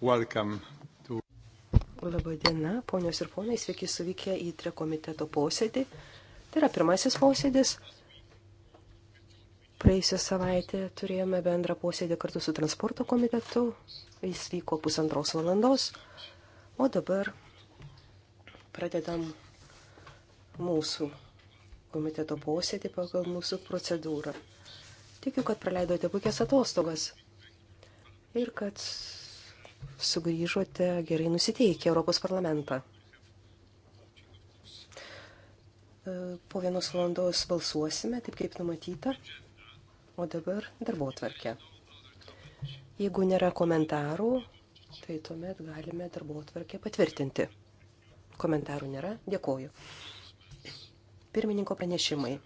Welcome to... Labadiena, ponios ir ponai, sveiki suvykę į tre komiteto posėdį. Tai yra pirmasis posėdis. Praėjusią savaitę turėjome bendrą posėdį kartu su transporto komitetu. Jis vyko pusantros valandos. O dabar pradedam mūsų komiteto posėdį pagal mūsų procedūrą. Tikiu, kad praleidote puikias atostogas ir kad sugrįžote gerai nusiteikę Europos parlamentą. E, po vienos valandos balsuosime, taip kaip numatyta. O dabar darbo tvarkė. Jeigu nėra komentarų, tai tuomet galime darbo tvarkę patvirtinti. Komentarų nėra. Dėkoju. Pirmininko pranešimai.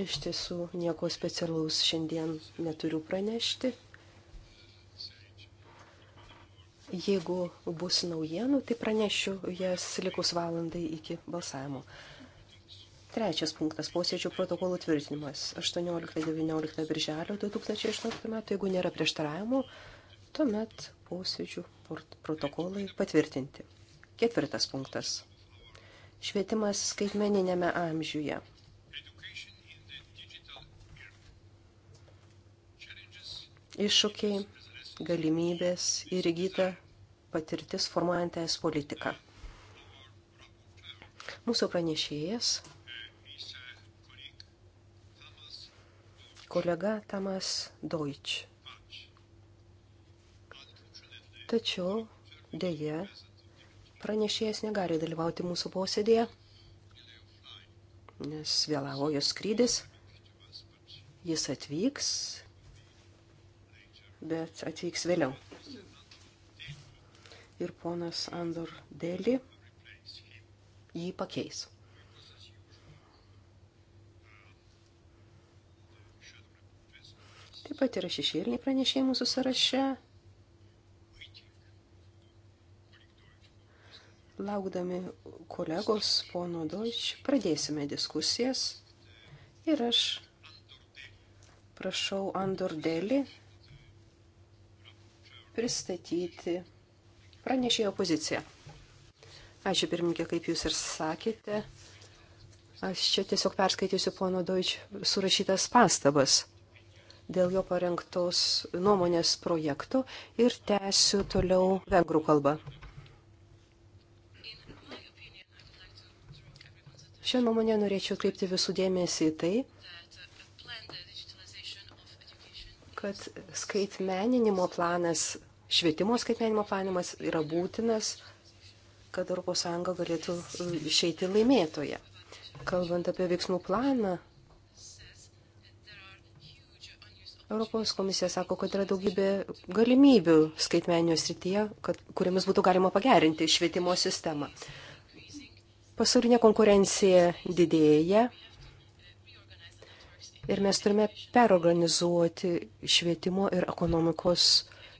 Iš tiesų, nieko specialaus šiandien neturiu pranešti. Jeigu bus naujienų, tai pranešiu jas likus valandai iki balsavimo. Trečias punktas - posėdžių protokolų tvirtinimas. 18-19 birželio 2018 metų, jeigu nėra prieštaravimų, tuomet posėdžių protokolai patvirtinti. Ketvirtas punktas - švietimas skaitmeninėme amžiuje. iššūkiai, galimybės ir įgyta patirtis formuojant es politiką. Mūsų pranešėjas, kolega Tamas Deutsch. Tačiau dėje pranešėjas negali dalyvauti mūsų posėdėje, nes vėlavo jos skrydis. Jis atvyks bet atvyks vėliau. Ir ponas Andor Deli jį pakeis. Taip pat yra šešėliniai pranešėjai mūsų sąraše. Laukdami kolegos pono Deutsch pradėsime diskusijas ir aš prašau Andor Deli pristatyti pranešėjo poziciją. Ačiū pirmininkė, kaip jūs ir sakėte. Aš čia tiesiog perskaitysiu pono Deutsch surašytas pastabas dėl jo parengtos nuomonės projektų ir tęsiu toliau vengrų kalbą. Šią nuomonę norėčiau kreipti visų dėmesį į tai, kad skaitmeninimo planas Švietimo skaitmenimo planimas yra būtinas, kad ES galėtų e, išeiti laimėtoje. Kalbant apie veiksmų planą, Europos komisija sako, kad yra daugybė galimybių skaitmenio srityje, kad, kuriamis būtų galima pagerinti švietimo sistemą. Pasaulinė konkurencija didėja ir mes turime perorganizuoti švietimo ir ekonomikos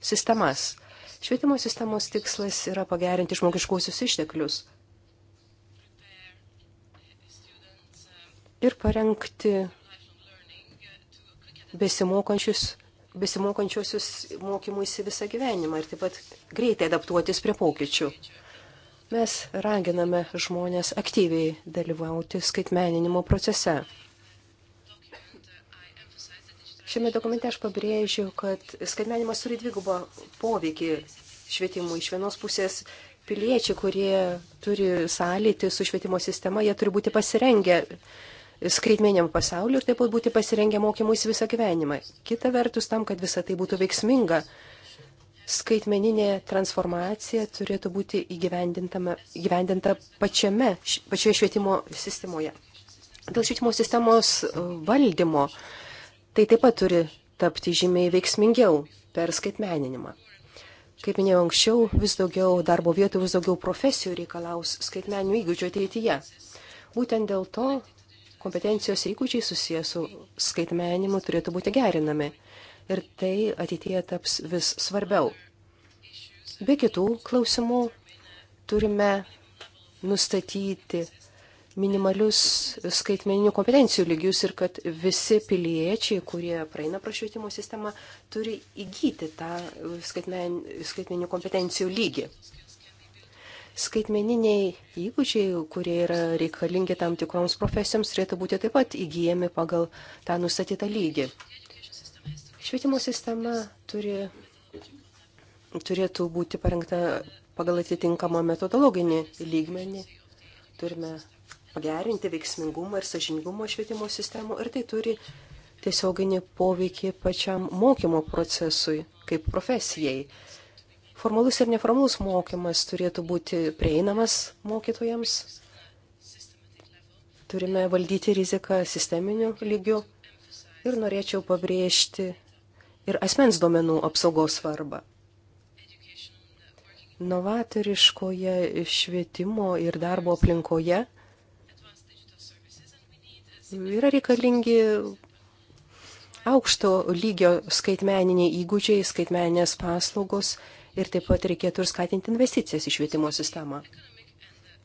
sistemas. Švietimo sistemos tikslas yra pagerinti žmogiškuosius išteklius ir parengti besimokančius besimokančiosius mokymuisi visą gyvenimą ir taip pat greitai adaptuotis prie pokyčių. Mes raginame žmonės aktyviai dalyvauti skaitmeninimo procese. Šiame dokumente aš pabrėžiu, kad skaitmenimas turi dvigubą poveikį švietimui. Iš vienos pusės piliečiai, kurie turi sąlyti su švietimo sistema, jie turi būti pasirengę skaitmeniam pasauliu ir taip pat būti pasirengę mokymuis visą gyvenimą. Kita vertus, tam, kad visa tai būtų veiksminga, skaitmeninė transformacija turėtų būti įgyvendinta pačiame, pačioje švietimo sistemoje. Dėl švietimo sistemos valdymo Tai taip pat turi tapti žymiai veiksmingiau per skaitmeninimą. Kaip minėjau anksčiau, vis daugiau darbo vietų, vis daugiau profesijų reikalaus skaitmeninių įgūdžių ateityje. Būtent dėl to kompetencijos įgūdžiai susijęs su skaitmeninimu turėtų būti gerinami. Ir tai ateityje taps vis svarbiau. Be kitų klausimų turime nustatyti minimalius skaitmeninių kompetencijų lygius ir kad visi piliečiai, kurie praeina prašvietimo sistemą, turi įgyti tą skaitmen, skaitmeninių kompetencijų lygį. Skaitmeniniai įgūdžiai, kurie yra reikalingi tam tikroms profesijoms, turėtų būti taip pat įgyjami pagal tą nustatytą lygį. Švietimo sistema turi, turėtų būti parengta pagal atitinkamą metodologinį lygmenį. Turime pagerinti veiksmingumą ir sažiningumą švietimo sistemų ir tai turi tiesioginį poveikį pačiam mokymo procesui kaip profesijai. Formalus ir neformalus mokymas turėtų būti prieinamas mokytojams. Turime valdyti riziką sisteminiu lygiu ir norėčiau pabrėžti ir asmens duomenų apsaugos svarbą. Novatoriškoje švietimo ir darbo aplinkoje yra reikalingi aukšto lygio skaitmeniniai įgūdžiai, skaitmeninės paslaugos ir taip pat reikėtų ir skatinti investicijas į švietimo sistemą.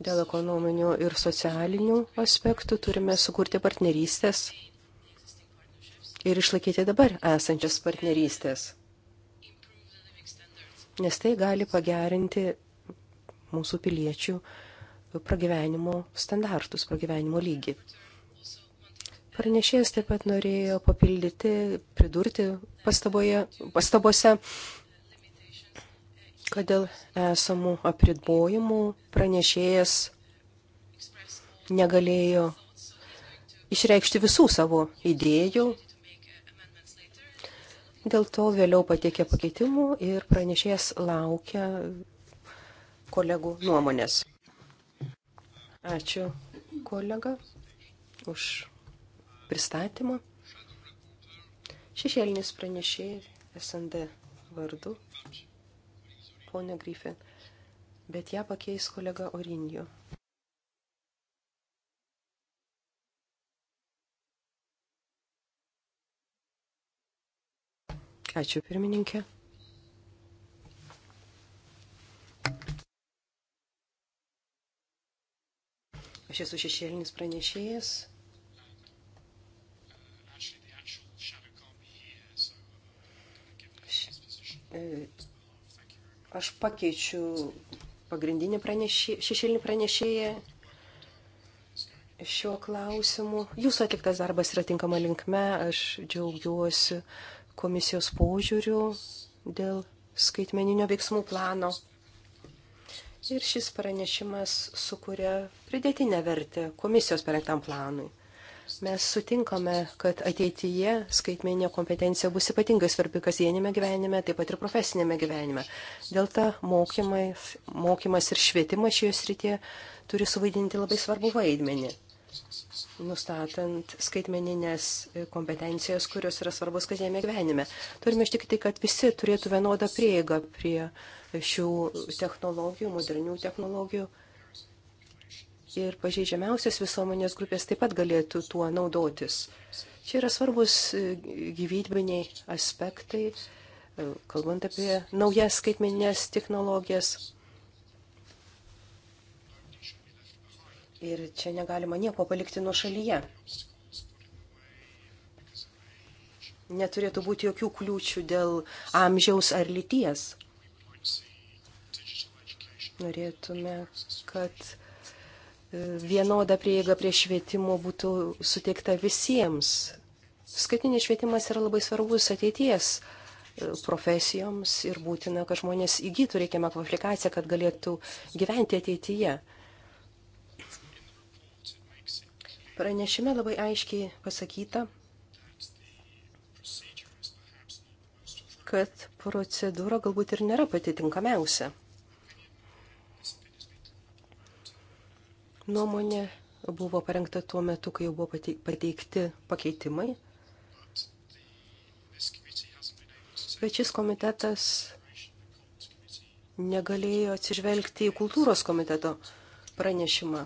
Dėl ekonominių ir socialinių aspektų turime sukurti partnerystės ir išlaikyti dabar esančias partnerystės, nes tai gali pagerinti mūsų piliečių pragyvenimo standartus, pragyvenimo lygį. Pranešėjas taip pat norėjo papildyti, pridurti pastaboje, pastabose, kad dėl esamų apribojimų pranešėjas negalėjo išreikšti visų savo idėjų. Dėl to vėliau patiekė pakeitimų ir pranešėjas laukia kolegų nuomonės. Ačiū kolega už pristatymo. Šešėlinis pranešėjai SND vardu, ponia Griffin, bet ją pakeis kolega Orinjo. Ačiū pirmininkė. Aš esu šešėlinis pranešėjas E, aš pakeičiu pagrindinį pranešė, šešėlinį pranešėją šiuo klausimu. Jūsų atliktas darbas yra tinkama linkme. Aš džiaugiuosi komisijos požiūriu dėl skaitmeninio veiksmų plano. Ir šis pranešimas sukuria pridėtinę vertę komisijos parengtam planui. Mes sutinkame, kad ateityje skaitmeninė kompetencija bus ypatingai svarbi kasdienime gyvenime, taip pat ir profesinėme gyvenime. Dėl to mokymas, mokymas ir švietimas šioje srityje turi suvaidinti labai svarbu vaidmenį nustatant skaitmeninės kompetencijas, kurios yra svarbus kasdienėme gyvenime. Turime ištikti, kad visi turėtų vienodą prieigą prie šių technologijų, modernių technologijų ir pažeidžiamiausias visuomenės grupės taip pat galėtų tuo naudotis. Čia yra svarbus e, gyvybiniai aspektai, e, kalbant apie naujas skaitmeninės technologijas. Ir čia negalima nieko palikti nuo šalyje. Neturėtų būti jokių kliūčių dėl amžiaus ar lyties. Norėtume, kad vienoda prieiga prie švietimo būtų suteikta visiems. Skaitinis švietimas yra labai svarbus ateities e, profesijoms ir būtina, kad žmonės įgytų reikiamą kvalifikaciją, kad galėtų gyventi ateityje. Pranešime labai aiškiai pasakyta, kad procedūra galbūt ir nėra pati tinkamiausia. Nuomonė buvo parengta tuo metu, kai jau buvo pateikti pakeitimai. Bet šis komitetas negalėjo atsižvelgti į kultūros komiteto pranešimą.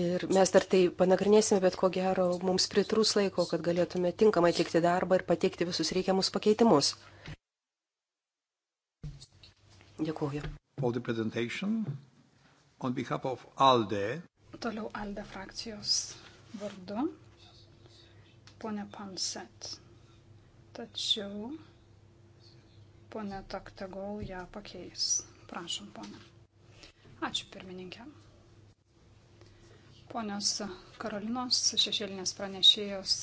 Ir mes dar tai panagrinėsime, bet ko gero mums pritrūs laiko, kad galėtume tinkamai atlikti darbą ir pateikti visus reikiamus pakeitimus. Dėkuoju. ALDE. Toliau ALDE frakcijos vardu, ponė Panset. Tačiau ponė Taktegol ją pakeis. Prašom, ponė. Ačiū pirmininkė. Ponios Karolinos šešėlinės pranešėjos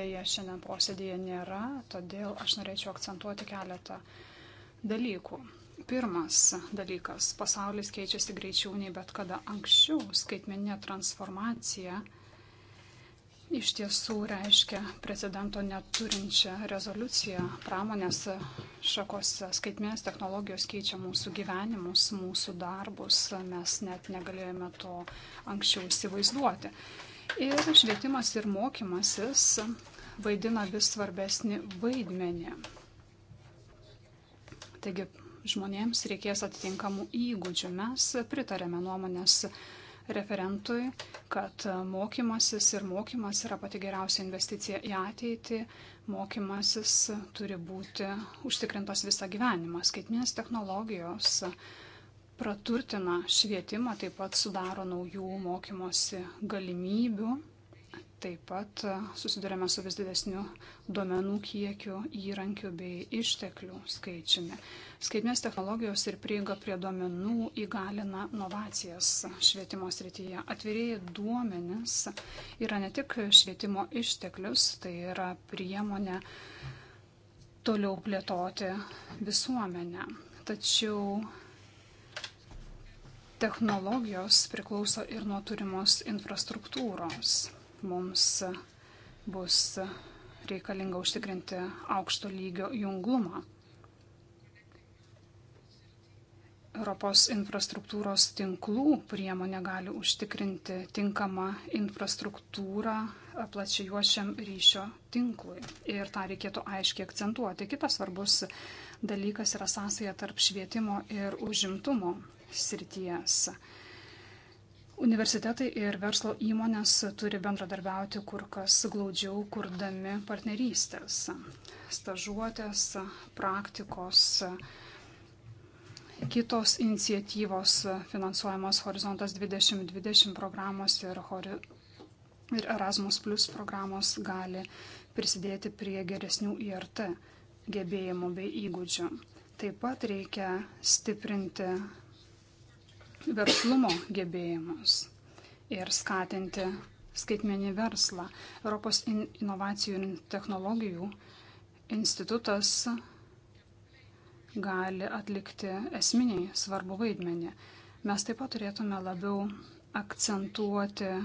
dėja šiandien posėdėje nėra, todėl aš norėčiau akcentuoti keletą dalykų. Pirmas dalykas - pasaulis keičiasi greičiau nei bet kada anksčiau. Skaitmeninė transformacija iš tiesų reiškia precedento neturinčią rezoliuciją pramonės šakose. Skaitmenės technologijos keičia mūsų gyvenimus, mūsų darbus, mes net negalėjome to anksčiau įsivaizduoti. Ir švietimas ir mokymasis vaidina vis svarbesnį vaidmenį. Taigi žmonėms reikės atitinkamų įgūdžių. Mes pritarėme nuomonės referentui, kad mokymasis ir mokymas yra pati geriausia investicija į ateitį. Mokymasis turi būti užtikrintas visą gyvenimą. Skaitminės technologijos praturtina švietimą, taip pat sudaro naujų mokymosi galimybių Taip pat e, susidurėme su vis didesniu duomenų kiekiu, įrankiu bei išteklių skaičiumi. Skaitmės technologijos ir prieiga prie duomenų įgalina novacijas švietimo srityje. Atvirieji duomenys yra ne tik švietimo išteklius, tai yra priemonė toliau plėtoti visuomenę. Tačiau technologijos priklauso ir nuo turimos infrastruktūros mums bus reikalinga užtikrinti aukšto lygio junglumą. Europos infrastruktūros tinklų priemonė gali užtikrinti tinkamą infrastruktūrą plačiai juošiam ryšio tinklui. Ir tą reikėtų aiškiai akcentuoti. Kitas svarbus dalykas yra sąsaja tarp švietimo ir užimtumo srities. Universitetai ir verslo įmonės turi bendradarbiauti kur kas glaudžiau, kurdami partnerystės, stažuotės, praktikos, kitos iniciatyvos finansuojamos Horizontas 2020 programos ir, hori... ir Erasmus Plus programos gali prisidėti prie geresnių IRT gebėjimų bei įgūdžių. Taip pat reikia stiprinti verslumo gebėjimus ir skatinti skaitmenį verslą. Europos inovacijų ir technologijų institutas gali atlikti esminiai svarbu vaidmenį. Mes taip pat turėtume labiau akcentuoti e,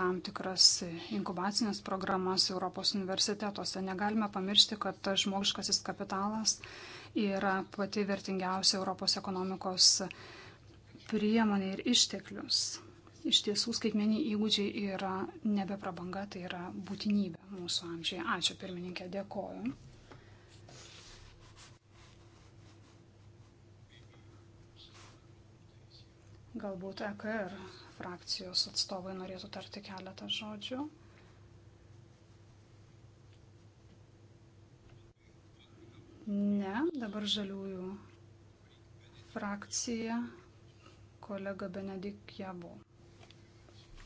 tam tikras inkubacinės programas Europos universitetuose. Negalime pamiršti, kad žmogiškasis kapitalas yra pati vertingiausia Europos ekonomikos priemonė ir išteklius. Iš tiesų, skaitmeniai įgūdžiai yra nebe prabanga, tai yra būtinybė mūsų amžiai. Ačiū pirmininkė, dėkoju. Galbūt EKR frakcijos atstovai norėtų tarti keletą žodžių. Ne, dabar žaliųjų frakcija kolega Benedik Jabu.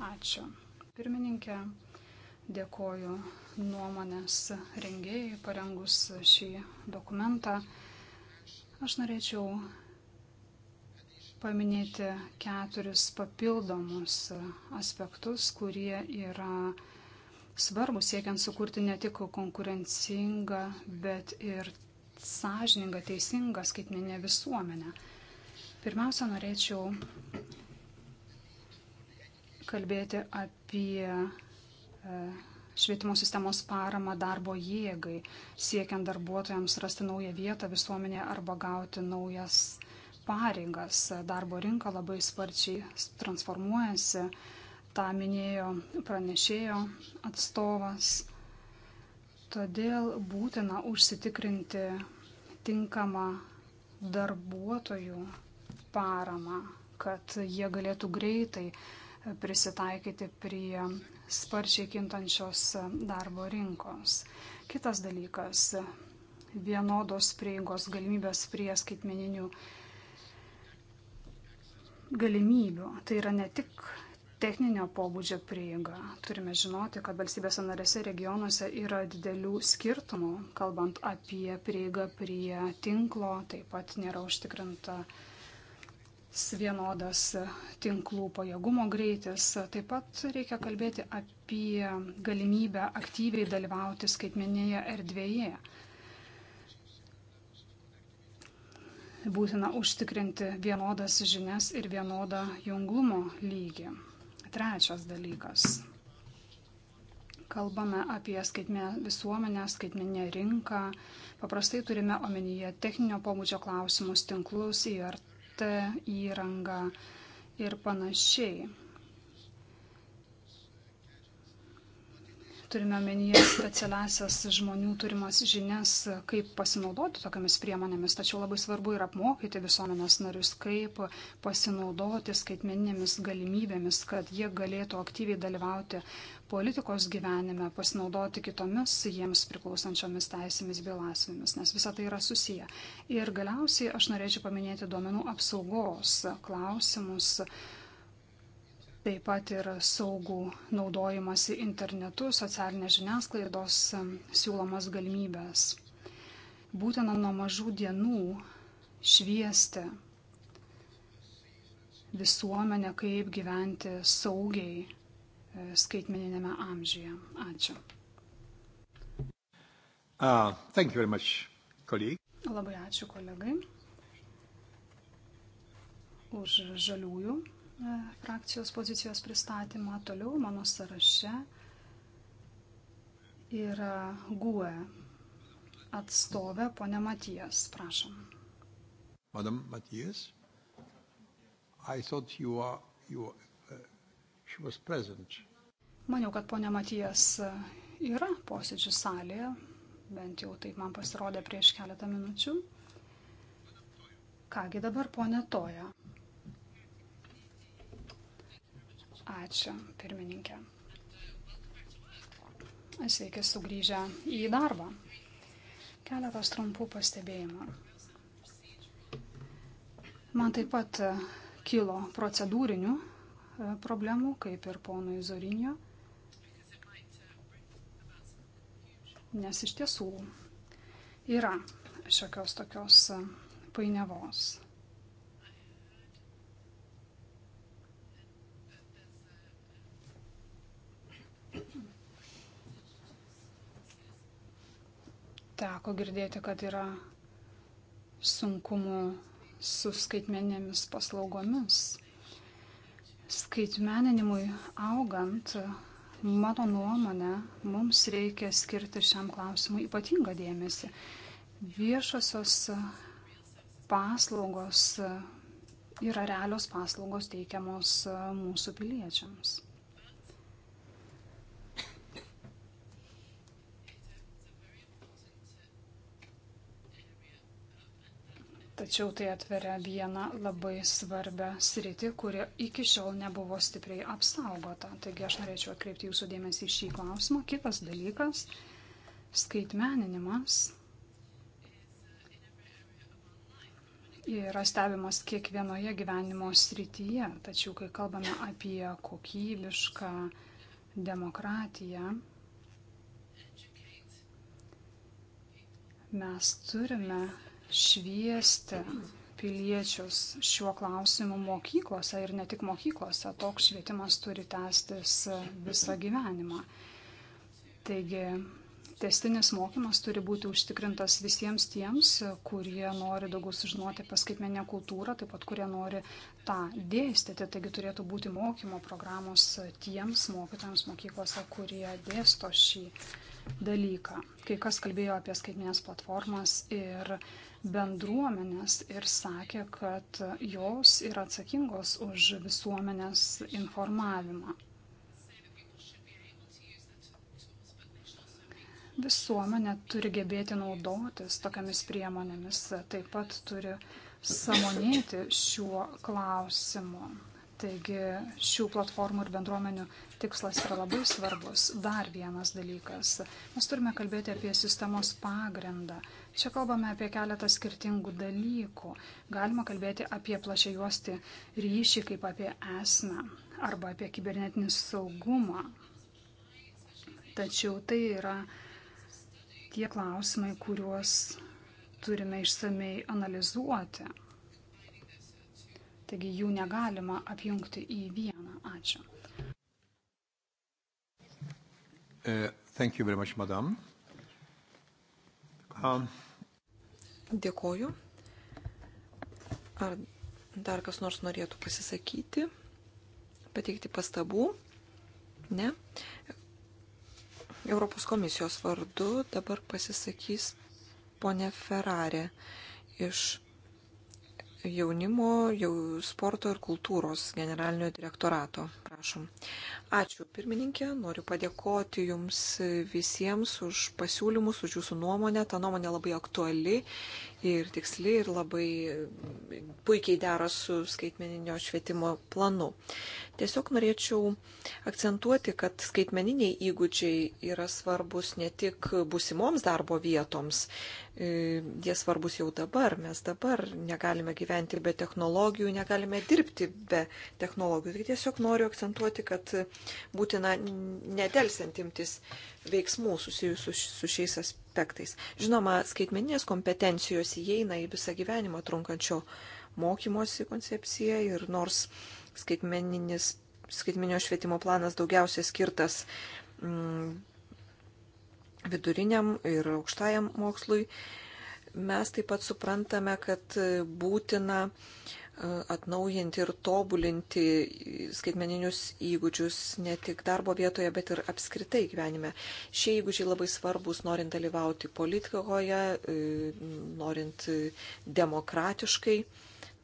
Ačiū. Pirmininkė, dėkoju nuomonės rengėjai parengus šį dokumentą. Aš norėčiau paminėti keturis papildomus aspektus, kurie yra svarbus siekiant sukurti ne tik konkurencingą, bet ir sąžininga, teisinga skaitminė visuomenė. Pirmiausia, norėčiau kalbėti apie e, švietimo sistemos paramą darbo jėgai, siekiant darbuotojams rasti naują vietą visuomenėje arba gauti naujas pareigas. Darbo rinka labai sparčiai transformuojasi, tą minėjo pranešėjo atstovas. Todėl būtina užsitikrinti tinkamą darbuotojų paramą, kad jie galėtų greitai prisitaikyti prie sparčiai kintančios darbo rinkos. Kitas dalykas - vienodos prieigos galimybės prie skaitmeninių galimybių. Tai yra ne tik techninio pobūdžio prieiga. Turime žinoti, kad valstybėse narėse regionuose yra didelių skirtumų, kalbant apie prieigą prie tinklo, taip pat nėra užtikrinta vienodas tinklų pajėgumo greitis. Taip pat reikia kalbėti apie galimybę aktyviai dalyvauti skaitmeninėje erdvėje. Būtina užtikrinti vienodas žinias ir vienodą junglumo lygį. Trečias dalykas. Kalbame apie skaitmę visuomenę, skaitminę rinką. Paprastai turime omenyje techninio pobūdžio klausimus, tinklus, IRT įrangą ir panašiai. Turime omenyje specialiasias žmonių turimas žinias, kaip pasinaudoti tokiamis priemonėmis, tačiau labai svarbu ir apmokyti visuomenės narius, kaip pasinaudoti skaitmeninėmis galimybėmis, kad jie galėtų aktyviai dalyvauti politikos gyvenime, pasinaudoti kitomis jiems priklausančiomis teisėmis bei laisvėmis, nes visa tai yra susiję. Ir galiausiai aš norėčiau paminėti duomenų apsaugos klausimus taip pat ir saugų naudojimąsi internetu, socialinės žiniasklaidos siūlomas galimybės. Būtina nuo mažų dienų šviesti visuomenę, kaip gyventi saugiai e, skaitmeninėme amžiuje. Ačiū. Uh, much, colleague. Labai ačiū kolegai už žaliųjų E, frakcijos pozicijos pristatymą. Toliau mano sąraše yra GUE atstovė ponia Matijas. Prašom. Madam Matijas, I thought you are, you are, uh, she was present. Maniau, kad ponia Matijas e, yra posėdžių salėje, bent jau taip man pasirodė prieš keletą minučių. Kągi dabar ponia Toja. Ačiū, pirmininkė. Sveiki sugrįžę į darbą. Keletas trumpų pastebėjimų. Man taip pat kilo procedūrinių e, problemų, kaip ir ponui Zorinio, nes iš tiesų yra šiokios tokios painiavos. teko girdėti, kad yra sunkumų su skaitmenėmis paslaugomis. Skaitmeninimui augant, mano nuomonė, mums reikia skirti šiam klausimui ypatingą dėmesį. Viešosios paslaugos yra realios paslaugos teikiamos mūsų piliečiams. Tačiau tai atveria vieną labai svarbę sritį, kuri iki šiol nebuvo stipriai apsaugota. Taigi aš norėčiau atkreipti jūsų dėmesį į šį klausimą. Kitas dalykas - skaitmeninimas. Yra stebimas kiekvienoje gyvenimo srityje, tačiau kai kalbame apie kokybišką demokratiją, mes turime šviesti piliečius šiuo klausimu mokyklose ir ne tik mokyklose. Toks švietimas turi tęstis visą gyvenimą. Taigi, testinis mokymas turi būti užtikrintas visiems tiems, kurie nori daugiau sužinoti apie skaitmenę kultūrą, taip pat kurie nori tą dėstyti. Taigi turėtų būti mokymo programos tiems mokytojams mokyklose, kurie dėsto šį dalyką. Kai kas kalbėjo apie skaitmenės platformas ir bendruomenės ir sakė, kad jos yra atsakingos už visuomenės informavimą. Visuomenė turi gebėti naudotis tokiamis priemonėmis, taip pat turi samonėti šiuo klausimu. Taigi šių platformų ir bendruomenių tikslas yra labai svarbus. Dar vienas dalykas. Mes turime kalbėti apie sistemos pagrindą. Čia kalbame apie keletą skirtingų dalykų. Galima kalbėti apie plašia juosti ryšį kaip apie esmę arba apie kibernetinį saugumą. Tačiau tai yra tie klausimai, kuriuos turime išsamei analizuoti Taigi jų negalima apjungti į vieną. Ačiū. Uh, thank you very much, madam. Um. Dėkoju. Ar dar kas nors norėtų pasisakyti, pateikti pastabų? Ne. Europos komisijos vardu dabar pasisakys ponė Ferrari iš jaunimo, jau sporto ir kultūros generalinio direktorato. Prašom. Ačiū, pirmininkė. Noriu padėkoti Jums visiems už pasiūlymus, už Jūsų nuomonę. Ta nuomonė labai aktuali ir tiksli ir labai puikiai dera su skaitmeninio švietimo planu. Tiesiog norėčiau akcentuoti, kad skaitmeniniai įgūdžiai yra svarbus ne tik busimoms darbo vietoms, e, jie svarbus jau dabar. Mes dabar negalime gyventi be technologijų, negalime dirbti be technologijų. Tai tiesiog noriu akcentuoti akcentuoti, kad būtina nedelsiant imtis veiksmų susijusių su šiais aspektais. Žinoma, skaitmeninės kompetencijos įeina į visą gyvenimą trunkančio mokymosi koncepciją ir nors skaitmeninis, skaitmeninio švietimo planas daugiausiai skirtas mm, viduriniam ir aukštajam mokslui, mes taip pat suprantame, kad būtina uh, atnaujinti ir tobulinti skaitmeninius įgūdžius ne tik darbo vietoje, bet ir apskritai gyvenime. Šie įgūdžiai labai svarbus norint dalyvauti politikoje, norint demokratiškai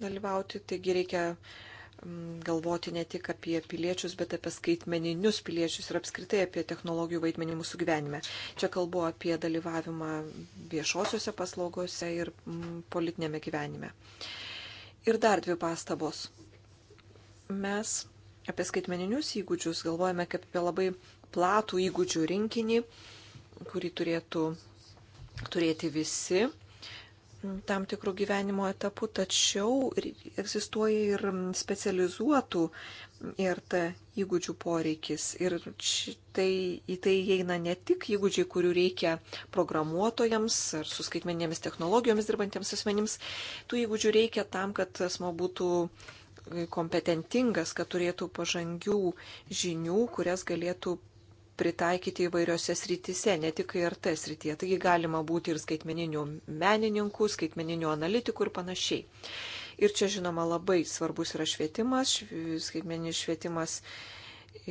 dalyvauti. Taigi reikia mm, galvoti ne tik apie piliečius, bet apie skaitmeninius piliečius ir apskritai apie technologijų vaidmenį mūsų gyvenime. Čia kalbu apie dalyvavimą viešosiuose paslaugose ir mm, politinėme gyvenime. Ir dar dvi pastabos. Mes apie skaitmeninius įgūdžius galvojame kaip apie labai platų įgūdžių rinkinį, kurį turėtų turėti visi tam tikrų gyvenimo etapų, tačiau egzistuoja ir specializuotų IRT įgūdžių poreikis. Ir tai, į tai įeina ne tik įgūdžiai, kurių reikia programuotojams ar su skaitmeninėmis technologijomis dirbantiems asmenims, tų įgūdžių reikia tam, kad asmo būtų kompetentingas, kad turėtų pažangių žinių, kurias galėtų pritaikyti įvairiose srityse, ne tik IRT srityje. Taigi galima būti ir skaitmeninių menininkų, skaitmeninių analitikų ir panašiai. Ir čia, žinoma, labai svarbus yra švietimas, skaitmeninis švietimas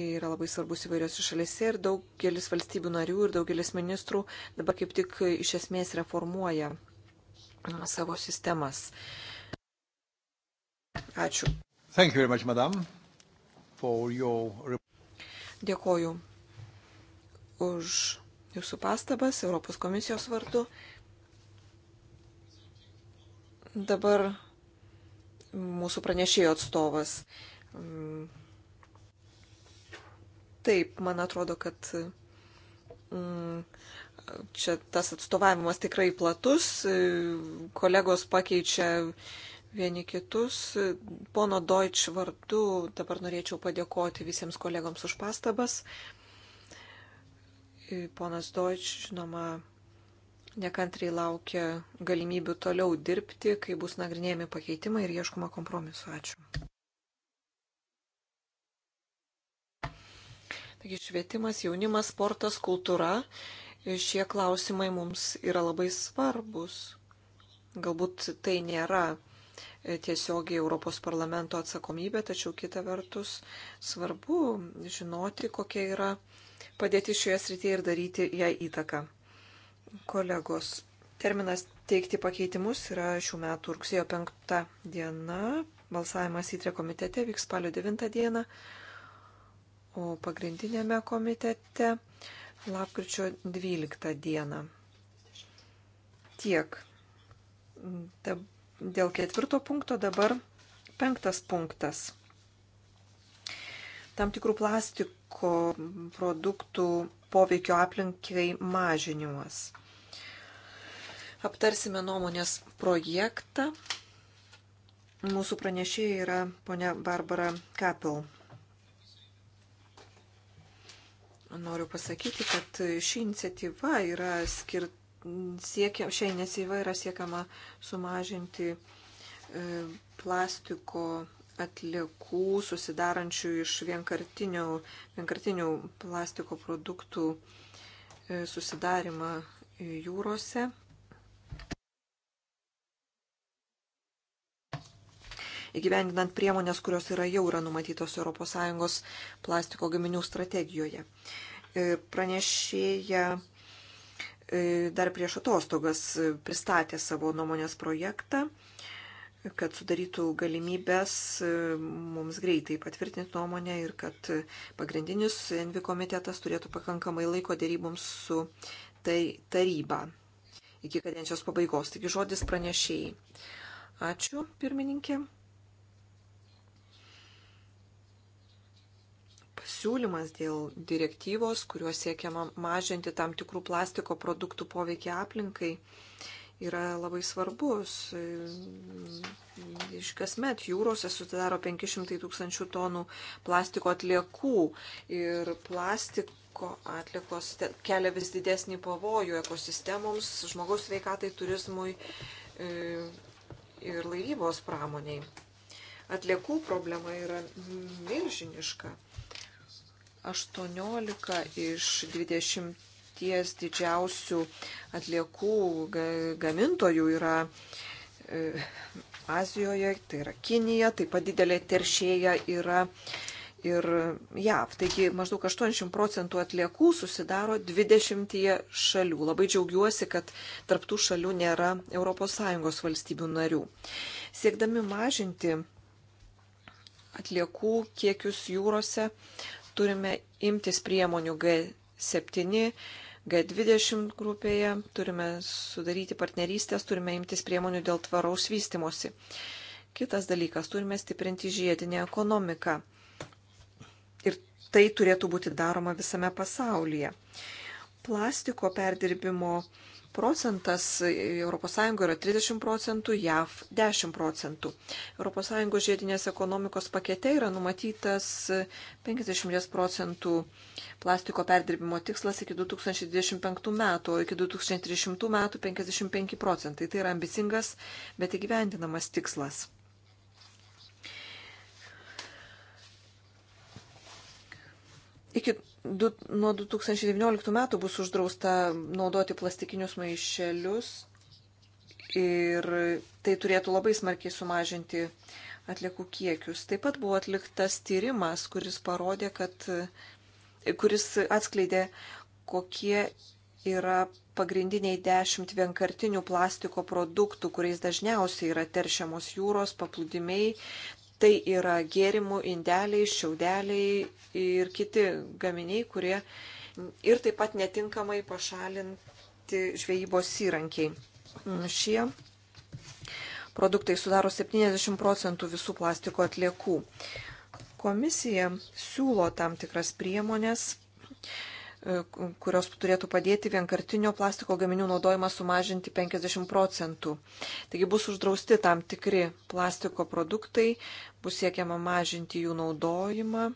yra labai svarbus įvairiose šalise ir daugelis valstybių narių ir daugelis ministrų dabar kaip tik iš esmės reformuoja mm, savo sistemas. Ačiū. Much, madam, your... Dėkoju, už jūsų pastabas Europos komisijos vardu. Dabar mūsų pranešėjo atstovas. Taip, man atrodo, kad mm, čia tas atstovavimas tikrai platus, kolegos pakeičia vieni kitus. Pono Deutsch vardu dabar norėčiau padėkoti visiems kolegoms už pastabas. Ponas Deutsch, žinoma, nekantriai laukia galimybių toliau dirbti, kai bus nagrinėjami pakeitimai ir ieškoma kompromisu. Ačiū. Taigi švietimas, jaunimas, sportas, kultūra - šie klausimai mums yra labai svarbus. Galbūt tai nėra tiesiogiai Europos parlamento atsakomybė, tačiau kita vertus svarbu žinoti, kokia yra padėti šioje srityje ir daryti jai įtaką. Kolegos, terminas teikti pakeitimus yra šių metų rugsėjo 5 diena, balsavimas įtrė komitete vyks spalio 9 dieną, o pagrindinėme komitete lapkričio 12 dieną. Tiek. Dėl ketvirto punkto dabar penktas punktas. Tam tikrų plastikų tabako produktų poveikio aplinkai mažinimas. Aptarsime nuomonės projektą. Mūsų pranešėja yra ponia Barbara Kapil. Noriu pasakyti, kad ši iniciatyva yra skirta, siekia, šią iniciatyvą yra siekiama sumažinti e, plastiko atliekų susidarančių iš vienkartinių, vienkartinių plastiko produktų e, susidarimą e, jūrose. Įgyvendinant priemonės, kurios yra jau yra numatytos ES plastiko gaminių strategijoje. E, pranešėja dar prieš atostogas pristatė savo nuomonės projektą kad sudarytų galimybės e, mums greitai patvirtinti nuomonę ir kad pagrindinis Envi komitetas turėtų pakankamai laiko dėryboms su tai taryba iki kadencijos pabaigos. Taigi žodis pranešėjai. Ačiū, pirmininkė. Pasiūlymas dėl direktyvos, kuriuo siekiama mažinti tam tikrų plastiko produktų poveikį aplinkai yra labai svarbus. Iš kasmet jūrose susidaro 500 tūkstančių tonų plastiko atliekų ir plastiko atliekos kelia vis didesnį pavojų ekosistemoms, žmogaus veikatai, turizmui e, ir laivybos pramoniai. Atliekų problema yra milžiniška. 18 iš 20 dešimties didžiausių atliekų gamintojų yra e, Azijoje, tai yra Kinija, taip pat didelė teršėja yra ir JAV. Taigi maždaug 80 procentų atliekų susidaro 20 šalių. Labai džiaugiuosi, kad tarptų šalių nėra ES valstybių narių. Siekdami mažinti atliekų kiekius jūrose, turime imtis priemonių G7, G20 grupėje, turime sudaryti partnerystės, turime imtis priemonių dėl tvaraus vystimosi. Kitas dalykas, turime stiprinti žiedinę ekonomiką. Ir tai turėtų būti daroma visame pasaulyje. Plastiko perdirbimo uh, procentas, ES yra 30 procentų, JAV 10 procentų. ES žiedinės ekonomikos pakete yra numatytas 50 procentų plastiko perdirbimo tikslas iki 2025 metų, o iki 2030 metų 55 procentai. Tai yra ambicingas, bet įgyvendinamas tikslas. Iki du, nuo 2019 metų bus uždrausta naudoti plastikinius maišelius ir tai turėtų labai smarkiai sumažinti atliekų kiekius. Taip pat buvo atliktas tyrimas, kuris parodė, kad kuris atskleidė, kokie yra pagrindiniai dešimt vienkartinių plastiko produktų, kuriais dažniausiai yra teršiamos jūros, paplūdimiai, Tai yra gėrimų indeliai, šiaudeliai ir kiti gaminiai, kurie ir taip pat netinkamai pašalinti žvejybos įrankiai. Mm, šie produktai sudaro 70 procentų visų plastiko atliekų. Komisija siūlo tam tikras priemonės E, kurios turėtų padėti vienkartinio plastiko gaminių naudojimą sumažinti 50 procentų. Taigi bus uždrausti tam tikri plastiko produktai, bus siekiama mažinti jų naudojimą,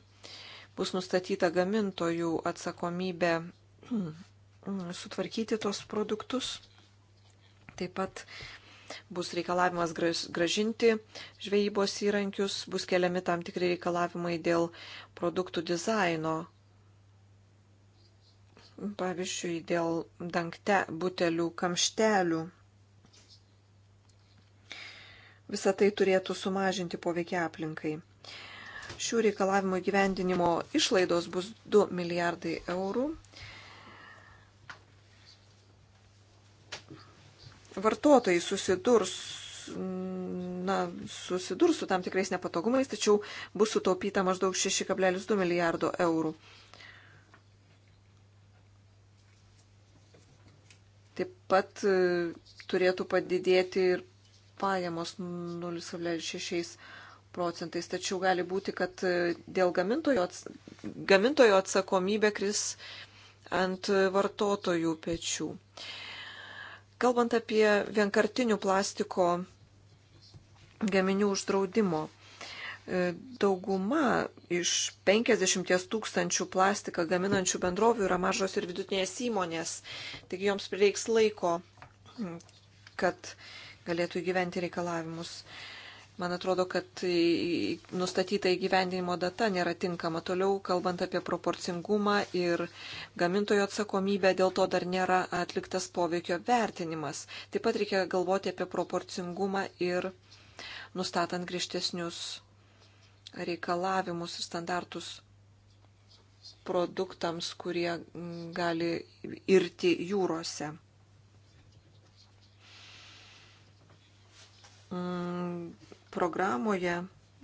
bus nustatyta gamintojų atsakomybė mm, sutvarkyti tos produktus. Taip pat bus reikalavimas gražinti žvejybos įrankius, bus keliami tam tikri reikalavimai dėl produktų dizaino, pavyzdžiui, dėl dangte butelių kamštelių. Visą tai turėtų sumažinti poveikia aplinkai. Šių reikalavimų gyvendinimo išlaidos bus 2 milijardai eurų. Vartotojai susidurs, na, susidurs su tam tikrais nepatogumais, tačiau bus sutaupyta maždaug 6,2 milijardo eurų. Taip pat e, turėtų padidėti ir pajamos 0,6 procentais, tačiau gali būti, kad e, dėl gamintojo, gamintojo atsakomybė kris ant vartotojų pečių. Kalbant apie vienkartinių plastiko gaminių uždraudimo E, dauguma iš 50 tūkstančių plastiką gaminančių bendrovių yra mažos ir vidutinės įmonės, taigi joms prireiks laiko, kad galėtų įgyventi reikalavimus. Man atrodo, kad nustatyta įgyvendinimo data nėra tinkama. Toliau, kalbant apie proporcingumą ir gamintojo atsakomybę, dėl to dar nėra atliktas poveikio vertinimas. Taip pat reikia galvoti apie proporcingumą ir nustatant griežtesnius reikalavimus ir standartus produktams, kurie mm, gali irti jūrose. Mm, programoje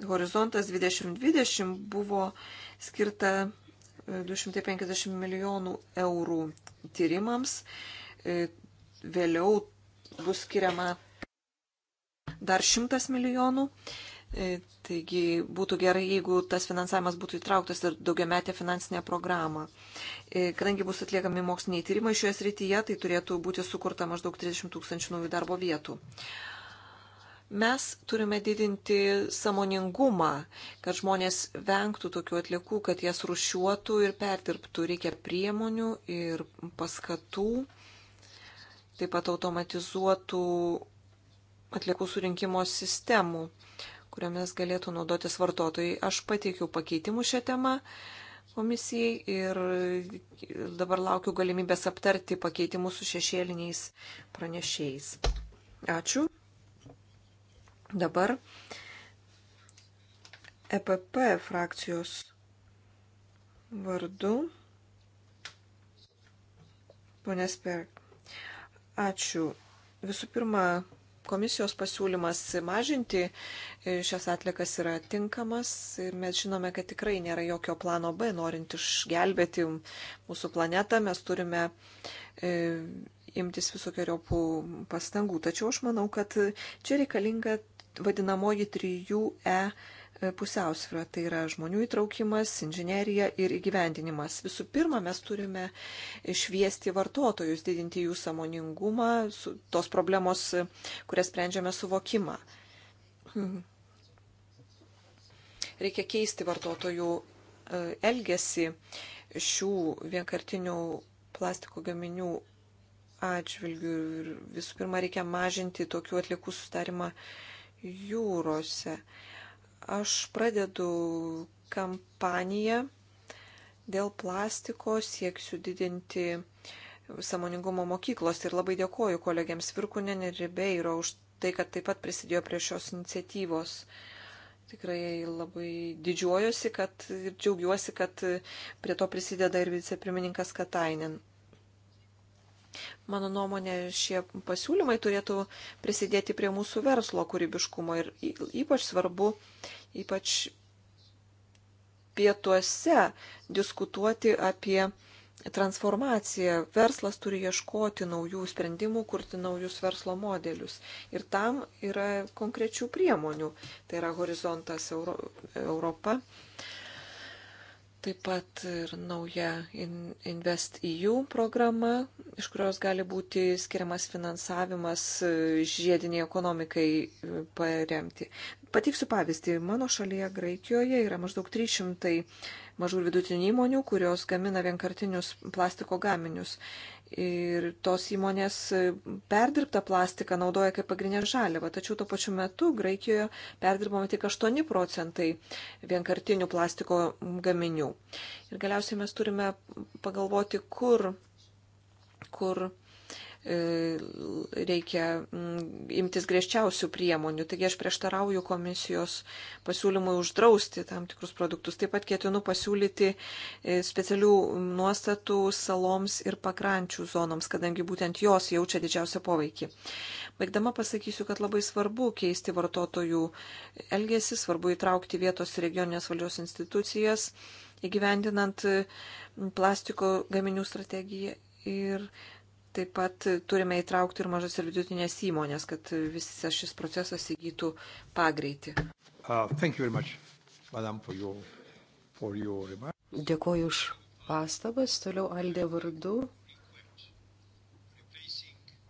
Horizontas 2020 buvo skirta 250 e, milijonų eurų tyrimams. E, vėliau bus skiriama dar 100 milijonų eurų E, taigi būtų gerai, jeigu tas finansavimas būtų įtrauktas ir daugiametę finansinę programą. E, kadangi bus atliekami moksliniai tyrimai šioje srityje, tai turėtų būti sukurta maždaug 30 tūkstančių naujų darbo vietų. Mes turime didinti samoningumą, kad žmonės vengtų tokių atliekų, kad jas rušiuotų ir perdirbtų. Reikia priemonių ir paskatų, taip pat automatizuotų atliekų surinkimo sistemų kuriomis galėtų naudotis vartotojai. Aš pateikiau pakeitimų šią temą komisijai ir dabar laukiu galimybės aptarti pakeitimus su šešėliniais pranešėjais. Ačiū. Dabar EPP frakcijos vardu. Pone Sperk. Ačiū. Visų pirma, komisijos pasiūlymas mažinti e, šias atlikas yra tinkamas ir mes žinome, kad tikrai nėra jokio plano B, norint išgelbėti mūsų planetą, mes turime e, imtis visokiojopų pastangų. Tačiau aš manau, kad čia reikalinga vadinamoji 3E pusiausvyrą. Tai yra žmonių įtraukimas, inžinierija ir įgyvendinimas. Visų pirma, mes turime šviesti vartotojus, didinti jų samoningumą, tos problemos, kurias sprendžiame suvokimą. Reikia keisti vartotojų e, elgesį šių vienkartinių plastiko gaminių atžvilgių. Ir visų pirma, reikia mažinti tokių atlikų sustarimą jūrose aš pradedu kampaniją dėl plastiko, sieksiu didinti samoningumo mokyklos ir labai dėkoju kolegiams Virkunen ir Ribeiro už tai, kad taip pat prisidėjo prie šios iniciatyvos tikrai labai didžiuojuosi, kad ir džiaugiuosi, kad prie to prisideda ir vicepirmininkas Katainen. Mano nuomonė, šie pasiūlymai turėtų prisidėti prie mūsų verslo kūrybiškumo ir ypač svarbu, ypač pietuose diskutuoti apie transformaciją. Verslas turi ieškoti naujų sprendimų, kurti naujus verslo modelius. Ir tam yra konkrečių priemonių. Tai yra horizontas Euro Europa. Taip pat ir nauja InvestEU programa, iš kurios gali būti skiriamas finansavimas e, žiediniai ekonomikai e, paremti. Pateiksiu pavyzdį. Mano šalyje Graikijoje yra maždaug 300 mažų ir vidutinių įmonių, kurios gamina vienkartinius plastiko gaminius ir tos įmonės perdirbtą plastiką naudoja kaip pagrindinę žaliavą, tačiau tuo pačiu metu Graikijoje perdirbama tik 8 procentai vienkartinių plastiko gaminių. Ir galiausiai mes turime pagalvoti, kur, kur E, reikia mm, imtis griežčiausių priemonių. Taigi aš prieštarauju komisijos pasiūlymui uždrausti tam tikrus produktus. Taip pat ketinu pasiūlyti e, specialių nuostatų saloms ir pakrančių zonoms, kadangi būtent jos jaučia didžiausią poveikį. Baigdama pasakysiu, kad labai svarbu keisti vartotojų elgesį, svarbu įtraukti vietos regioninės valdžios institucijas, įgyvendinant e, plastiko gaminių strategiją ir Taip pat turime įtraukti ir mažas ir vidutinės įmonės, kad visas šis procesas įgytų pagreitį. Uh, much, madam, for your, for your Dėkoju už pastabas. Toliau Aldė vardu.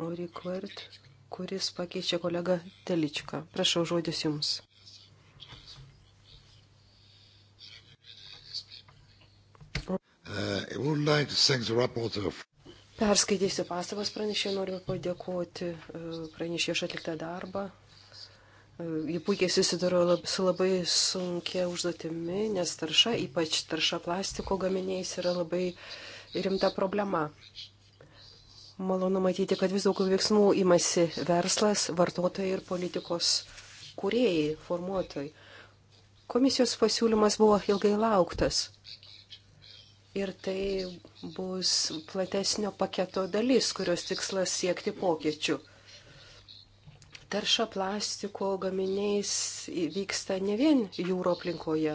Orikvart, kuris pakeičia kolegą Teličką. Prašau, žodis jums. Uh, Perskaitysiu pastabas pranešė, noriu padėkoti e, pranešė už atliktą darbą. E, ji puikiai susidaro lab, su labai sunkia užduotimi, nes tarša, ypač tarša plastiko gaminiais, yra labai rimta problema. Malonu matyti, kad vis daugiau veiksmų imasi verslas, vartotojai ir politikos kuriejai, formuotojai. Komisijos pasiūlymas buvo ilgai lauktas. Ir tai bus platesnio paketo dalis, kurios tikslas siekti pokyčių. Tarša plastiko gaminiais vyksta ne vien jūro aplinkoje.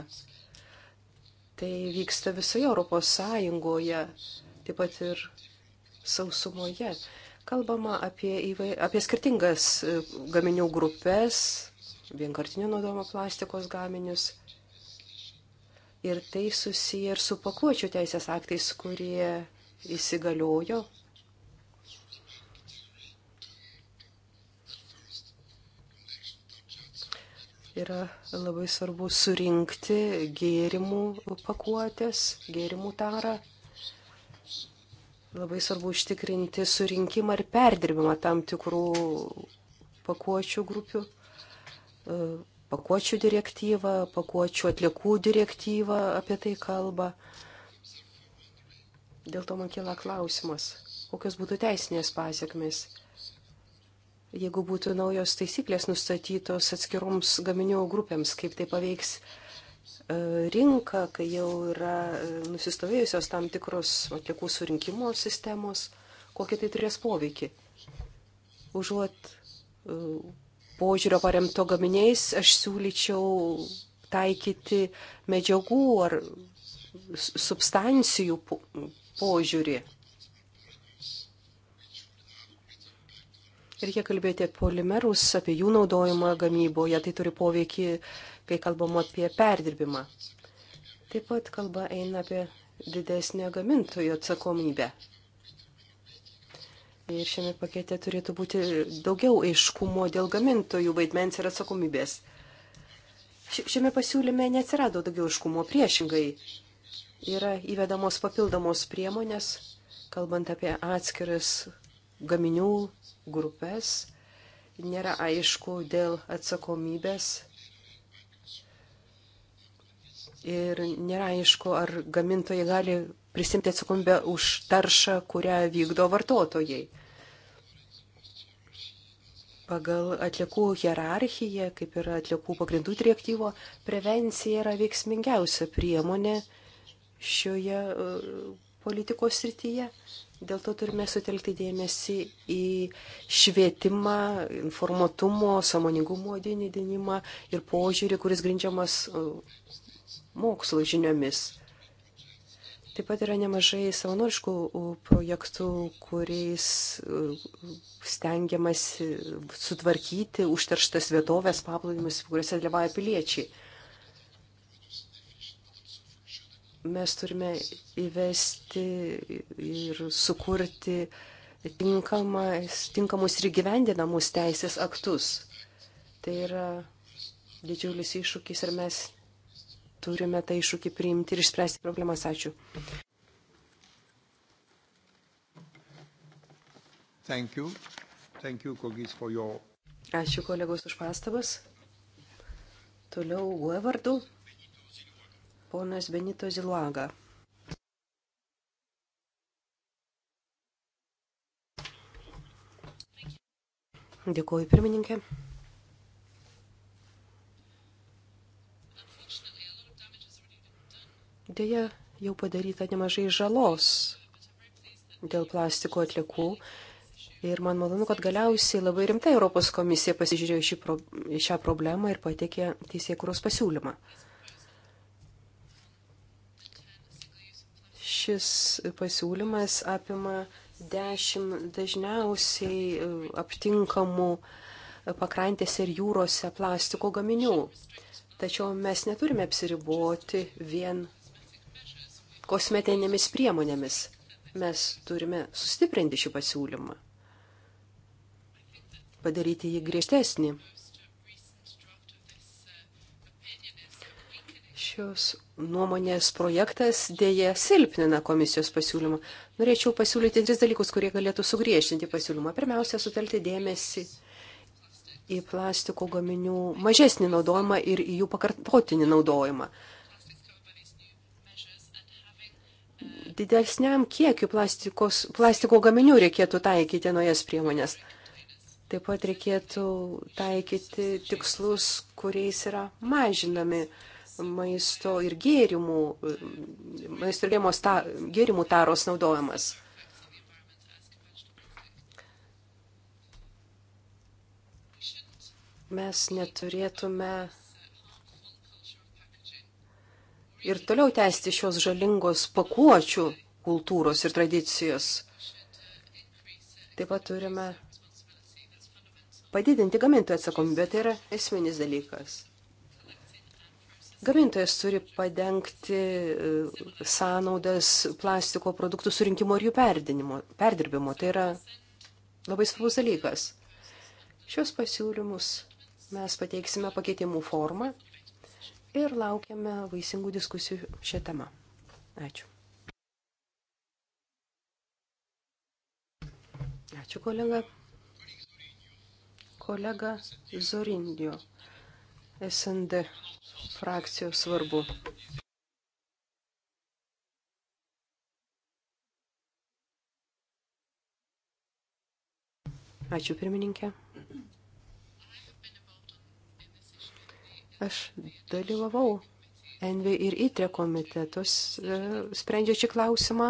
Tai vyksta visoje Europos Sąjungoje, taip pat ir sausumoje. Kalbama apie, įvai, apie skirtingas e, gaminių grupės, vienkartinio naudojimo plastikos gaminius Ir tai susiję ir su pakuočių teisės aktais, kurie įsigaliojo. Yra labai svarbu surinkti gėrimų pakuotės, gėrimų tarą. Labai svarbu užtikrinti surinkimą ir perdirbimą tam tikrų pakuočių grupių pakuočių direktyva, pakuočių atliekų direktyva apie tai kalba. Dėl to man kyla klausimas, kokios būtų teisinės pasiekmes, jeigu būtų naujos taisyklės nustatytos atskiroms gaminių grupėms, kaip tai paveiks e, rinką, kai jau yra e, nusistovėjusios tam tikros atliekų surinkimo sistemos, kokį tai turės poveikį. Užuot e, požiūrio paremto gaminiais, aš siūlyčiau taikyti medžiagų ar substancijų požiūrį. Reikia kalbėti apie polimerus, apie jų naudojimą gamyboje, tai turi poveikį, kai kalbam apie perdirbimą. Taip pat kalba eina apie didesnę gamintojų atsakomybę. Ir šiame pakete turėtų būti daugiau aiškumo dėl gamintojų vaidmens ir atsakomybės. Šiame pasiūlyme neatsirado daugiau aiškumo, priešingai yra įvedamos papildomos priemonės, kalbant apie atskiras gaminių grupės, nėra aišku dėl atsakomybės ir nėra aišku, ar gamintojai gali prisimti atsakomybę už taršą, kurią vykdo vartotojai. Pagal atliekų hierarchiją, kaip ir atliekų pagrindų direktyvo, prevencija yra veiksmingiausia priemonė šioje uh, politikos srityje. Dėl to turime sutelkti dėmesį į švietimą, informatumo, samoningumo didinimą ir požiūrį, kuris grindžiamas uh, mokslo žiniomis. Taip pat yra nemažai savanoriškų projektų, kuriais stengiamasi sutvarkyti užterštas vietovės paplūdimus, kuriuose dalyvauja piliečiai. Mes turime įvesti ir sukurti tinkamas, tinkamus ir gyvendinamus teisės aktus. Tai yra didžiulis iššūkis ir mes turime tą iššūkį priimti ir išspręsti problemas. Ačiū. Thank you. Thank you, Kogis, your... Ačiū kolegos už pastabas. Toliau UE vardu ponas Benito Ziluaga. Dėkuoju pirmininkė. Deja, jau padaryta nemažai žalos dėl plastiko atlikų. Ir man malonu, kad galiausiai labai rimtai Europos komisija pasižiūrėjo šį pro, šią problemą ir patikė teisėkuros pasiūlymą. Šis pasiūlymas apima dešimt dažniausiai e, aptinkamų e, pakrantėse ir jūrose plastiko gaminių. Tačiau mes neturime apsiriboti vien kosmetinėmis priemonėmis. Mes turime sustiprinti šį pasiūlymą, padaryti jį griežtesnį. Šios nuomonės projektas dėja silpnina komisijos pasiūlymą. Norėčiau pasiūlyti tris dalykus, kurie galėtų sugriežtinti pasiūlymą. Pirmiausia, sutelti dėmesį į plastiko gaminių mažesnį naudojimą ir į jų pakartotinį naudojimą. didesniam kiekiu plastiko gaminių reikėtų taikyti naujas priemonės. Taip pat reikėtų taikyti tikslus, kuriais yra mažinami maisto ir gėrimų, maisto ir gėrimų, ta, gėrimų taros naudojimas. Mes neturėtume ir toliau tęsti šios žalingos pakuočių kultūros ir tradicijos. Taip pat turime padidinti gamintojų atsakomybę, tai yra esminis dalykas. Gamintojas turi padengti e, sąnaudas plastiko produktų surinkimo ir jų perdirbimo. Tai yra labai svarbus dalykas. Šios pasiūlymus mes pateiksime pakeitimų formą ir laukiame vaisingų diskusijų šią temą. Ačiū. Ačiū kolega. Kolega Zorindio, SND frakcijos svarbu. Ačiū pirmininkė. Aš dalyvavau Envi ir ITRE komitetus, e, sprendžia šį klausimą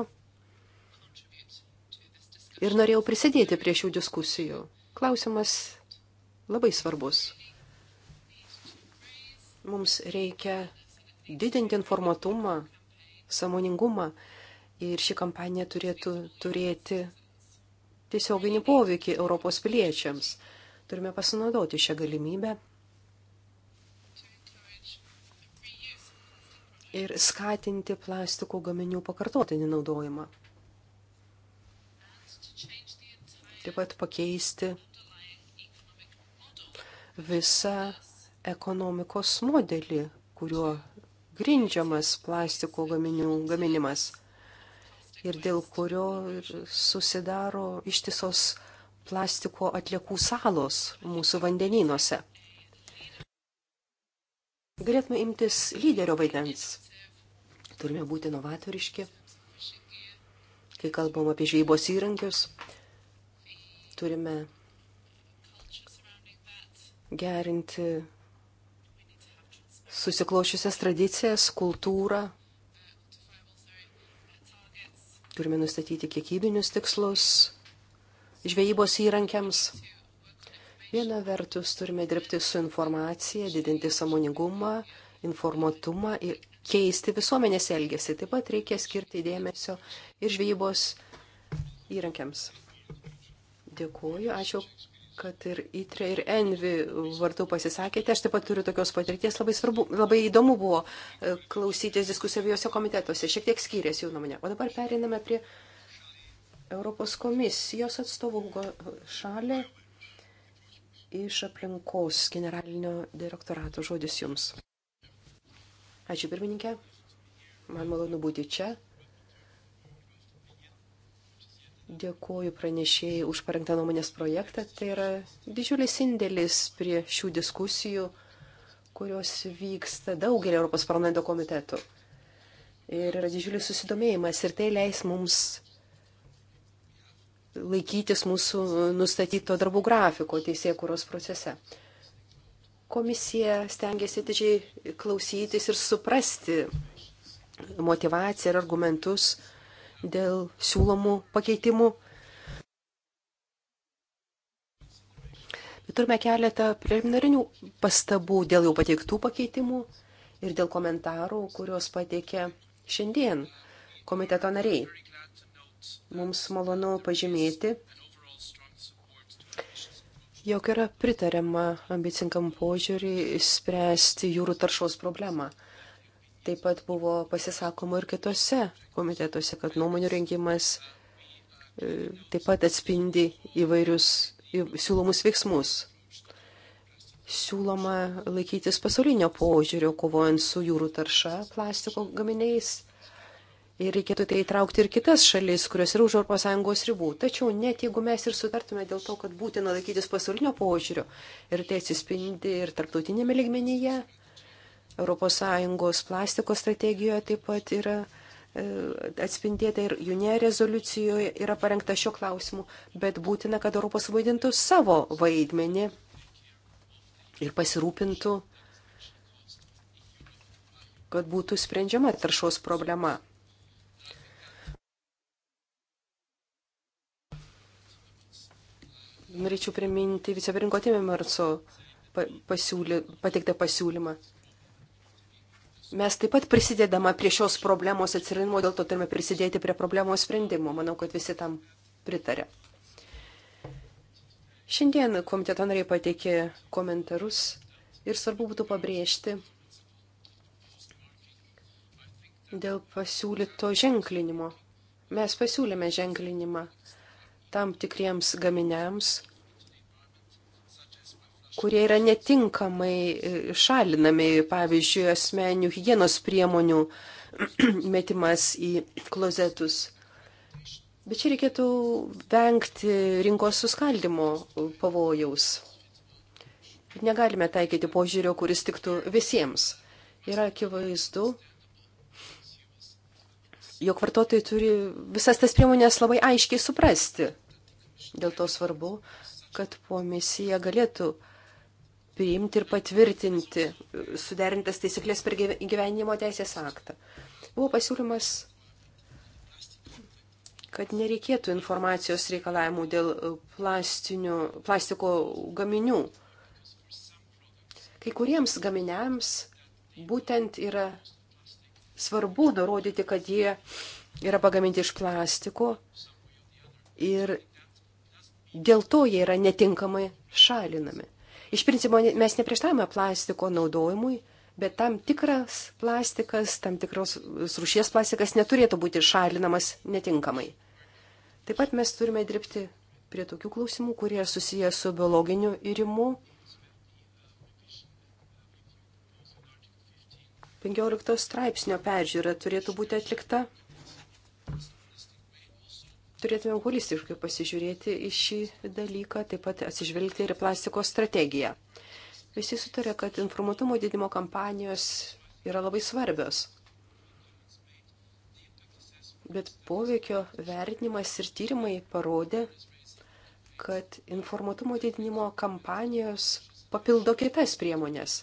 ir norėjau prisidėti prie šių diskusijų. Klausimas labai svarbus. Mums reikia didinti informatumą, samoningumą ir ši kampanija turėtų turėti tiesioginį poveikį Europos piliečiams. Turime pasinaudoti šią galimybę ir skatinti plastiko gaminių pakartotinį naudojimą. Taip pat pakeisti visą ekonomikos modelį, kuriuo grindžiamas plastiko gaminių gaminimas ir dėl kurio susidaro ištisos plastiko atliekų salos mūsų vandenynuose. Galėtume imtis lyderio vaidmens Turime būti novatoriški. Kai kalbam apie žvejybos įrankius, turime gerinti susiklošiusias tradicijas, kultūrą. Turime nustatyti kiekybinius tikslus žvejybos įrankiams. Viena vertus turime dirbti su informacija, didinti samoningumą, informatumą ir keisti visuomenės elgesį. Taip pat reikia skirti dėmesio ir žvejybos įrankiams. Dėkuoju, ačiū, kad ir ITRE, ir ENVI vardu pasisakėte. Aš taip pat turiu tokios patirties, labai, svarbu, labai įdomu buvo e, klausytis diskusijų abiejose komitetuose, šiek tiek skyrėsi jų nuomonė. O dabar periname prie Europos komisijos atstovų Hugo Šalė iš aplinkos generalinio direktorato žodis jums. Ačiū pirmininkė. Man malonu būti čia. Dėkuoju pranešėjai už parengtą nuomonės projektą. Tai yra didžiulis indėlis prie šių diskusijų, kurios vyksta daugelį Europos parlamento komitetų. Ir yra didžiulis susidomėjimas ir tai leis mums laikytis mūsų nustatyto darbų grafiko teisėkuros procese. Komisija stengiasi didžiai klausytis ir suprasti motivaciją ir argumentus dėl siūlomų pakeitimų. Turime keletą preliminarinių pastabų dėl jau pateiktų pakeitimų ir dėl komentarų, kuriuos pateikė šiandien komiteto nariai. Mums malonu pažymėti, jog yra pritarima ambicingam požiūriui spręsti jūrų taršos problemą. Taip pat buvo pasisakoma ir kitose komitetuose, kad nuomonių rengimas e, taip pat atspindi įvairius siūlomus veiksmus. Siūloma laikytis pasaulinio požiūrio, kovojant su jūrų tarša plastiko gaminiais Ir reikėtų tai įtraukti ir kitas šalis, kurios yra už ES ribų. Tačiau net jeigu mes ir sutartume dėl to, kad būtina laikytis pasaulinio požiūrio ir tai atsispindi ir tarptautinėme ligmenyje, ES plastikos strategijoje taip pat yra e, atspindėta ir junė rezoliucijoje yra parengta šio klausimu, bet būtina, kad Europos vaidintų savo vaidmenį ir pasirūpintų, kad būtų sprendžiama taršos problema. norėčiau priminti viceprinko Timemarso pasiūly, pateiktą pasiūlymą. Mes taip pat prisidedama prie šios problemos atsirinimo, dėl to turime prisidėti prie problemos sprendimo. Manau, kad visi tam pritarė. Šiandien komiteto nariai pateikė komentarus ir svarbu būtų pabrėžti dėl pasiūlyto ženklinimo. Mes pasiūlėme ženklinimą tam tikriems gaminiams, kurie yra netinkamai e, šalinami, pavyzdžiui, asmenių hygienos priemonių metimas į klozetus. Bet čia reikėtų vengti rinkos suskaldimo pavojaus. Negalime taikyti požiūrio, kuris tiktų visiems. Yra akivaizdu, jog vartotojai turi visas tas priemonės labai aiškiai suprasti. Dėl to svarbu, kad komisija galėtų priimti ir patvirtinti suderintas taisyklės per gyvenimo teisės aktą. Buvo pasiūlymas, kad nereikėtų informacijos reikalavimų dėl plastiko gaminių. Kai kuriems gaminiams būtent yra svarbu nurodyti, kad jie yra pagaminti iš plastiko ir dėl to jie yra netinkamai šalinami. Iš principo mes neprieštavome plastiko naudojimui, bet tam tikras plastikas, tam tikros rūšies plastikas neturėtų būti šalinamas netinkamai. Taip pat mes turime dirbti prie tokių klausimų, kurie susiję su biologiniu įrimu. 15 straipsnio peržiūra turėtų būti atlikta turėtume holistiškai pasižiūrėti į šį dalyką, taip pat atsižvelgti ir plastikos strategiją. Visi sutarė, kad informatumo didimo kampanijos yra labai svarbios. Bet poveikio vertinimas ir tyrimai parodė, kad informatumo didinimo kampanijos papildo kitas priemonės.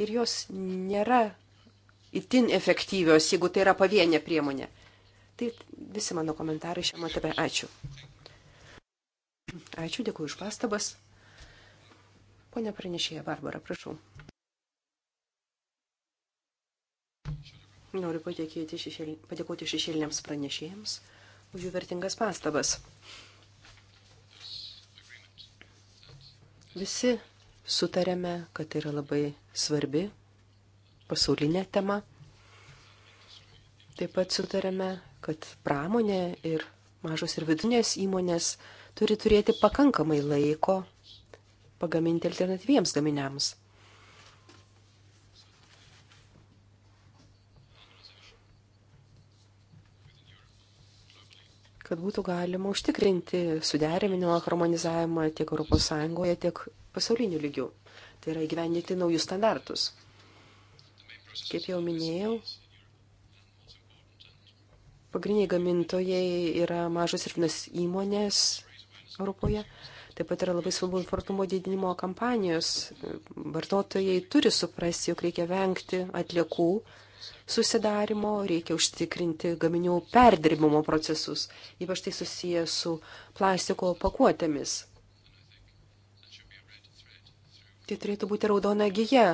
Ir jos nėra itin efektyvios, jeigu tai yra pavienė priemonė. Tai visi mano komentarai šiame etape. Ačiū. Ačiū, dėkuoju už pastabas. Pone pranešėja Barbara, prašau. Noriu šešėl... padėkoti šešėliniams pranešėjams už jų vertingas pastabas. Visi sutarėme, kad tai yra labai svarbi pasaulinė tema. Taip pat sutarėme, kad pramonė ir mažos ir vidinės įmonės turi turėti pakankamai laiko pagaminti alternatyviems gaminiams. Kad būtų galima užtikrinti suderinimo harmonizavimą tiek ES, tiek pasauliniu lygiu. Tai yra įgyvendinti naujus standartus. Kaip jau minėjau, Pagrindiniai gamintojai yra mažos ir vienas įmonės Europoje. Taip pat yra labai svarbu informumo didinimo kampanijos. Vartotojai turi suprasti, jog reikia vengti atliekų susidarimo, reikia užtikrinti gaminių perdirbimo procesus, ypač tai susiję su plastiko pakuotėmis. Tai turėtų būti raudona gyja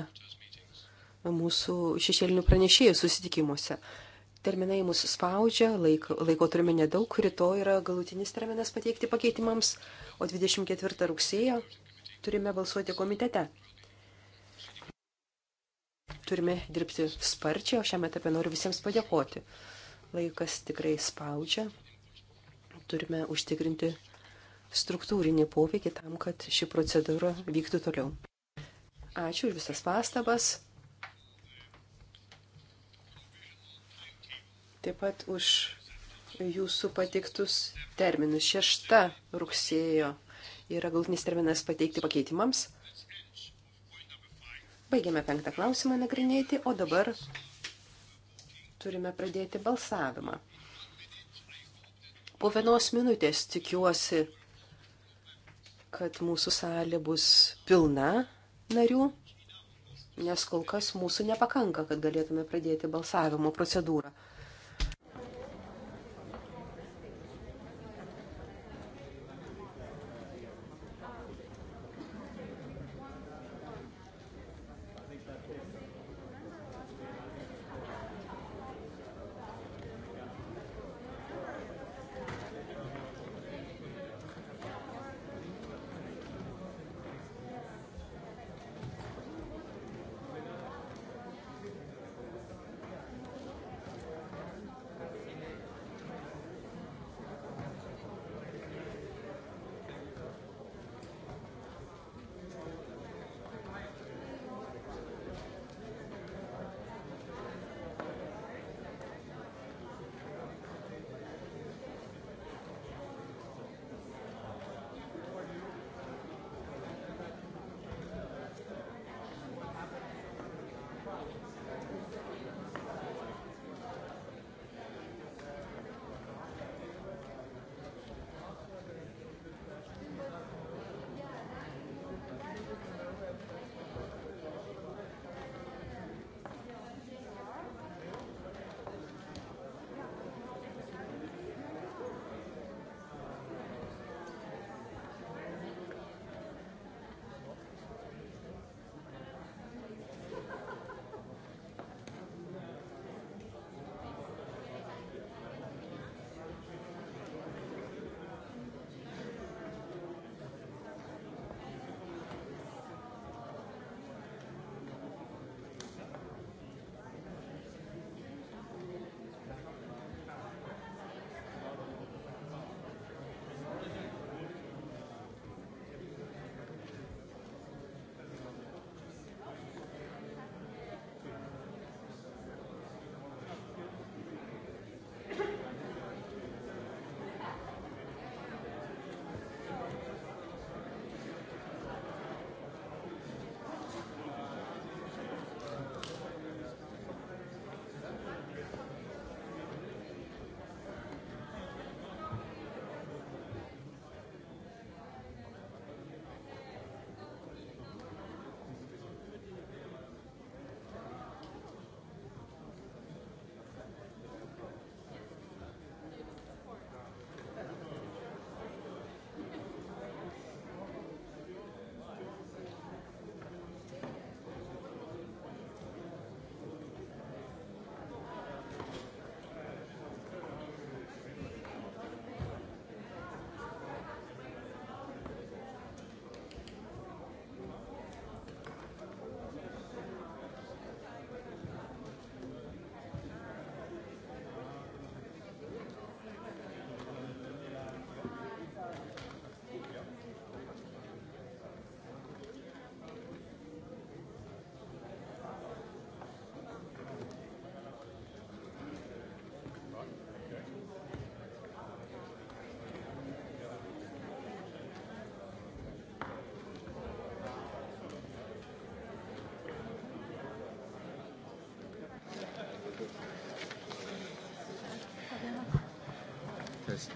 mūsų šešėlinių pranešėjų susitikimuose. Terminai mus spaudžia, laiko, laiko turime nedaug, rytoj yra galutinis terminas pateikti pakeitimams, o 24 rugsėjo turime balsuoti komitete. Turime dirbti sparčiai, o šiame etape noriu visiems padėkoti. Laikas tikrai spaudžia, turime užtikrinti struktūrinį poveikį tam, kad ši procedūra vyktų toliau. Ačiū ir visas pastabas. taip pat už jūsų pateiktus terminus. 6 rugsėjo yra galtinis terminas pateikti pakeitimams. Baigėme penktą klausimą nagrinėti, o dabar turime pradėti balsavimą. Po vienos minutės tikiuosi, kad mūsų salė bus pilna narių, nes kol kas mūsų nepakanka, kad galėtume pradėti balsavimo procedūrą.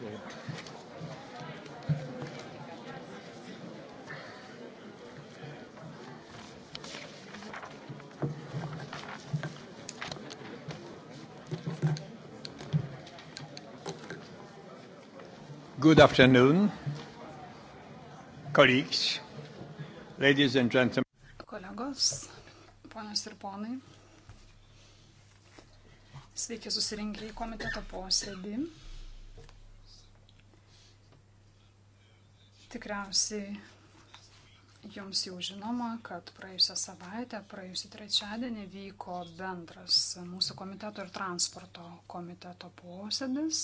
Okay. Good afternoon, colleagues, ladies and gentlemen. Kolegos, ponios ir ponai, sveiki susirinkę į komiteto posėdį. Tikriausiai jums jau žinoma, kad praėjusią savaitę, praėjusią trečiadienį vyko bendras mūsų komiteto ir transporto komiteto posėdis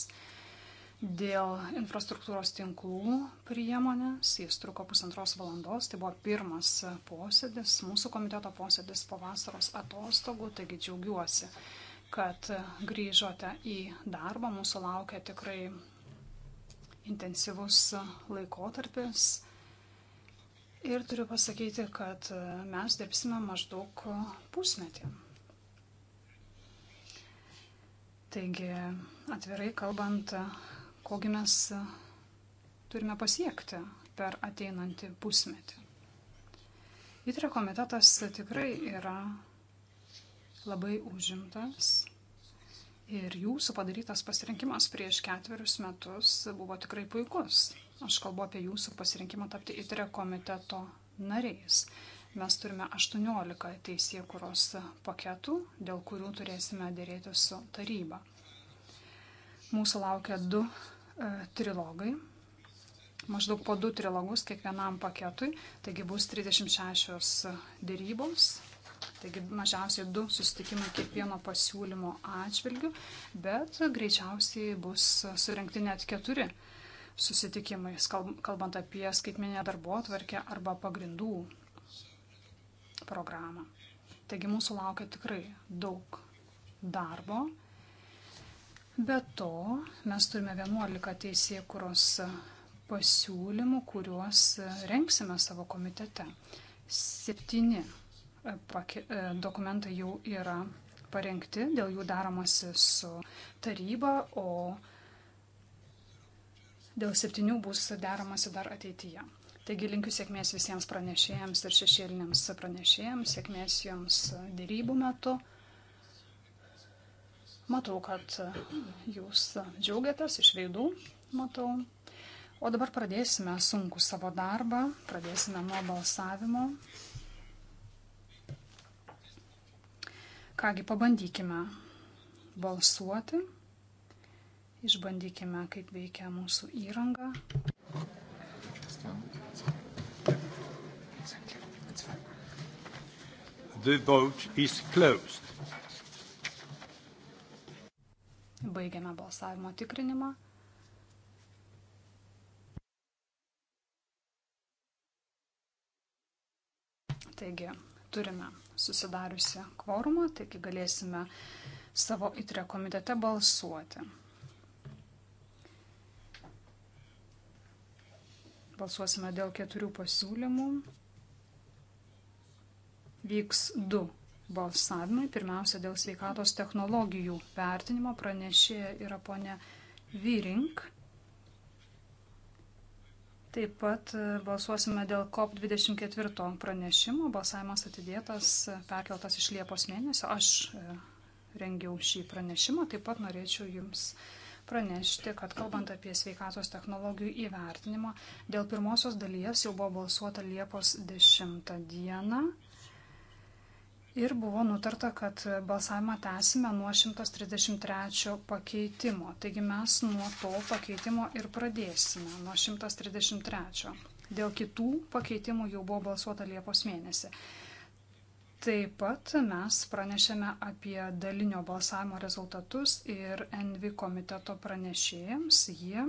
dėl infrastruktūros tinklų priemonės. Jis truko pusantros valandos, tai buvo pirmas posėdis, mūsų komiteto posėdis po vasaros atostogų, taigi džiaugiuosi, kad grįžote į darbą. Mūsų laukia tikrai intensyvus laikotarpis. Ir turiu pasakyti, kad mes dirbsime maždaug pusmetį. Taigi, atvirai kalbant, kogi mes turime pasiekti per ateinantį pusmetį. Įtrio komitetas tikrai yra labai užimtas Ir jūsų padarytas pasirinkimas prieš ketverius metus buvo tikrai puikus. Aš kalbu apie jūsų pasirinkimą tapti įtrė komiteto nariais. Mes turime 18 teisėkuros paketų, dėl kurių turėsime dėrėti su taryba. Mūsų laukia du e, trilogai, maždaug po du trilogus kiekvienam paketui, taigi bus 36 dėrybos, Taigi mažiausiai du susitikimai kiekvieno pasiūlymo atžvilgių, bet greičiausiai bus surinkti net keturi susitikimai, kalbant apie skaitminę darbo atvarkę arba pagrindų programą. Taigi mūsų laukia tikrai daug darbo. Be to, mes turime 11 teisėkuros pasiūlymų, kuriuos renksime savo komitete. Septyni E, dokumentai jau yra parengti, dėl jų daromasi su taryba, o dėl septynių bus daromasi dar ateityje. Taigi linkiu sėkmės visiems pranešėjams ir šešėliniams pranešėjams, sėkmės joms dėrybų metu. Matau, kad jūs džiaugiatės iš veidų, matau. O dabar pradėsime sunku savo darbą, pradėsime nuo balsavimo. Kągi pabandykime balsuoti. Išbandykime, kaip veikia mūsų įranga. The vote is closed. Baigiame balsavimo tikrinimą. Taigi, turime susidariusią kvorumą, taigi galėsime savo įtrio komitete balsuoti. Balsuosime dėl keturių pasiūlymų. Vyks du balsavimai. Pirmiausia, dėl sveikatos technologijų vertinimo pranešėja yra ponė Vyrink. Taip pat e, balsuosime dėl COP24 pranešimo. Balsavimas atidėtas, e, perkeltas iš Liepos mėnesio. Aš e, rengiau šį pranešimą. Taip pat norėčiau Jums pranešti, kad kalbant apie sveikatos technologijų įvertinimą, dėl pirmosios dalies jau buvo balsuota Liepos 10 dieną. Ir buvo nutarta, kad balsavimą tęsime nuo 133 pakeitimo. Taigi mes nuo to pakeitimo ir pradėsime, nuo 133. Dėl kitų pakeitimų jau buvo balsuota Liepos mėnesį. Taip pat mes pranešėme apie dalinio balsavimo rezultatus ir NV komiteto pranešėjams. Jie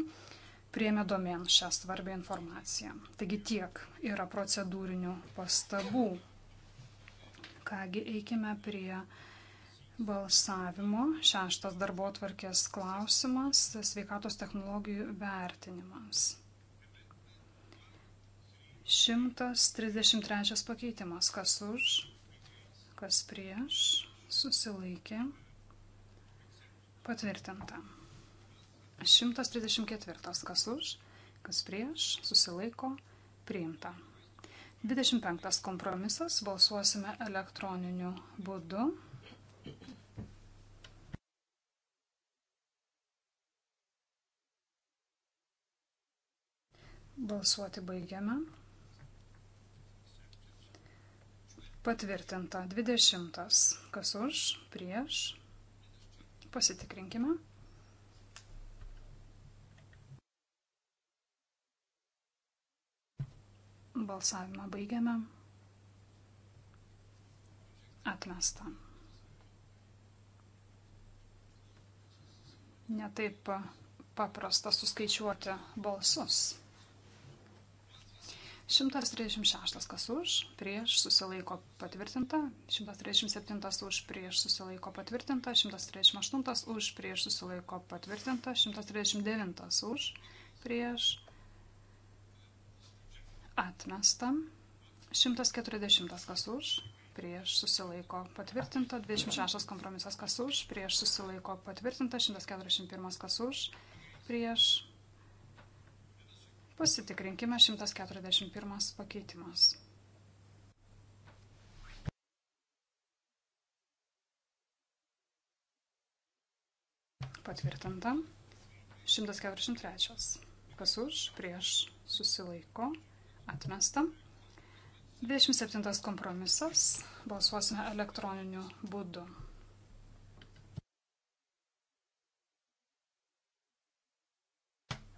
priemė domen šią svarbę informaciją. Taigi tiek yra procedūrinių pastabų Kągi eikime prie balsavimo. Šeštas darbo tvarkės klausimas - sveikatos technologijų vertinimas. 133 pakeitimas. Kas už, kas prieš, susilaikė, patvirtinta. 134. Kas už, kas prieš, susilaiko, priimta. 25 kompromisas, balsuosime elektroniniu būdu. Balsuoti baigiame. Patvirtinta 20. Kas už, prieš. Pasitikrinkime. Balsavimą baigiame. Atmesta. Netaip paprasta suskaičiuoti balsus. 136 kas už, prieš susilaiko patvirtinta, 137 už, prieš susilaiko patvirtinta, 138 už, prieš susilaiko patvirtinta, 139 už, prieš Atmesta. 140 kas už, prieš susilaiko patvirtinta. 26 kompromisas kas už, prieš susilaiko patvirtinta. 141 kas už, prieš. Pasitikrinkime 141 pakeitimas. Patvirtinta. 143. Kas už, prieš, susilaiko. Atmesta. 27 kompromisas. Balsuosime elektroniniu būdu.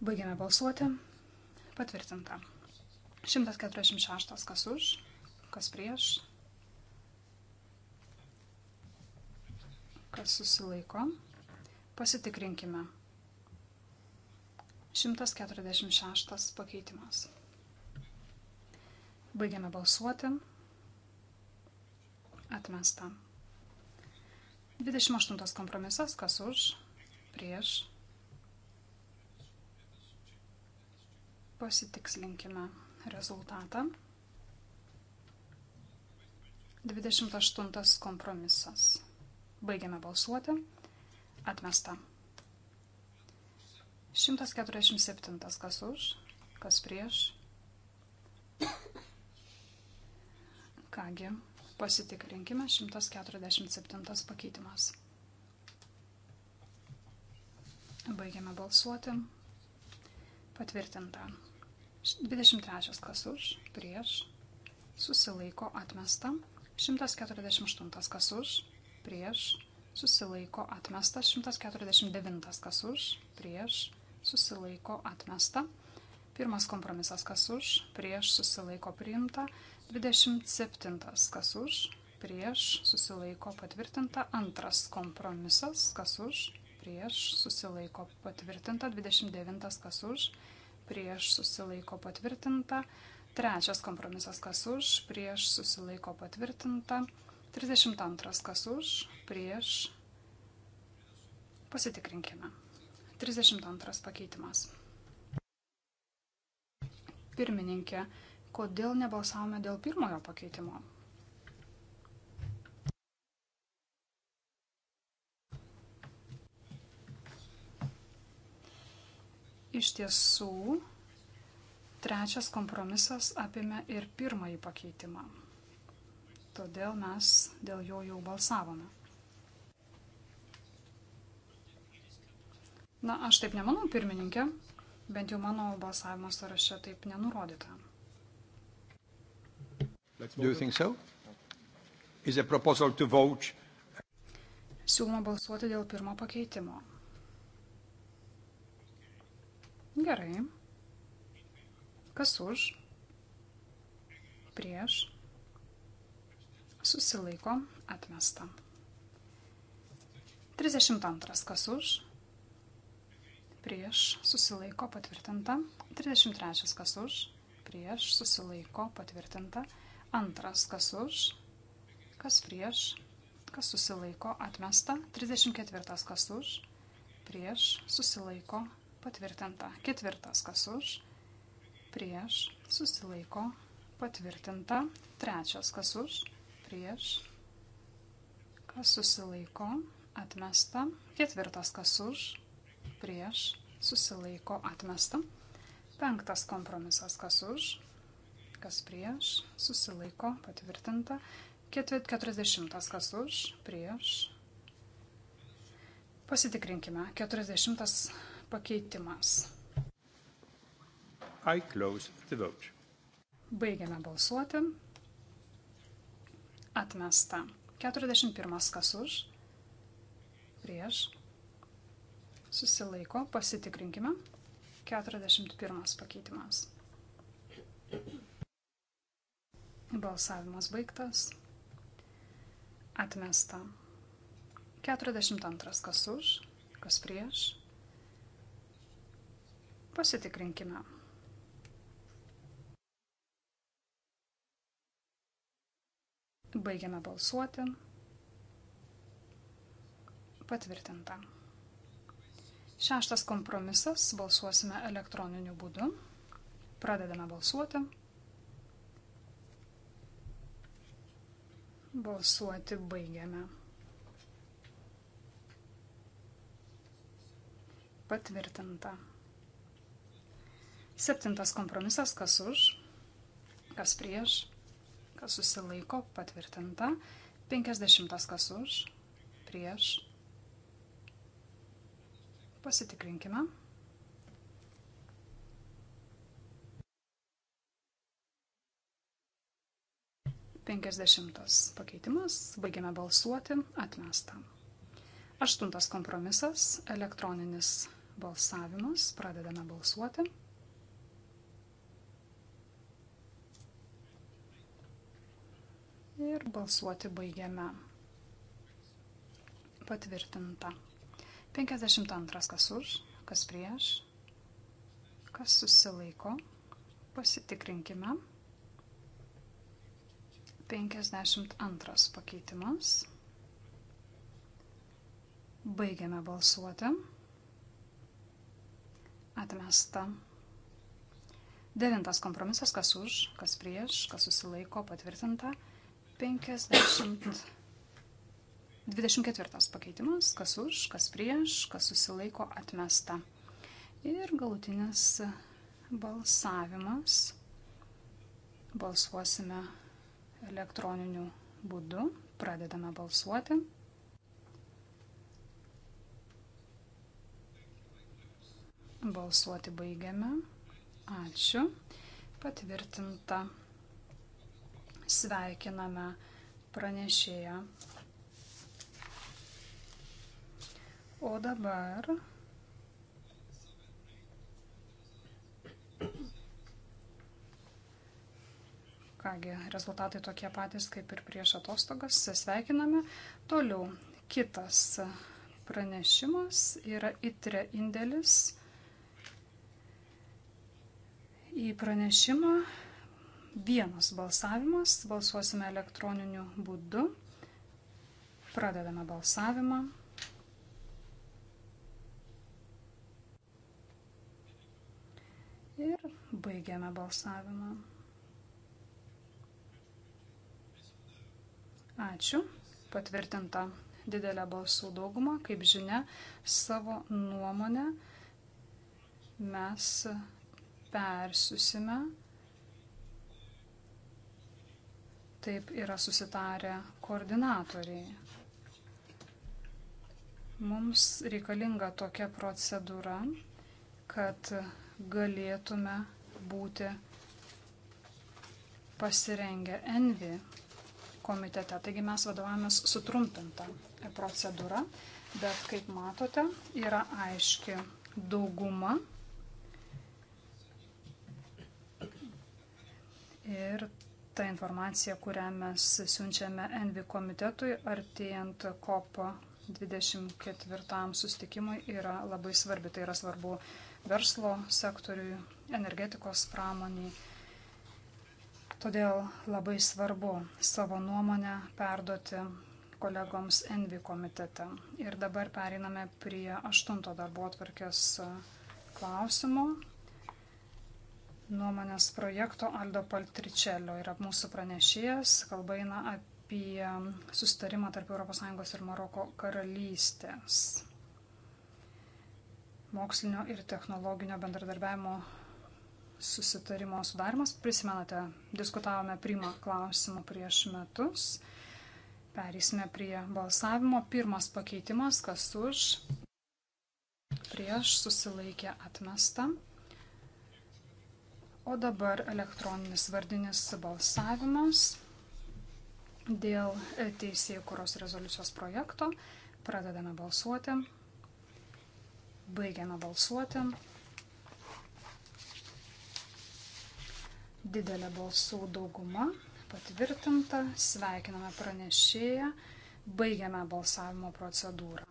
Baigiame balsuoti. Patvirtinta. 146 kas už, kas prieš, kas susilaiko. Pasitikrinkime. 146 pakeitimas. Baigiame balsuoti. Atmesta. 28 kompromisas, kas už, prieš. Pasitikslinkime rezultatą. 28 kompromisas. Baigiame balsuoti. Atmesta. 147. Kas už, kas prieš. Kągi, pasitikrinkime 147 pakeitimas. Baigiame balsuoti. Patvirtinta. 23 kas už, prieš, susilaiko atmesta. 148 kas už, prieš, susilaiko atmesta. 149 kas už, prieš, susilaiko atmesta. Pirmas kompromisas kas už, prieš, susilaiko priimta. 27. Kas už, prieš, susilaiko patvirtinta. Antras kompromisas. Kas už, prieš, susilaiko patvirtinta. 29. Kas už, prieš, susilaiko patvirtinta. Trečias kompromisas. Kas už, prieš, susilaiko patvirtinta. 32. Kas už, prieš. Pasitikrinkime. 32 pakeitimas. Pirmininkė, kodėl nebalsavome dėl pirmojo pakeitimo. Iš tiesų, trečias kompromisas apima ir pirmąjį pakeitimą. Todėl mes dėl jo jau balsavome. Na, aš taip nemanau, pirmininkė. Bent jau mano balsavimo sąraše taip nenurodyta. Do you think so? Is a proposal to vote? Siūloma balsuoti dėl pirmo pakeitimo. Gerai. Kas už? Prieš. Susilaiko. Atmesta. 32. Kas už? Prieš. Susilaiko. Patvirtinta. 33. Kas už? Prieš. Susilaiko. Patvirtinta. 34. Antras, kas už, kas prieš, kas susilaiko, atmesta. 34, kas už, prieš, susilaiko, patvirtinta. Ketvirtas, kas už, prieš, susilaiko, patvirtinta. Trečias, kas už, prieš, kas susilaiko, atmesta. Ketvirtas, kas už, prieš, susilaiko, atmesta. Penktas kompromisas, kas už, kas prieš, susilaiko, patvirtinta. 40, kas už, prieš. Pasitikrinkime. 40 pakeitimas. I close the vote. Baigiame balsuoti. Atmesta. 41 kas už, prieš. Susilaiko, pasitikrinkime. 41 pakeitimas. Thank you. Balsavimas baigtas. Atmesta. 42. Kas už, kas prieš. Pasitikrinkime. Baigiame balsuoti. Patvirtinta. Šeštas kompromisas. Balsuosime elektroniniu būdu. Pradedame balsuoti. Balsuoti baigiame. Patvirtinta. Septintas kompromisas, kas už, kas prieš, kas susilaiko, patvirtinta. Penkisdešimtas, kas už, prieš. Pasitikrinkime. 50 pakeitimas, baigiame balsuoti, atmesta. 8 kompromisas, elektroninis balsavimas, pradedame balsuoti. Ir balsuoti baigiame. Patvirtinta. 52 kas už, kas prieš, kas susilaiko. Pasitikrinkime. 52 pakeitimas. Baigiame balsuoti. Atmesta. Devintas kompromisas, kas už, kas prieš, kas susilaiko, patvirtinta. 50. 24 pakeitimas, kas už, kas prieš, kas susilaiko, atmesta. Ir galutinis balsavimas. Balsuosime elektroniniu būdu. Pradedame balsuoti. Balsuoti baigiame. Ačiū. Patvirtinta. Sveikiname pranešėją. O dabar Kągi, rezultatai tokie patys kaip ir prieš atostogas. Sveikiname. Toliau kitas pranešimas yra itre indėlis į pranešimą. Vienas balsavimas. Balsuosime elektroniniu būdu. Pradedame balsavimą. Ir baigiame balsavimą. Ačiū. Patvirtinta didelė balsų dauguma. Kaip žinia, savo nuomonę mes persusime. Taip yra susitarę koordinatoriai. Mums reikalinga tokia procedūra, kad galėtume būti pasirengę envi komitete. Taigi mes vadovavomės sutrumpintą procedūrą, bet kaip matote, yra aiški dauguma. Ir ta informacija, kurią mes siunčiame Envi komitetui, artėjant kopo 24 sustikimui, yra labai svarbi. Tai yra svarbu verslo sektoriui, energetikos pramoniai Todėl labai svarbu savo nuomonę perduoti kolegoms Envi komitete. Ir dabar periname prie aštunto darbo atvarkės e, klausimo. Nuomonės projekto Aldo Paltričelio yra mūsų pranešėjas. Kalba eina apie sustarimą tarp ES ir Maroko karalystės mokslinio ir technologinio bendradarbiavimo susitarimo sudarimas. Prisimenate, diskutavome primą klausimą prieš metus. Perėsime prie balsavimo. Pirmas pakeitimas, kas už, prieš susilaikė atmesta. O dabar elektroninis vardinis balsavimas dėl teisėjų kuros rezoliucijos projekto. Pradedame balsuoti. Baigiame balsuoti. didelė balsų dauguma patvirtinta. Sveikiname pranešėją. Baigiame balsavimo procedūrą.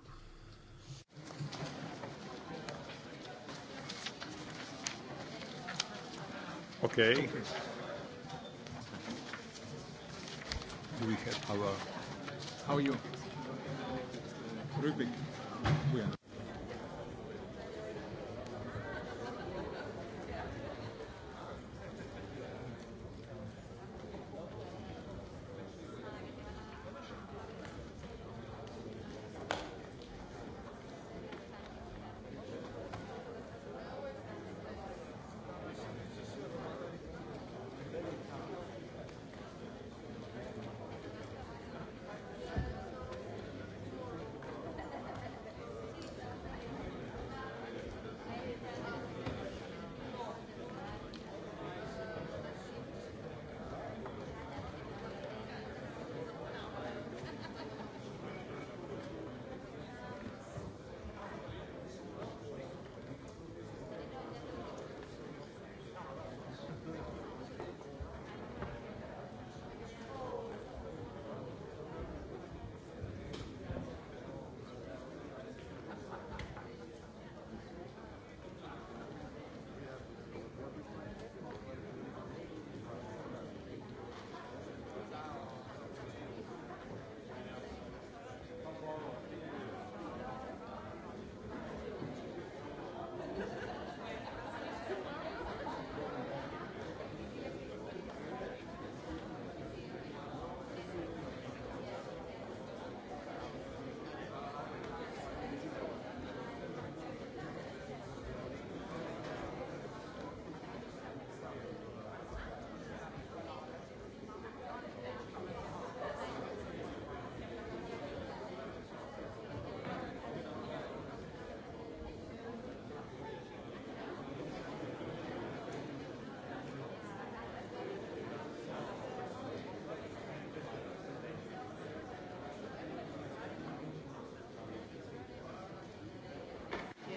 Okay. Do we have our... How are you? Rubik. We are.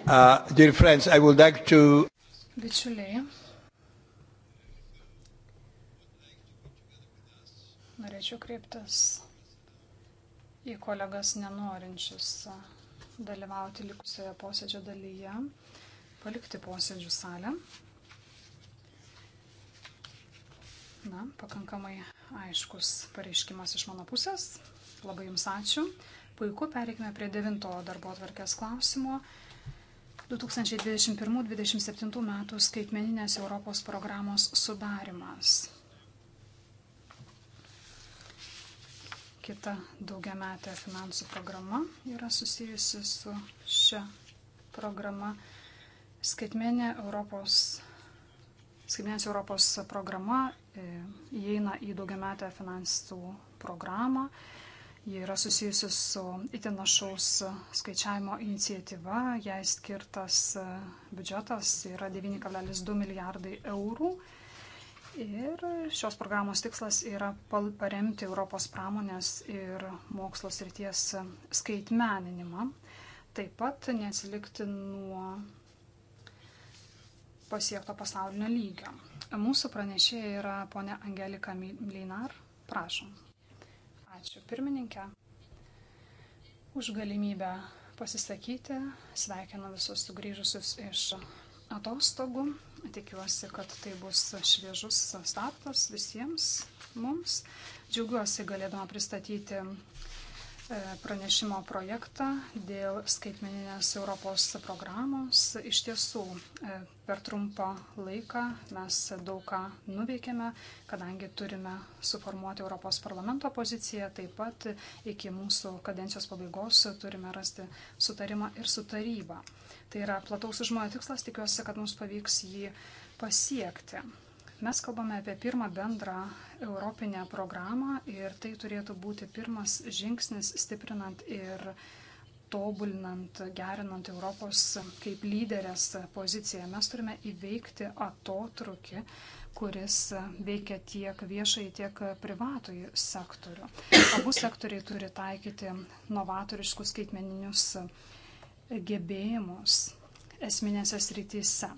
Uh, dear friends, I would like to... Bičiuliai, norėčiau kreiptis į kolegas nenorinčius dalyvauti likusioje posėdžio dalyje, palikti posėdžių salę. Na, pakankamai aiškus pareiškimas iš mano pusės. Labai Jums ačiū. Puiku, pereikime prie devinto darbo atvarkės klausimo. 2021-2027 metų skaitmeninės Europos programos sudarimas. Kita daugiametė finansų programa yra susijusi su šia programa. Skaitmenė Europos, skaitmenės Europos programa e, įeina į daugiametę finansų programą. E, Ji yra susijusi su itin našaus e, skaičiavimo iniciatyva, jai skirtas e, biudžetas yra 9,2 milijardai eurų. Ir šios programos tikslas yra paremti Europos pramonės ir mokslo srities e, skaitmeninimą, taip pat neatsilikti nuo pasiekto pasaulinio lygio. Mūsų pranešėja yra ponia Angelika Mlinar. Prašom. Ačiū pirmininkė už galimybę pasisakyti. Sveikinu visus sugrįžusius iš atostogų. Tikiuosi, kad tai bus šviežus startas visiems mums. Džiaugiuosi galėdama pristatyti E, pranešimo projektą dėl skaitmeninės Europos programos. Iš tiesų, e, per trumpą laiką mes daug ką nuveikėme, kadangi turime suformuoti Europos parlamento poziciją, taip pat iki mūsų kadencijos pabaigos turime rasti sutarimą ir sutarybą. Tai yra plataus užmojo tikslas, tikiuosi, kad mums pavyks jį pasiekti. Mes kalbame apie pirmą bendrą europinę programą ir tai turėtų būti pirmas žingsnis stiprinant ir tobulinant, gerinant Europos kaip lyderės poziciją. Mes turime įveikti atotrukį, kuris veikia tiek viešai, tiek privatojų sektorių. Abu sektoriai turi taikyti novatoriškus skaitmeninius gebėjimus esminėse srityse.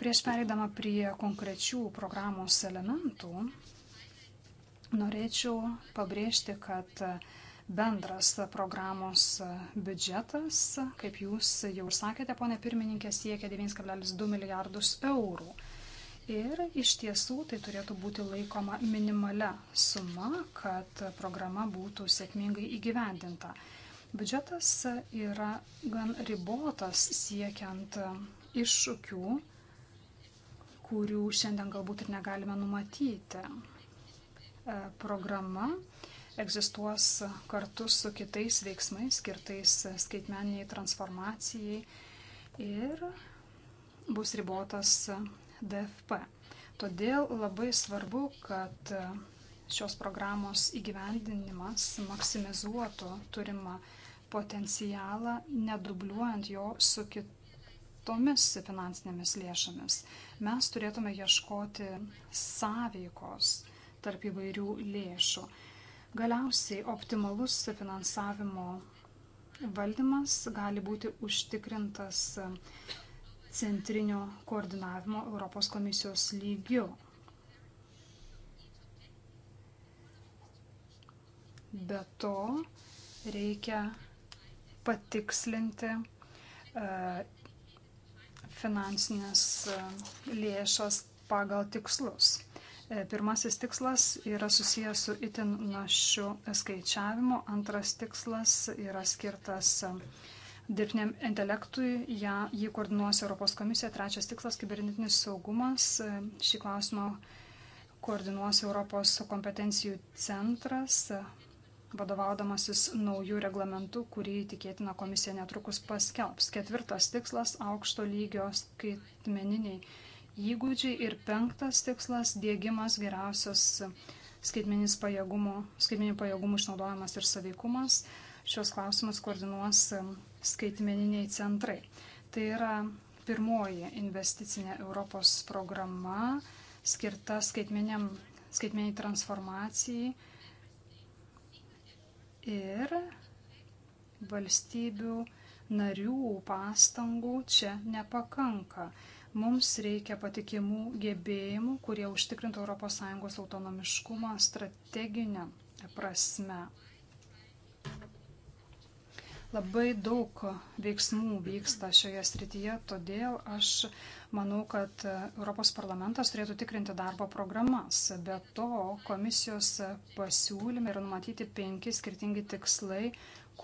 Prieš pereidama prie konkrečių programos elementų, norėčiau pabrėžti, kad bendras programos biudžetas, kaip jūs jau sakėte, ponė pirmininkė, siekia 9,2 milijardus eurų. Ir iš tiesų tai turėtų būti laikoma minimalia suma, kad programa būtų sėkmingai įgyvendinta. Biudžetas yra gan ribotas siekiant iššūkių kurių šiandien galbūt ir negalime numatyti. E, programa egzistuos kartu su kitais veiksmais skirtais skaitmeniniai transformacijai ir bus ribotas DFP. Todėl labai svarbu, kad šios programos įgyvendinimas maksimizuotų turimą potencialą, nedubliuojant jo su kitais tomis finansinėmis lėšomis. Mes turėtume ieškoti sąveikos tarp įvairių lėšų. Galiausiai optimalus finansavimo valdymas gali būti užtikrintas centrinio koordinavimo Europos komisijos lygiu. Be to reikia patikslinti e, finansinės e, lėšas pagal tikslus. E, pirmasis tikslas yra susijęs su itin našiu skaičiavimu, antras tikslas yra skirtas e, dirbtiniam intelektui, ją, jį koordinuos Europos komisija, trečias tikslas - kibernetinis saugumas. Šį klausimą koordinuos Europos kompetencijų centras, vadovaudamasis naujų reglamentų, kurį tikėtina komisija netrukus paskelbs. Ketvirtas tikslas - aukšto lygio skaitmeniniai įgūdžiai ir penktas tikslas - dėgymas geriausios skaitmeninių pajėgumų, pajėgumų išnaudojimas ir saveikumas. Šios klausimus koordinuos skaitmeniniai centrai. Tai yra pirmoji investicinė Europos programa skirta skaitmeniniai transformacijai ir valstybių narių pastangų čia nepakanka. Mums reikia patikimų gebėjimų, kurie užtikrintų ES autonomiškumą strateginę prasme. Labai daug veiksmų vyksta šioje srityje, todėl aš manau, kad Europos parlamentas turėtų tikrinti darbo programas. Be to, komisijos pasiūlyme yra numatyti penki skirtingi tikslai,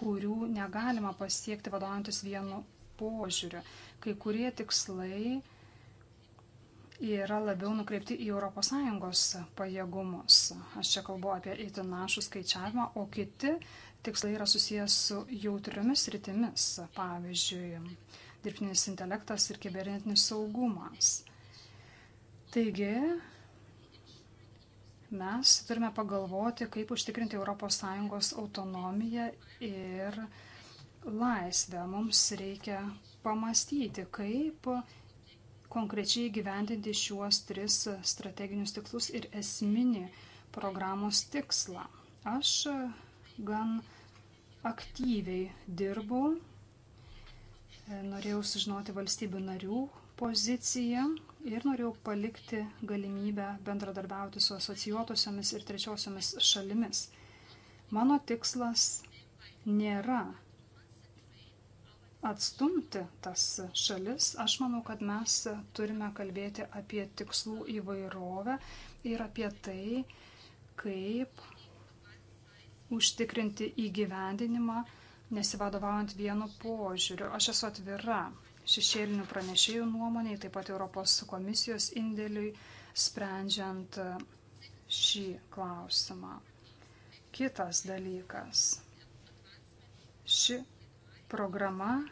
kurių negalima pasiekti vadovantis vienu požiūriu. Kai kurie tikslai yra labiau nukreipti į ES pajėgumus. Aš čia kalbu apie įtinašų skaičiavimą, o kiti tikslai yra susijęs su jautriomis rytimis, pavyzdžiui, dirbtinis intelektas ir kibernetinis saugumas. Taigi, mes turime pagalvoti, kaip užtikrinti ES autonomiją ir laisvę. Mums reikia pamastyti, kaip konkrečiai gyvendinti šiuos tris strateginius tikslus ir esminį programos tikslą. Aš gan aktyviai dirbau. Norėjau sužinoti valstybių narių poziciją ir norėjau palikti galimybę bendradarbiauti su asocijuotosiomis ir trečiosiomis šalimis. Mano tikslas nėra atstumti tas šalis. Aš manau, kad mes turime kalbėti apie tikslų įvairovę ir apie tai, kaip užtikrinti įgyvendinimą, nesivadovaujant vienu požiūriu. Aš esu atvira šešėlinių pranešėjų nuomoniai, taip pat Europos komisijos indėliui, sprendžiant šį klausimą. Kitas dalykas. Ši programa e,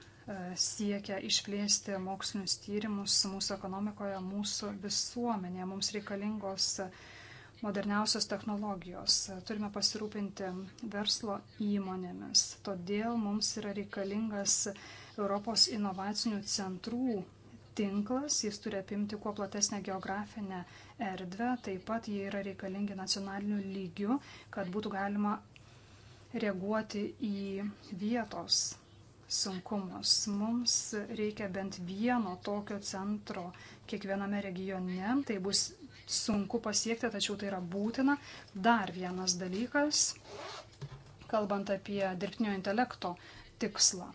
siekia išplėsti mokslinius tyrimus mūsų ekonomikoje, mūsų visuomenėje. Mums reikalingos moderniausios technologijos, turime pasirūpinti verslo įmonėmis. Todėl mums yra reikalingas Europos inovacinių centrų tinklas, jis turi apimti kuo platesnę geografinę erdvę, taip pat jie yra reikalingi nacionaliniu lygiu, kad būtų galima reaguoti į vietos sunkumus. Mums reikia bent vieno tokio centro kiekviename regione, tai bus sunku pasiekti, tačiau tai yra būtina. Dar vienas dalykas, kalbant apie dirbtinio intelekto tikslą.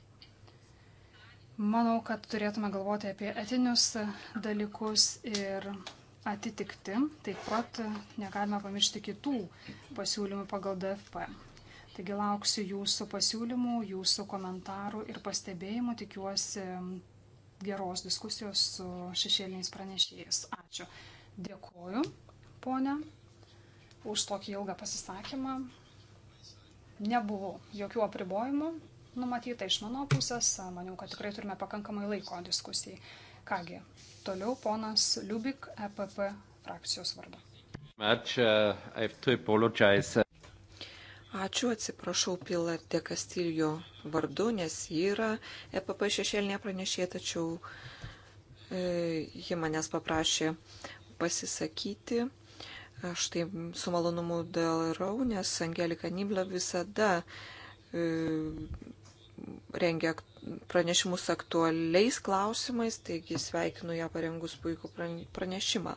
Manau, kad turėtume galvoti apie etinius dalykus ir atitikti. Taip pat negalime pamiršti kitų pasiūlymų pagal DFP. Taigi lauksiu jūsų pasiūlymų, jūsų komentarų ir pastebėjimų. Tikiuosi geros diskusijos su šešėliniais pranešėjais. Ačiū. Dėkuoju, ponė, už tokį ilgą pasisakymą. Nebuvo jokių apribojimų numatyta iš mano pusės. Maniau, kad tikrai turime pakankamai laiko diskusijai. Kągi, toliau ponas Liubik, EPP frakcijos vardu. Uh, Ačiū, atsiprašau Pilą Dekastiljo vardu, nes ji yra EPP šešėlinė pranešė, tačiau e, ji manęs paprašė pasisakyti. Aš tai su malonumu darau, nes Angelika Nibla visada e, rengia pranešimus aktualiais klausimais, taigi sveikinu ją parengus puikų pranešimą.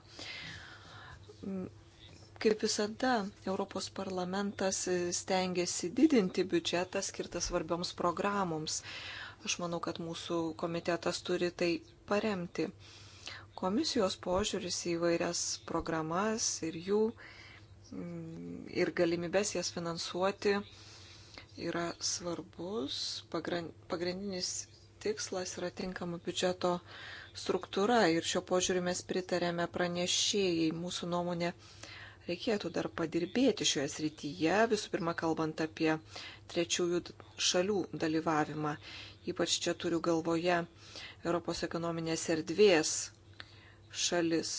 Kaip visada, Europos parlamentas stengiasi didinti biudžetą skirtą svarbioms programoms. Aš manau, kad mūsų komitetas turi tai paremti. Komisijos požiūris į vairias programas ir jų mm, ir galimybės jas finansuoti yra svarbus. Pagrindinis tikslas yra tinkama biudžeto struktūra ir šio požiūriu mes pritarėme pranešėjai. Mūsų nuomonė reikėtų dar padirbėti šioje srityje, visų pirma kalbant apie trečiųjų šalių dalyvavimą. Ypač čia turiu galvoje Europos ekonominės erdvės šalis.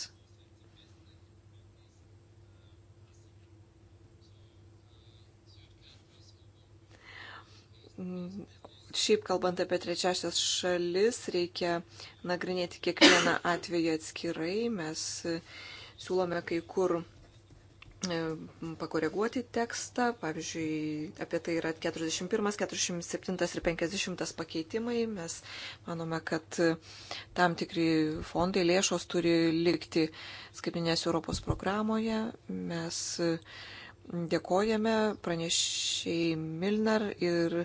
Šiaip kalbant apie trečiasias šalis, reikia nagrinėti kiekvieną atvejį atskirai. Mes siūlome kai kur E, pakoreguoti tekstą. Pavyzdžiui, apie tai yra 41, 47 ir 50 pakeitimai. Mes manome, kad tam tikri fondai lėšos turi likti skaipinės Europos programoje. Mes dėkojame pranešiai Milner ir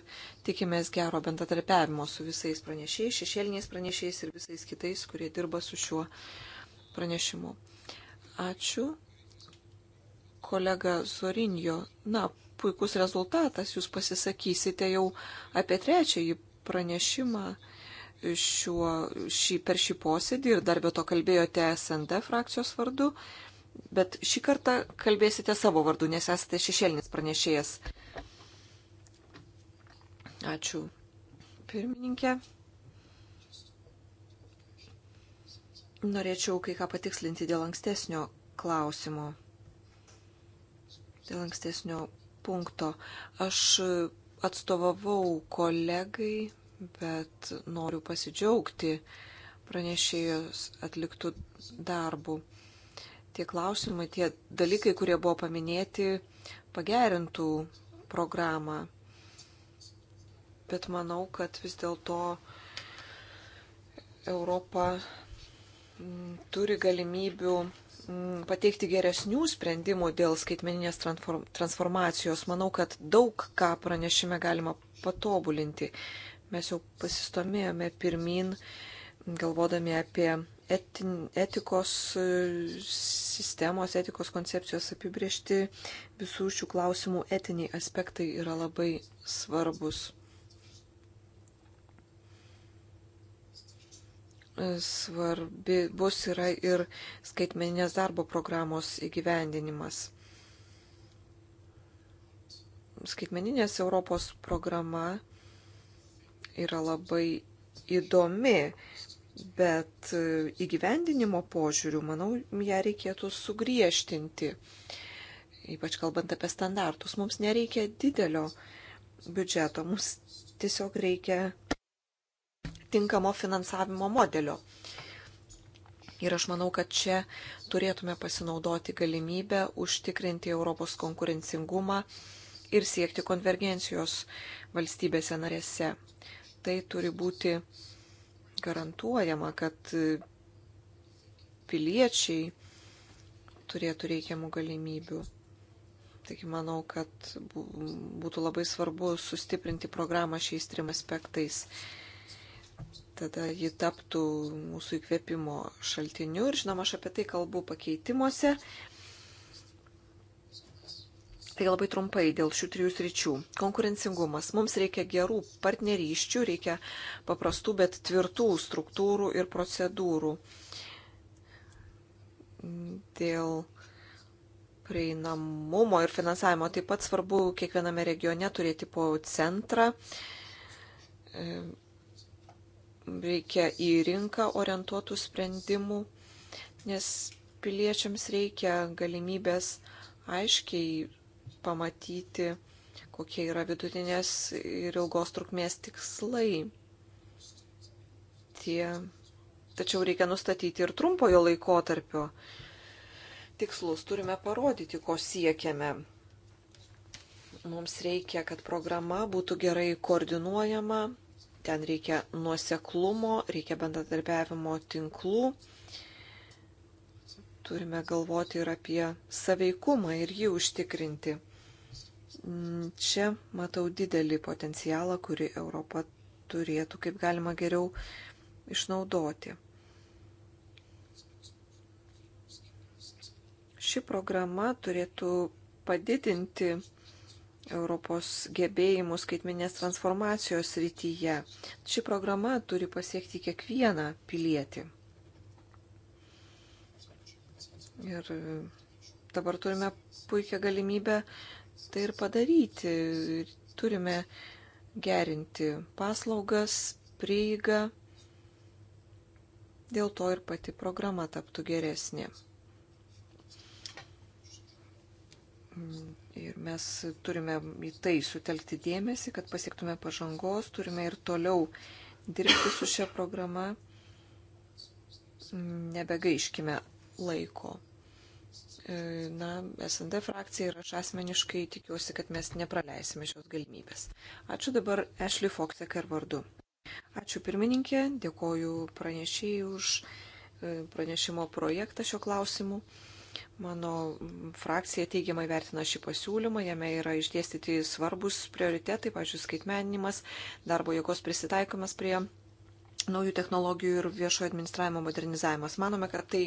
tikimės gero bendratarpiavimo su visais pranešiais, šešėliniais pranešiais ir visais kitais, kurie dirba su šiuo pranešimu. Ačiū kolega Sorinjo. Na, puikus rezultatas, jūs pasisakysite jau apie trečiąjį pranešimą šiuo, šį, per šį posėdį ir dar be to kalbėjote SND frakcijos vardu, bet šį kartą kalbėsite savo vardu, nes esate šešėlinis pranešėjas. Ačiū. Pirmininkė. Norėčiau kai ką patikslinti dėl ankstesnio klausimo dėl ankstesnio punkto. Aš atstovavau kolegai, bet noriu pasidžiaugti pranešėjos atliktų darbų. Tie klausimai, tie dalykai, kurie buvo paminėti, pagerintų programą. Bet manau, kad vis dėlto Europa turi galimybių pateikti geresnių sprendimų dėl skaitmeninės transformacijos. Manau, kad daug ką pranešime galima patobulinti. Mes jau pasistomėjome pirmin, galvodami apie etin, etikos e, sistemos, etikos koncepcijos apibriešti. Visų šių klausimų etiniai aspektai yra labai svarbus. svarbi bus yra ir skaitmeninės darbo programos įgyvendinimas. Skaitmeninės Europos programa yra labai įdomi, bet įgyvendinimo požiūrių, manau, ją reikėtų sugriežtinti. Ypač kalbant apie standartus, mums nereikia didelio biudžeto, mums tiesiog reikia tinkamo finansavimo modelio. Ir aš manau, kad čia turėtume pasinaudoti galimybę užtikrinti Europos konkurencingumą ir siekti konvergencijos valstybėse narėse. Tai turi būti garantuojama, kad piliečiai turėtų reikiamų galimybių. Taigi manau, kad būtų labai svarbu sustiprinti programą šiais trim aspektais tada ji taptų mūsų įkvėpimo šaltiniu ir žinoma, aš apie tai kalbu pakeitimuose. Tai labai trumpai dėl šių trijų sričių. Konkurencingumas. Mums reikia gerų partnerysčių, reikia paprastų, bet tvirtų struktūrų ir procedūrų. Dėl prieinamumo ir finansavimo taip pat svarbu kiekviename regione turėti po centrą reikia į rinką orientuotų sprendimų, nes piliečiams reikia galimybės aiškiai pamatyti, kokie yra vidutinės ir ilgos trukmės tikslai. Tie, tačiau reikia nustatyti ir trumpojo laikotarpio tikslus. Turime parodyti, ko siekiame. Mums reikia, kad programa būtų gerai koordinuojama, Ten reikia nuoseklumo, reikia bendradarbiavimo tinklų. Turime galvoti ir apie saveikumą ir jį užtikrinti. Mm, čia matau didelį potencialą, kurį Europa turėtų kaip galima geriau išnaudoti. Ši programa turėtų padidinti Europos gebėjimų skaitminės transformacijos rytyje. Ši programa turi pasiekti kiekvieną pilietį. Ir dabar turime puikią galimybę tai ir padaryti. Turime gerinti paslaugas, prieigą. Dėl to ir pati programa taptų geresnė Ir mes turime į tai sutelkti dėmesį, kad pasiektume pažangos, turime ir toliau dirbti su šia programa. Nebegaiškime laiko. E, na, SND frakcija ir aš asmeniškai tikiuosi, kad mes nepraleisime šios galimybės. Ačiū dabar Ashley Foxeker vardu. Ačiū pirmininkė, dėkoju pranešėjai už e, pranešimo projektą šio klausimu. Mano frakcija teigiamai vertina šį pasiūlymą, jame yra išdėstyti svarbus prioritetai, pažiūrėjus, skaitmeninimas, darbo jėgos prisitaikymas prie naujų technologijų ir viešojo administravimo modernizavimas. Manome, kad tai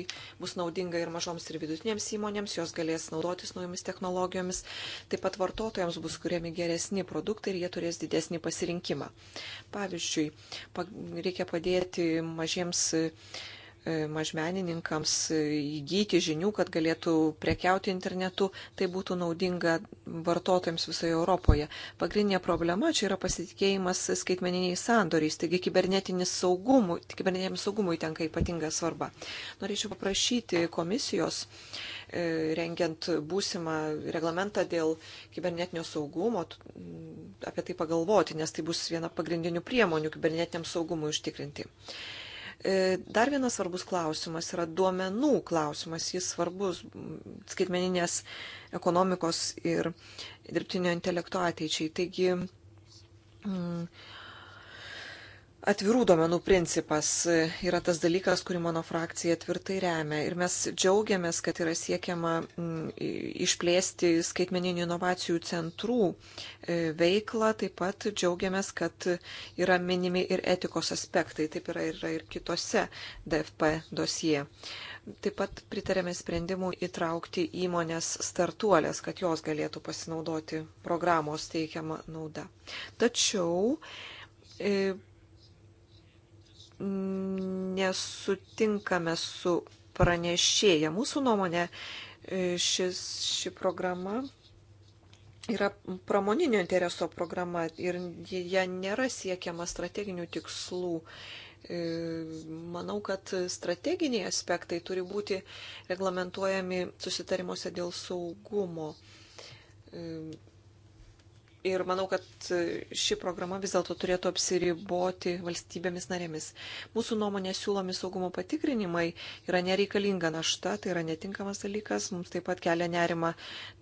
bus naudinga ir mažoms ir vidutinėms įmonėms, jos galės naudotis naujomis technologijomis, taip pat vartotojams bus kuriami geresni produktai ir jie turės didesnį pasirinkimą. Pavyzdžiui, reikia padėti mažiems mažmenininkams įgyti žinių, kad galėtų prekiauti internetu, tai būtų naudinga vartotojams visoje Europoje. Pagrindinė problema čia yra pasitikėjimas skaitmeniniais sandoriais, taigi kibernetinis saugumui, kibernetiniam saugumui tenka ypatinga svarba. Norėčiau paprašyti komisijos, e, rengiant būsimą reglamentą dėl kibernetinio saugumo, apie tai pagalvoti, nes tai bus viena pagrindinių priemonių kibernetiniam saugumui užtikrinti. E, dar vienas svarbus klausimas yra duomenų klausimas. Jis svarbus skaitmeninės ekonomikos ir dirbtinio intelekto ateičiai. Taigi, mm, Atvirų duomenų principas e, yra tas dalykas, kurį mano frakcija tvirtai remia. Ir mes džiaugiamės, kad yra siekiama išplėsti skaitmeninių inovacijų centrų e, veiklą. Taip pat džiaugiamės, kad yra minimi ir etikos aspektai. Taip yra, yra ir kitose DFP dosie. Taip pat pritarėme sprendimų įtraukti įmonės startuolės, kad jos galėtų pasinaudoti programos teikiamą naudą. Tačiau e, nesutinkame su pranešėja. Mūsų nuomonė, e, šis, ši programa yra pramoninio intereso programa ir jie nėra siekiama strateginių tikslų. E, manau, kad strateginiai aspektai turi būti reglamentuojami susitarimuose dėl saugumo e, Ir manau, kad ši programa vis dėlto turėtų apsiriboti valstybėmis narėmis. Mūsų nuomonė siūlomi saugumo patikrinimai yra nereikalinga našta, tai yra netinkamas dalykas. Mums taip pat kelia nerima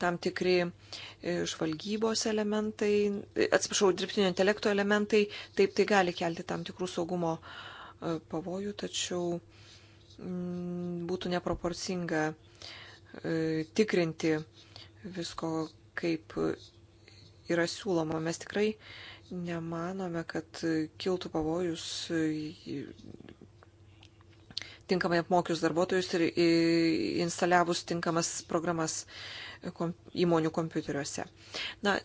tam tikri e, žvalgybos elementai, e, atsiprašau, dirbtinio intelekto elementai. Taip tai gali kelti tam tikrų saugumo e, pavojų, tačiau mm, būtų neproporcinga tikrinti visko kaip yra siūloma. Mes tikrai nemanome, kad kiltų pavojus e, tinkamai apmokius darbuotojus ir e, instaliavus tinkamas programas e, įmonių kompiuteriuose. Na,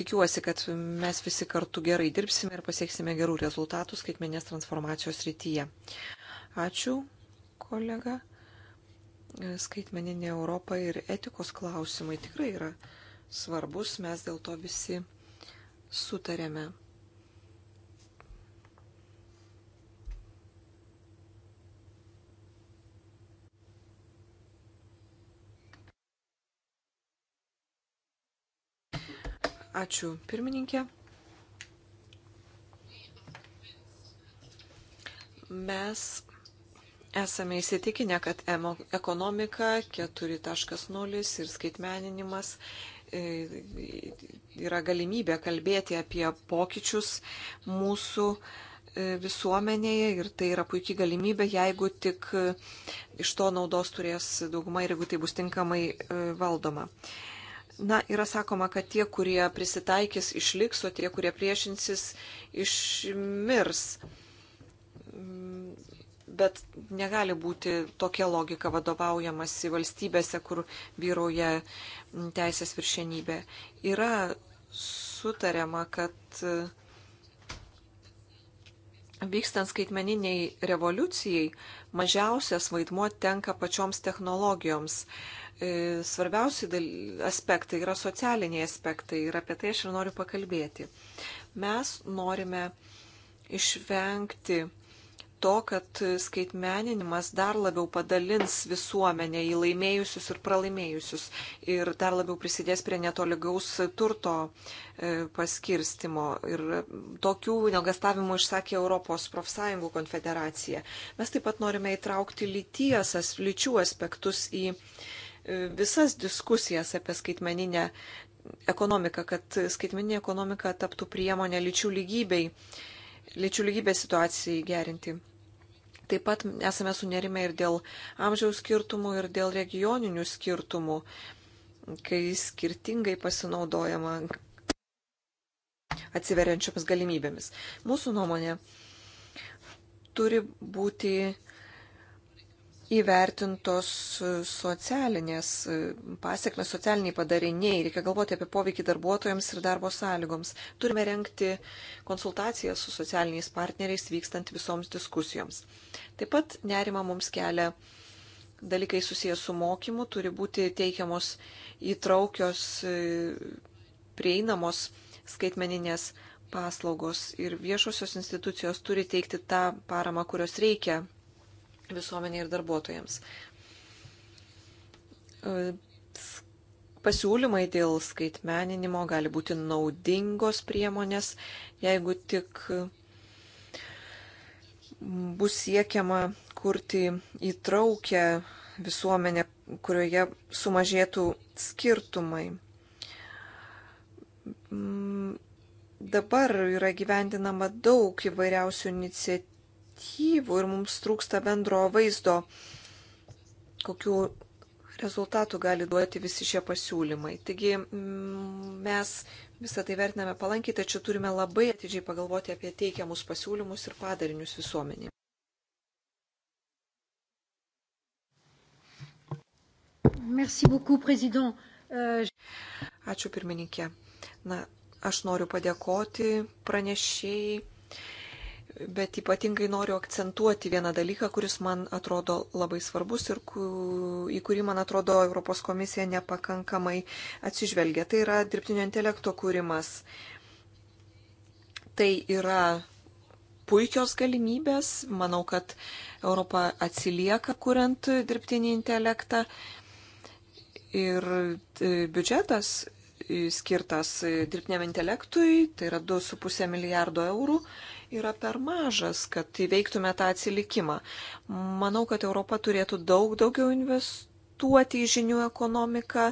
tikiuosi, kad mes visi kartu gerai dirbsime ir pasieksime gerų rezultatų skaitmenės transformacijos rytyje. Ačiū, kolega. Skaitmeninė Europa ir etikos klausimai tikrai yra svarbus, mes dėl to visi sutarėme. Ačiū pirmininkė. Mes esame įsitikinę, kad ekonomika 4.0 ir skaitmeninimas E, yra galimybė kalbėti apie pokyčius mūsų e, visuomenėje ir tai yra puikiai galimybė, jeigu tik e, iš to naudos turės dauguma ir jeigu tai bus tinkamai valdoma. Na, yra sakoma, kad tie, kurie prisitaikys, išliks, o tie, kurie priešinsis, išmirs. Bet negali būti tokia logika vadovaujamasi valstybėse, kur vyrauja teisės viršenybė. Yra sutariama, kad e, vykstant skaitmeniniai revoliucijai mažiausias vaidmuo tenka pačioms technologijoms. E, svarbiausi aspektai yra socialiniai aspektai ir apie tai aš ir noriu pakalbėti. Mes norime išvengti to, kad skaitmeninimas dar labiau padalins visuomenę į laimėjusius ir pralaimėjusius ir dar labiau prisidės prie netoligaus turto e, paskirstimo. Ir tokių nuogastavimų išsakė Europos profsąjungų konfederacija. Mes taip pat norime įtraukti lyties, lyčių aspektus į e, visas diskusijas apie skaitmeninę ekonomiką, kad skaitmeninė ekonomika taptų priemonė lyčių lygybei lyčių lygybės situacijai gerinti. Taip pat esame sunerime ir dėl amžiaus skirtumų, ir dėl regioninių skirtumų, kai skirtingai pasinaudojama atsiveriančiomis galimybėmis. Mūsų nuomonė turi būti įvertintos socialinės pasiekmes, socialiniai padariniai. Reikia galvoti apie poveikį darbuotojams ir darbo sąlygoms. Turime renkti konsultacijas su socialiniais partneriais vykstant visoms diskusijoms. Taip pat nerima mums kelia dalykai susijęs su mokymu, turi būti teikiamos įtraukios prieinamos skaitmeninės paslaugos ir viešosios institucijos turi teikti tą paramą, kurios reikia visuomeniai ir darbuotojams. E, pasiūlymai dėl skaitmeninimo gali būti naudingos priemonės, jeigu tik e, bus siekiama kurti įtraukę visuomenę, kurioje sumažėtų skirtumai. Mm, dabar yra gyvendinama daug įvairiausių iniciatyvų iniciatyvų ir mums trūksta bendro vaizdo, kokiu rezultatų gali duoti visi šie pasiūlymai. Taigi mm, mes visą tai vertiname palankiai, tačiau turime labai atidžiai pagalvoti apie teikiamus pasiūlymus ir padarinius visuomenį. Euh, Ačiū pirmininkė. Na, aš noriu padėkoti pranešėjai bet ypatingai noriu akcentuoti vieną dalyką, kuris man atrodo labai svarbus ir ku, į kurį, man atrodo, Europos komisija nepakankamai atsižvelgia. Tai yra dirbtinio intelekto kūrimas. Tai yra puikios galimybės. Manau, kad Europa atsilieka kuriant dirbtinį intelektą. Ir e, biudžetas e, skirtas e, dirbtiniam intelektui, tai yra 2,5 milijardo eurų yra per mažas, kad įveiktume tą atsilikimą. Manau, kad Europa turėtų daug daugiau investuoti į žinių ekonomiką,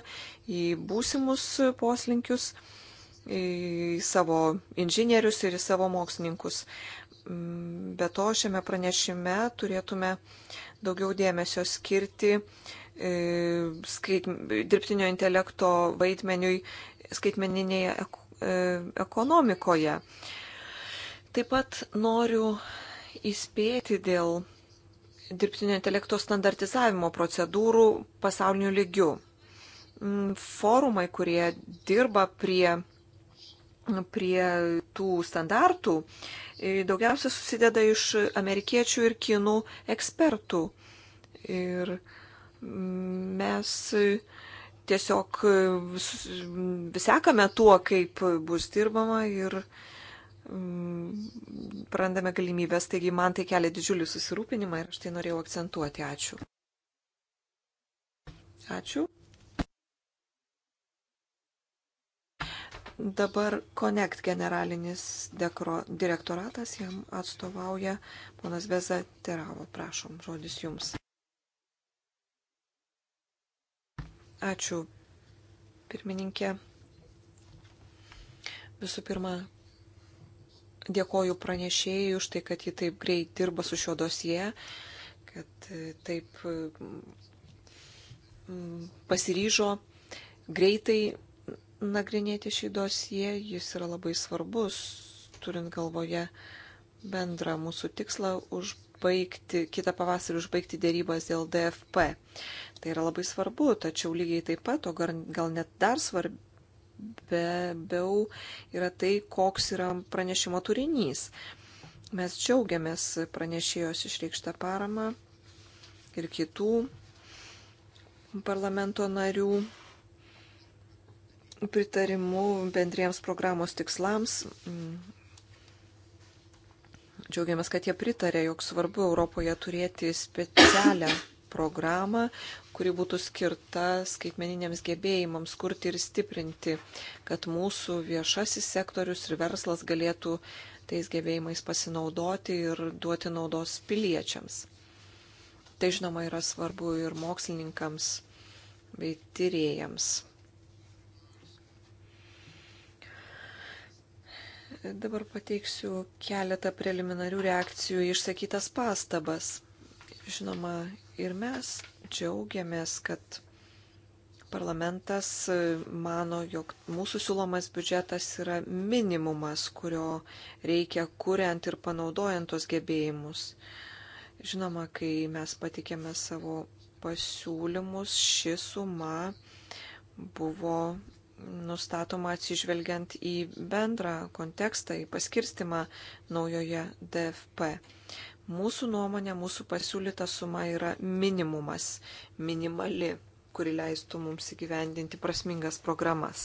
į būsimus poslinkius, į savo inžinierius ir į savo mokslininkus. Be to, šiame pranešime turėtume daugiau dėmesio skirti e, dirbtinio intelekto vaidmeniui skaitmeninėje e, ekonomikoje. Taip pat noriu įspėti dėl dirbtinio intelekto standartizavimo procedūrų pasauliniu lygiu. Mm, forumai, kurie dirba prie, prie tų standartų, e, daugiausia susideda iš amerikiečių ir kinų ekspertų. Ir mm, mes e, tiesiog e, sekame tuo, kaip bus dirbama ir, prarandame mm, galimybės, taigi man tai kelia didžiulį susirūpinimą ir aš tai norėjau akcentuoti. Ačiū. Ačiū. Dabar Connect generalinis dekro, direktoratas jam atstovauja ponas Veza Teravo. Prašom, žodis jums. Ačiū, pirmininkė. Visų pirma, Dėkoju pranešėjai už tai, kad ji taip greit dirba su šio dosie, kad e, taip mm, mm, pasiryžo greitai nagrinėti šį dosie. Jis yra labai svarbus, turint galvoje bendrą mūsų tikslą užbaigti, kitą pavasarį užbaigti dėrybas dėl DFP. Tai yra labai svarbu, tačiau lygiai taip pat, o gal net dar svarbiau, be abejo yra tai, koks yra pranešimo turinys. Mes džiaugiamės pranešėjos išreikštą paramą ir kitų parlamento narių pritarimu bendriems programos tikslams. Džiaugiamės, kad jie pritarė, jog svarbu Europoje turėti specialią programą, kuri būtų skirta skaitmeniniams gebėjimams kurti ir stiprinti, kad mūsų viešasis sektorius ir verslas galėtų tais gebėjimais pasinaudoti ir duoti naudos piliečiams. Tai žinoma yra svarbu ir mokslininkams bei tyrėjams. Dabar pateiksiu keletą preliminarių reakcijų išsakytas pastabas. Žinoma, Ir mes džiaugiamės, kad parlamentas mano, jog mūsų siūlomas biudžetas yra minimumas, kurio reikia kuriant ir panaudojant tos gebėjimus. Žinoma, kai mes patikėme savo pasiūlymus, ši suma buvo nustatoma atsižvelgiant į bendrą kontekstą, į paskirstimą naujoje DFP. Mūsų nuomonė, mūsų pasiūlyta suma yra minimumas, minimali, kuri leistų mums įgyvendinti prasmingas programas.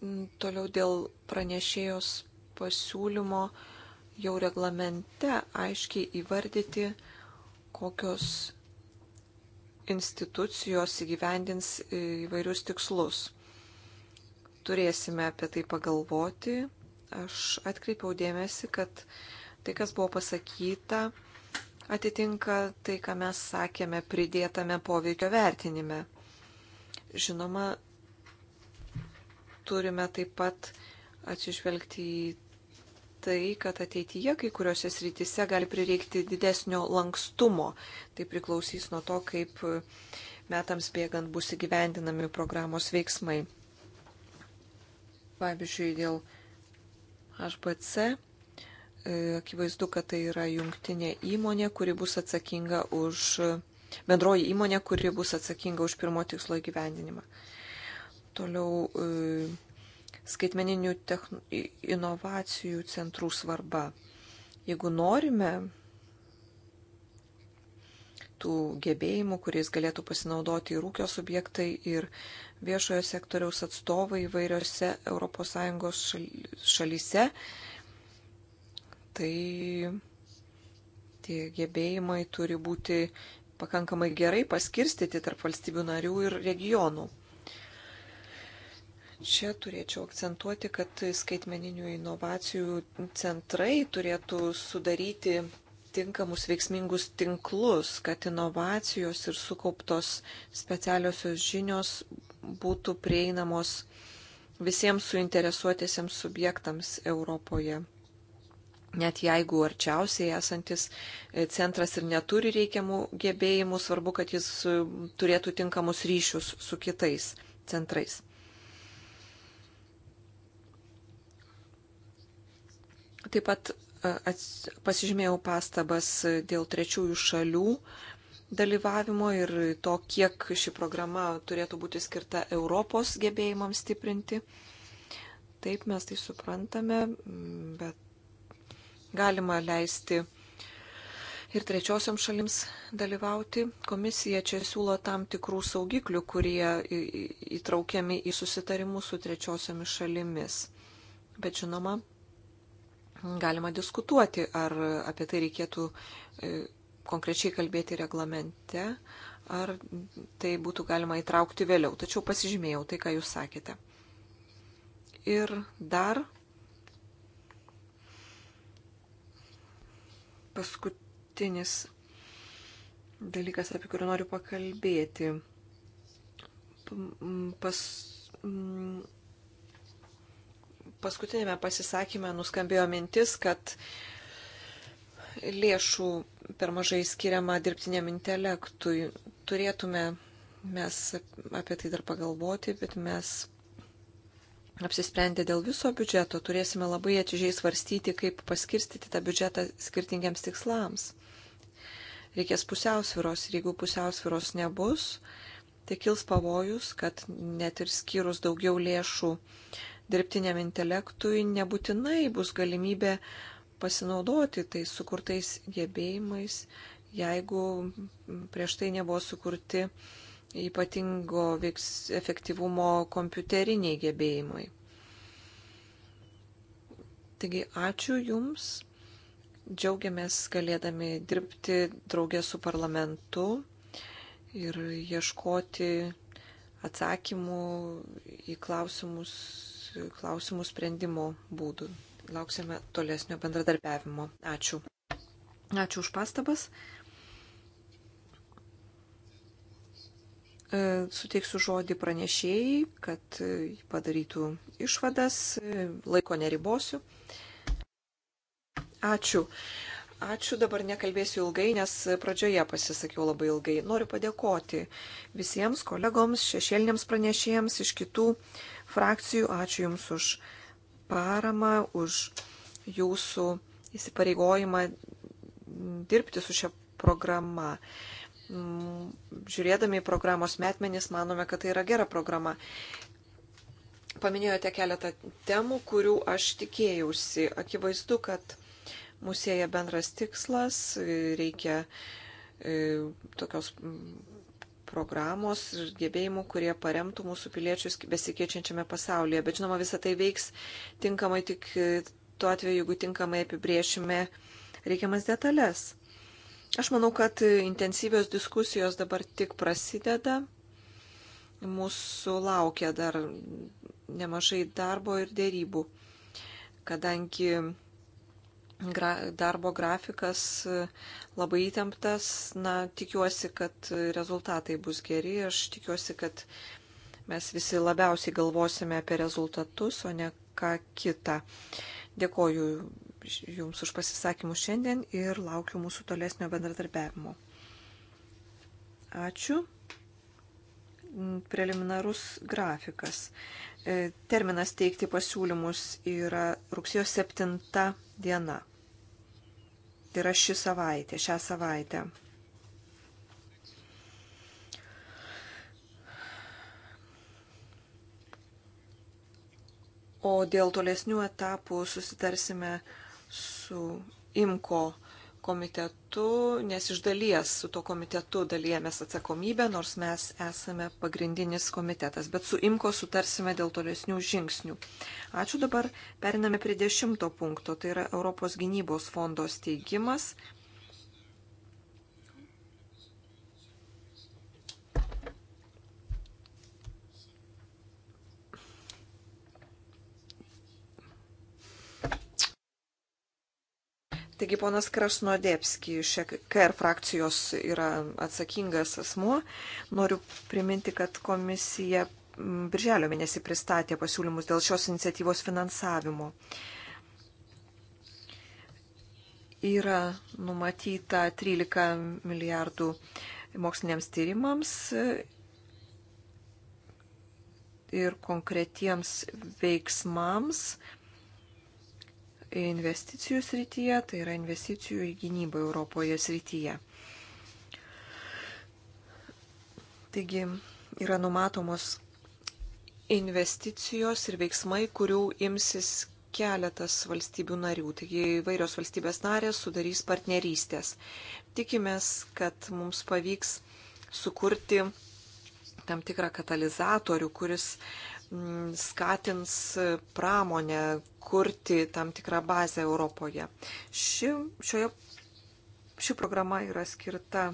Mm, toliau dėl pranešėjos pasiūlymo jau reglamente aiškiai įvardyti, kokios institucijos įgyvendins e, įvairius tikslus turėsime apie tai pagalvoti. Aš atkreipiau dėmesį, kad tai, kas buvo pasakyta, atitinka tai, ką mes sakėme pridėtame poveikio vertinime. Žinoma, turime taip pat atsižvelgti į tai, kad ateityje kai kuriuose srityse gali prireikti didesnio lankstumo. Tai priklausys nuo to, kaip metams bėgant bus įgyvendinami programos veiksmai. Pavyzdžiui, dėl HBC e, akivaizdu, kad tai yra jungtinė įmonė, kuri bus atsakinga už bendroji įmonė, kuri bus atsakinga už pirmo tikslo įgyvendinimą. Toliau e, skaitmeninių techn... inovacijų centrų svarba. Jeigu norime tų gebėjimų, kuriais galėtų pasinaudoti ir ūkio subjektai, ir viešojo sektoriaus atstovai įvairiose ES šalyse. Tai tie gebėjimai turi būti pakankamai gerai paskirstyti tarp valstybių narių ir regionų. Čia turėčiau akcentuoti, kad skaitmeninių inovacijų centrai turėtų sudaryti tinkamus veiksmingus tinklus, kad inovacijos ir sukauptos specialiosios žinios būtų prieinamos visiems suinteresuotėsiams subjektams Europoje. Net jeigu arčiausiai esantis e, centras ir neturi reikiamų gebėjimų, svarbu, kad jis e, turėtų tinkamus ryšius su kitais centrais. Taip pat pasižymėjau pastabas dėl trečiųjų šalių dalyvavimo ir to, kiek ši programa turėtų būti skirta Europos gebėjimams stiprinti. Taip mes tai suprantame, bet galima leisti ir trečiosiam šalims dalyvauti. Komisija čia siūlo tam tikrų saugiklių, kurie įtraukiami į susitarimus su trečiosiomis šalimis. Bet žinoma, galima diskutuoti, ar apie tai reikėtų e, konkrečiai kalbėti reglamente, ar tai būtų galima įtraukti vėliau. Tačiau pasižymėjau tai, ką jūs sakėte. Ir dar paskutinis dalykas, apie kurį noriu pakalbėti. Pas, paskutinėme pasisakymė nuskambėjo mintis, kad lėšų per mažai skiriama dirbtiniam intelektui. Turėtume mes apie tai dar pagalvoti, bet mes apsisprendę dėl viso biudžeto turėsime labai atidžiai svarstyti, kaip paskirstyti tą biudžetą skirtingiams tikslams. Reikės pusiausviros ir jeigu pusiausviros nebus, tai kils pavojus, kad net ir skyrus daugiau lėšų dirbtiniam intelektui nebūtinai bus galimybė pasinaudoti tais sukurtais gebėjimais, jeigu prieš tai nebuvo sukurti ypatingo veiks efektyvumo kompiuteriniai gebėjimai. Taigi ačiū Jums, džiaugiamės galėdami dirbti draugė su parlamentu ir ieškoti atsakymų į klausimus klausimų sprendimo būdų. Lauksime tolesnio bendradarbiavimo. Ačiū. Ačiū už pastabas. E, suteiksiu žodį pranešėjai, kad e, padarytų išvadas. E, laiko neribosiu. Ačiū. Ačiū, dabar nekalbėsiu ilgai, nes pradžioje pasisakiau labai ilgai. Noriu padėkoti visiems kolegoms, šešėlinėms pranešėjams iš kitų frakcijų. Ačiū Jums už paramą, už Jūsų įsipareigojimą dirbti su šia programa. Žiūrėdami į programos metmenis, manome, kad tai yra gera programa paminėjote keletą temų, kurių aš tikėjausi. Akivaizdu, kad Mūsų sieja bendras tikslas, reikia e, tokios programos ir gebėjimų, kurie paremtų mūsų piliečius besikeičiančiame pasaulyje. Bet žinoma, visa tai veiks tinkamai tik e, tuo atveju, jeigu tinkamai apibriešime reikiamas detalės. Aš manau, kad intensyvios diskusijos dabar tik prasideda. Mūsų laukia dar nemažai darbo ir dėrybų, kadangi darbo grafikas e, labai įtemptas. Na, tikiuosi, kad rezultatai bus geri. Aš tikiuosi, kad mes visi labiausiai galvosime apie rezultatus, o ne ką kitą. Dėkoju Jums už pasisakymus šiandien ir laukiu mūsų tolesnio bendradarbiavimo. Ačiū preliminarus grafikas. E, terminas teikti pasiūlymus yra rugsėjo 7 diena. Tai yra ši savaitė, šią savaitę. O dėl tolesnių etapų susitarsime su IMKO komitetu, nes iš dalies su tuo komitetu dalyjamės atsakomybę, nors mes esame pagrindinis komitetas, bet su IMKO sutarsime dėl tolesnių žingsnių. Ačiū dabar, periname prie dešimto punkto, tai yra Europos gynybos fondo steigimas. Taigi ponas Krasnodėpski iš KR frakcijos yra atsakingas asmuo. Noriu priminti, kad komisija birželio mėnesį pristatė pasiūlymus dėl šios iniciatyvos finansavimo. Yra numatyta 13 milijardų moksliniams tyrimams ir konkretiems veiksmams investicijų srityje, tai yra investicijų į gynybą Europoje srityje. Taigi yra numatomos investicijos ir veiksmai, kurių imsis keletas valstybių narių. Taigi vairios valstybės narės sudarys partnerystės. Tikimės, kad mums pavyks sukurti tam tikrą katalizatorių, kuris Mm, skatins pramonę kurti tam tikrą bazę Europoje. Ši, šioje, ši programa yra skirta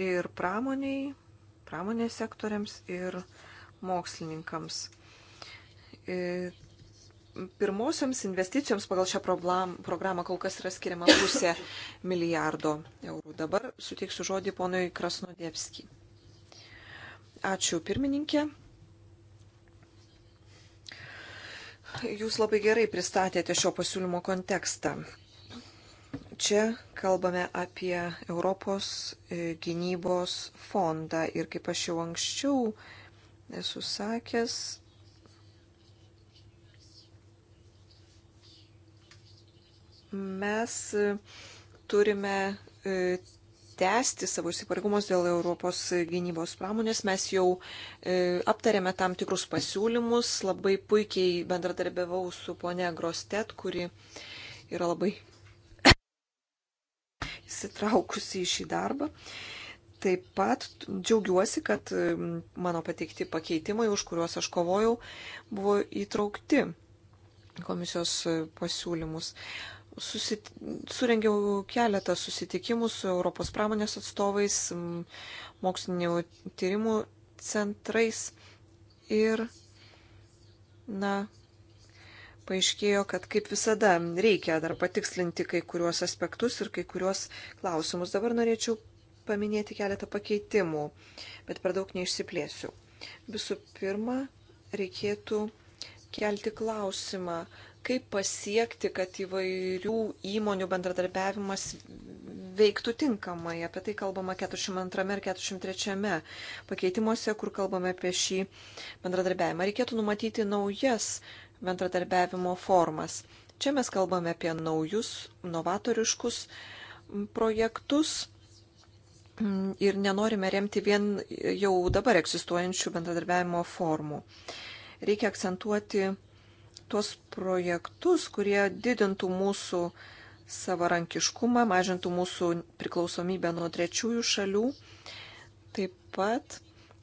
ir pramoniai, pramonės sektoriams ir mokslininkams. E, pirmosioms investicijoms pagal šią programą kol kas yra skiriama pusė milijardo eurų. Dabar suteiksiu žodį ponui Krasnodėpskijai. Ačiū pirmininkė. Jūs labai gerai pristatėte šio pasiūlymo kontekstą. Čia kalbame apie Europos e, gynybos fondą ir kaip aš jau anksčiau esu sakęs, mes e, turime e, tęsti savo įsipareigomus dėl Europos gynybos pramonės. Mes jau e, aptarėme tam tikrus pasiūlymus, labai puikiai bendradarbiavau su ponė Grostet, kuri yra labai įsitraukusi į šį darbą. Taip pat džiaugiuosi, kad e, mano pateikti pakeitimai, už kuriuos aš kovojau, buvo įtraukti komisijos e, pasiūlymus susit... surengiau keletą susitikimų su Europos pramonės atstovais, mokslinių tyrimų centrais ir, na, paaiškėjo, kad kaip visada reikia dar patikslinti kai kuriuos aspektus ir kai kuriuos klausimus. Dabar norėčiau paminėti keletą pakeitimų, bet per daug neišsiplėsiu. Visų pirma, reikėtų kelti klausimą, kaip pasiekti, kad įvairių įmonių bendradarbiavimas veiktų tinkamai. Apie tai kalbama 42 ir 43 pakeitimuose, kur kalbame apie šį bendradarbiavimą. Reikėtų numatyti naujas bendradarbiavimo formas. Čia mes kalbame apie naujus, novatoriškus projektus ir nenorime remti vien jau dabar egzistuojančių bendradarbiavimo formų. Reikia akcentuoti tuos projektus, kurie didintų mūsų savarankiškumą, mažintų mūsų priklausomybę nuo trečiųjų šalių. Taip pat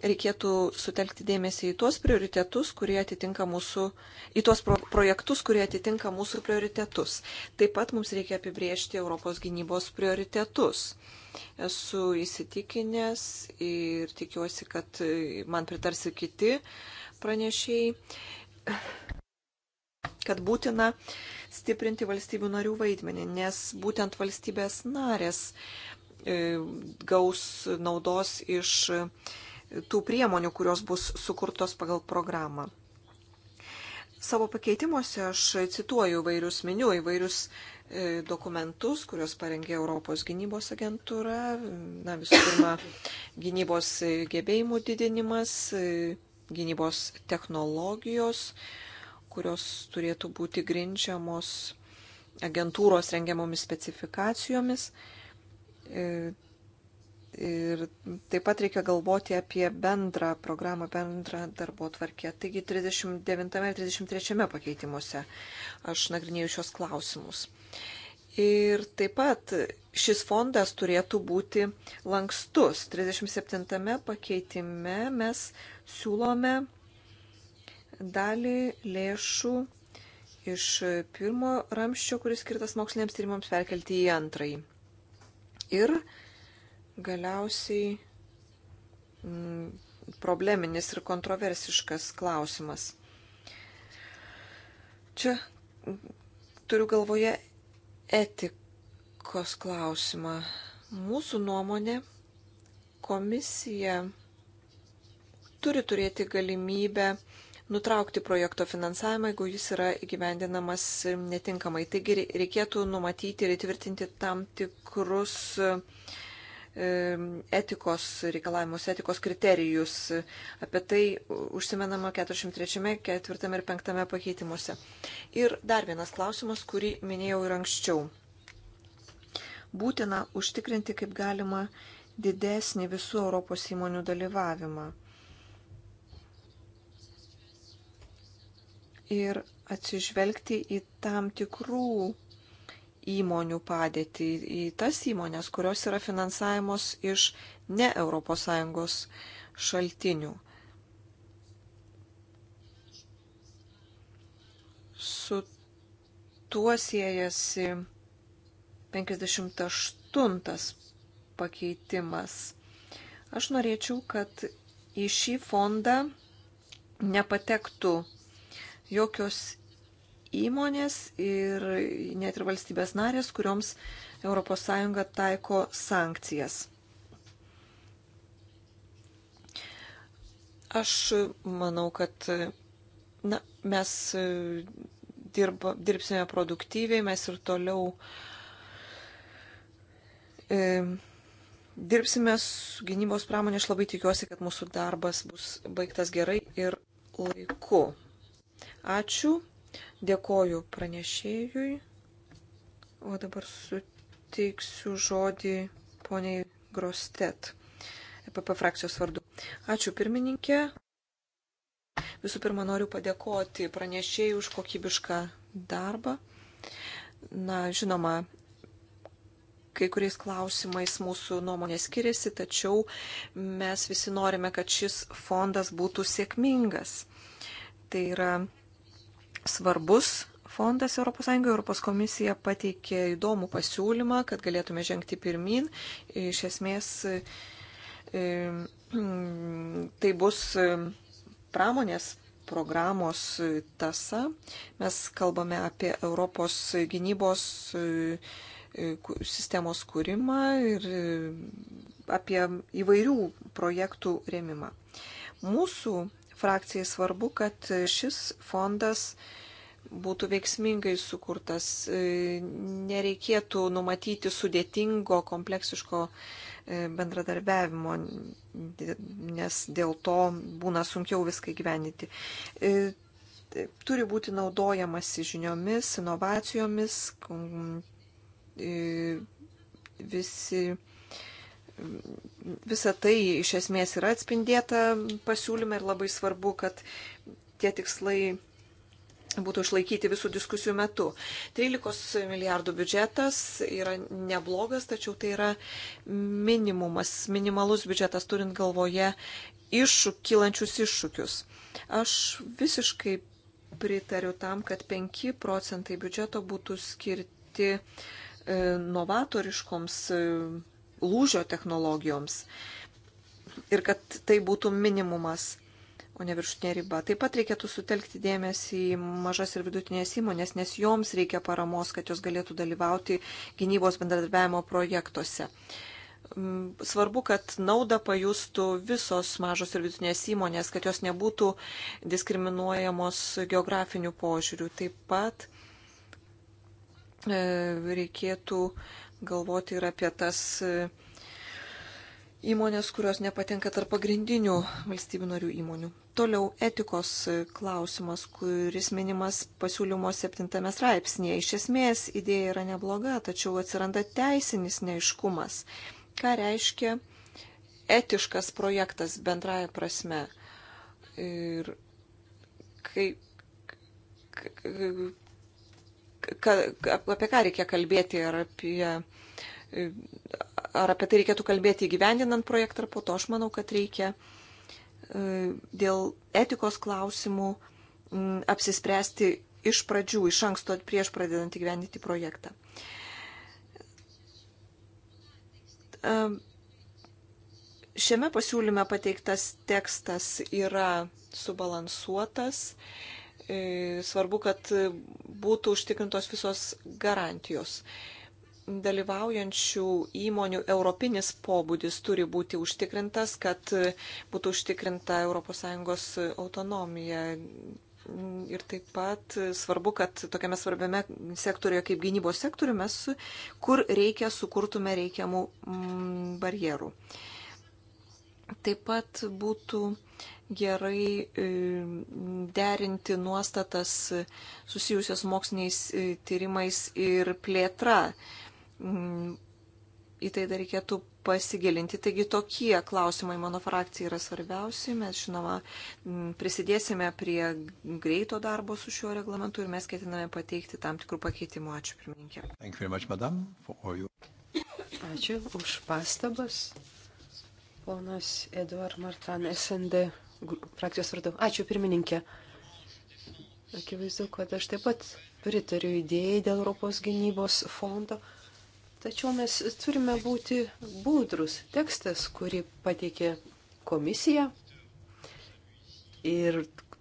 reikėtų sutelkti dėmesį į tuos prioritetus, kurie atitinka mūsų, į tuos pro projektus, kurie atitinka mūsų prioritetus. Taip pat mums reikia apibriežti Europos gynybos prioritetus. Esu įsitikinęs ir tikiuosi, kad man pritars ir kiti pranešėjai kad būtina stiprinti valstybių narių vaidmenį, nes būtent valstybės narės e, gaus naudos iš e, tų priemonių, kurios bus sukurtos pagal programą. Savo pakeitimuose aš cituoju įvairius minių, įvairius e, dokumentus, kuriuos parengė Europos gynybos agentūra. Na, visų pirma, gynybos gebėjimų didinimas, gynybos technologijos, kurios turėtų būti grindžiamos agentūros rengiamomis specifikacijomis. E, ir taip pat reikia galvoti apie bendrą programą, bendrą darbo tvarkę. Taigi 39 ir 33 pakeitimuose aš nagrinėjau šios klausimus. Ir taip pat šis fondas turėtų būti lankstus. 37 pakeitime mes siūlome dalį lėšų iš pirmo ramščio, kuris skirtas moksliniams tyrimams, perkelti į antrąjį. Ir galiausiai m, mm, probleminis ir kontroversiškas klausimas. Čia turiu galvoje etikos klausimą. Mūsų nuomonė, komisija turi turėti galimybę nutraukti projekto finansavimą, jeigu jis yra įgyvendinamas netinkamai. Taigi reikėtų numatyti ir įtvirtinti tam tikrus e, etikos reikalavimus, etikos kriterijus. Apie tai užsimenama 43, 4 ir 5 pakeitimuose. Ir dar vienas klausimas, kurį minėjau ir anksčiau. Būtina užtikrinti kaip galima didesnį visų Europos įmonių dalyvavimą. ir atsižvelgti į tam tikrų įmonių padėtį, į tas įmonės, kurios yra finansavimos iš ne ES šaltinių. Su tuo siejasi 58 pakeitimas. Aš norėčiau, kad į šį fondą nepatektų jokios įmonės ir net ir valstybės narės, kurioms ES taiko sankcijas. Aš manau, kad na, mes e, dirba, dirbsime produktyviai, mes ir toliau e, dirbsime su gynybos pramonė. Aš labai tikiuosi, kad mūsų darbas bus baigtas gerai ir laiku. Ačiū. Dėkoju pranešėjui. O dabar suteiksiu žodį poniai Grostet, EPP frakcijos vardu. Ačiū pirmininkė. Visų pirma, noriu padėkoti pranešėjai už kokybišką darbą. Na, žinoma, kai kuriais klausimais mūsų nuomonė skiriasi, tačiau mes visi norime, kad šis fondas būtų sėkmingas. Tai yra svarbus fondas ES, Europos komisija pateikė įdomų pasiūlymą, kad galėtume žengti pirmin. Iš esmės e, tai bus e, pramonės programos e, tasa. Mes kalbame apie Europos gynybos sistemos kūrimą ir apie įvairių projektų rėmimą. Mūsų frakcijai svarbu, kad šis fondas būtų veiksmingai sukurtas. Nereikėtų numatyti sudėtingo, kompleksiško e, bendradarbiavimo, nes dėl to būna sunkiau viską gyveninti. E, turi būti naudojamasi žiniomis, inovacijomis, e, visi visa tai iš esmės yra atspindėta pasiūlyme ir labai svarbu, kad tie tikslai būtų išlaikyti visų diskusijų metu. 13 milijardų biudžetas yra neblogas, tačiau tai yra minimumas, minimalus biudžetas turint galvoje iššūk, kylančius iššūkius. Aš visiškai pritariu tam, kad 5 procentai biudžeto būtų skirti e, novatoriškoms e, lūžio technologijoms ir kad tai būtų minimumas, o ne viršutinė riba. Taip pat reikėtų sutelkti dėmesį į mažas ir vidutinės įmonės, nes joms reikia paramos, kad jos galėtų dalyvauti gynybos bendradarbiavimo projektuose. Mm, svarbu, kad naudą pajustų visos mažos ir vidutinės įmonės, kad jos nebūtų diskriminuojamos geografinių požiūrių. Taip pat e, reikėtų galvoti ir apie tas e, įmonės, kurios nepatenka tarp pagrindinių valstybių narių įmonių. Toliau etikos klausimas, kuris minimas pasiūlymo septintame straipsnėje. Iš esmės idėja yra nebloga, tačiau atsiranda teisinis neiškumas. Ką reiškia etiškas projektas bendraja prasme? Ir kaip ka, apie ką reikia kalbėti, ar apie, ar apie tai reikėtų kalbėti įgyvendinant projektą, ar po to aš manau, kad reikia e, dėl etikos klausimų apsispręsti iš pradžių, iš anksto prieš pradedant įgyvendinti projektą. E, šiame pasiūlyme pateiktas tekstas yra subalansuotas E, svarbu, kad būtų užtikrintos visos garantijos. Dalyvaujančių įmonių europinis pobūdis turi būti užtikrintas, kad būtų užtikrinta ES autonomija. Ir taip pat svarbu, kad tokiame svarbiame sektorioje kaip gynybos sektoriume, kur reikia, sukurtume reikiamų mm, barjerų. Taip pat būtų gerai e, derinti nuostatas susijusias moksliniais e, tyrimais ir plėtra. Mm, į tai dar reikėtų pasigilinti. Taigi tokie klausimai mano frakcija yra svarbiausi. Mes, žinoma, mm, prisidėsime prie greito darbo su šiuo reglamentu ir mes ketiname pateikti tam tikrų pakeitimų. Ačiū, pirmininkė. Ačiū už pastabas. Ponas Eduard Martan, SND frakcijos vardu. Ačiū, pirmininkė. Akivaizdu, kad aš taip pat pritariu idėjai dėl Europos gynybos fondo. Tačiau mes turime būti būdrus. Tekstas, kurį pateikė komisija ir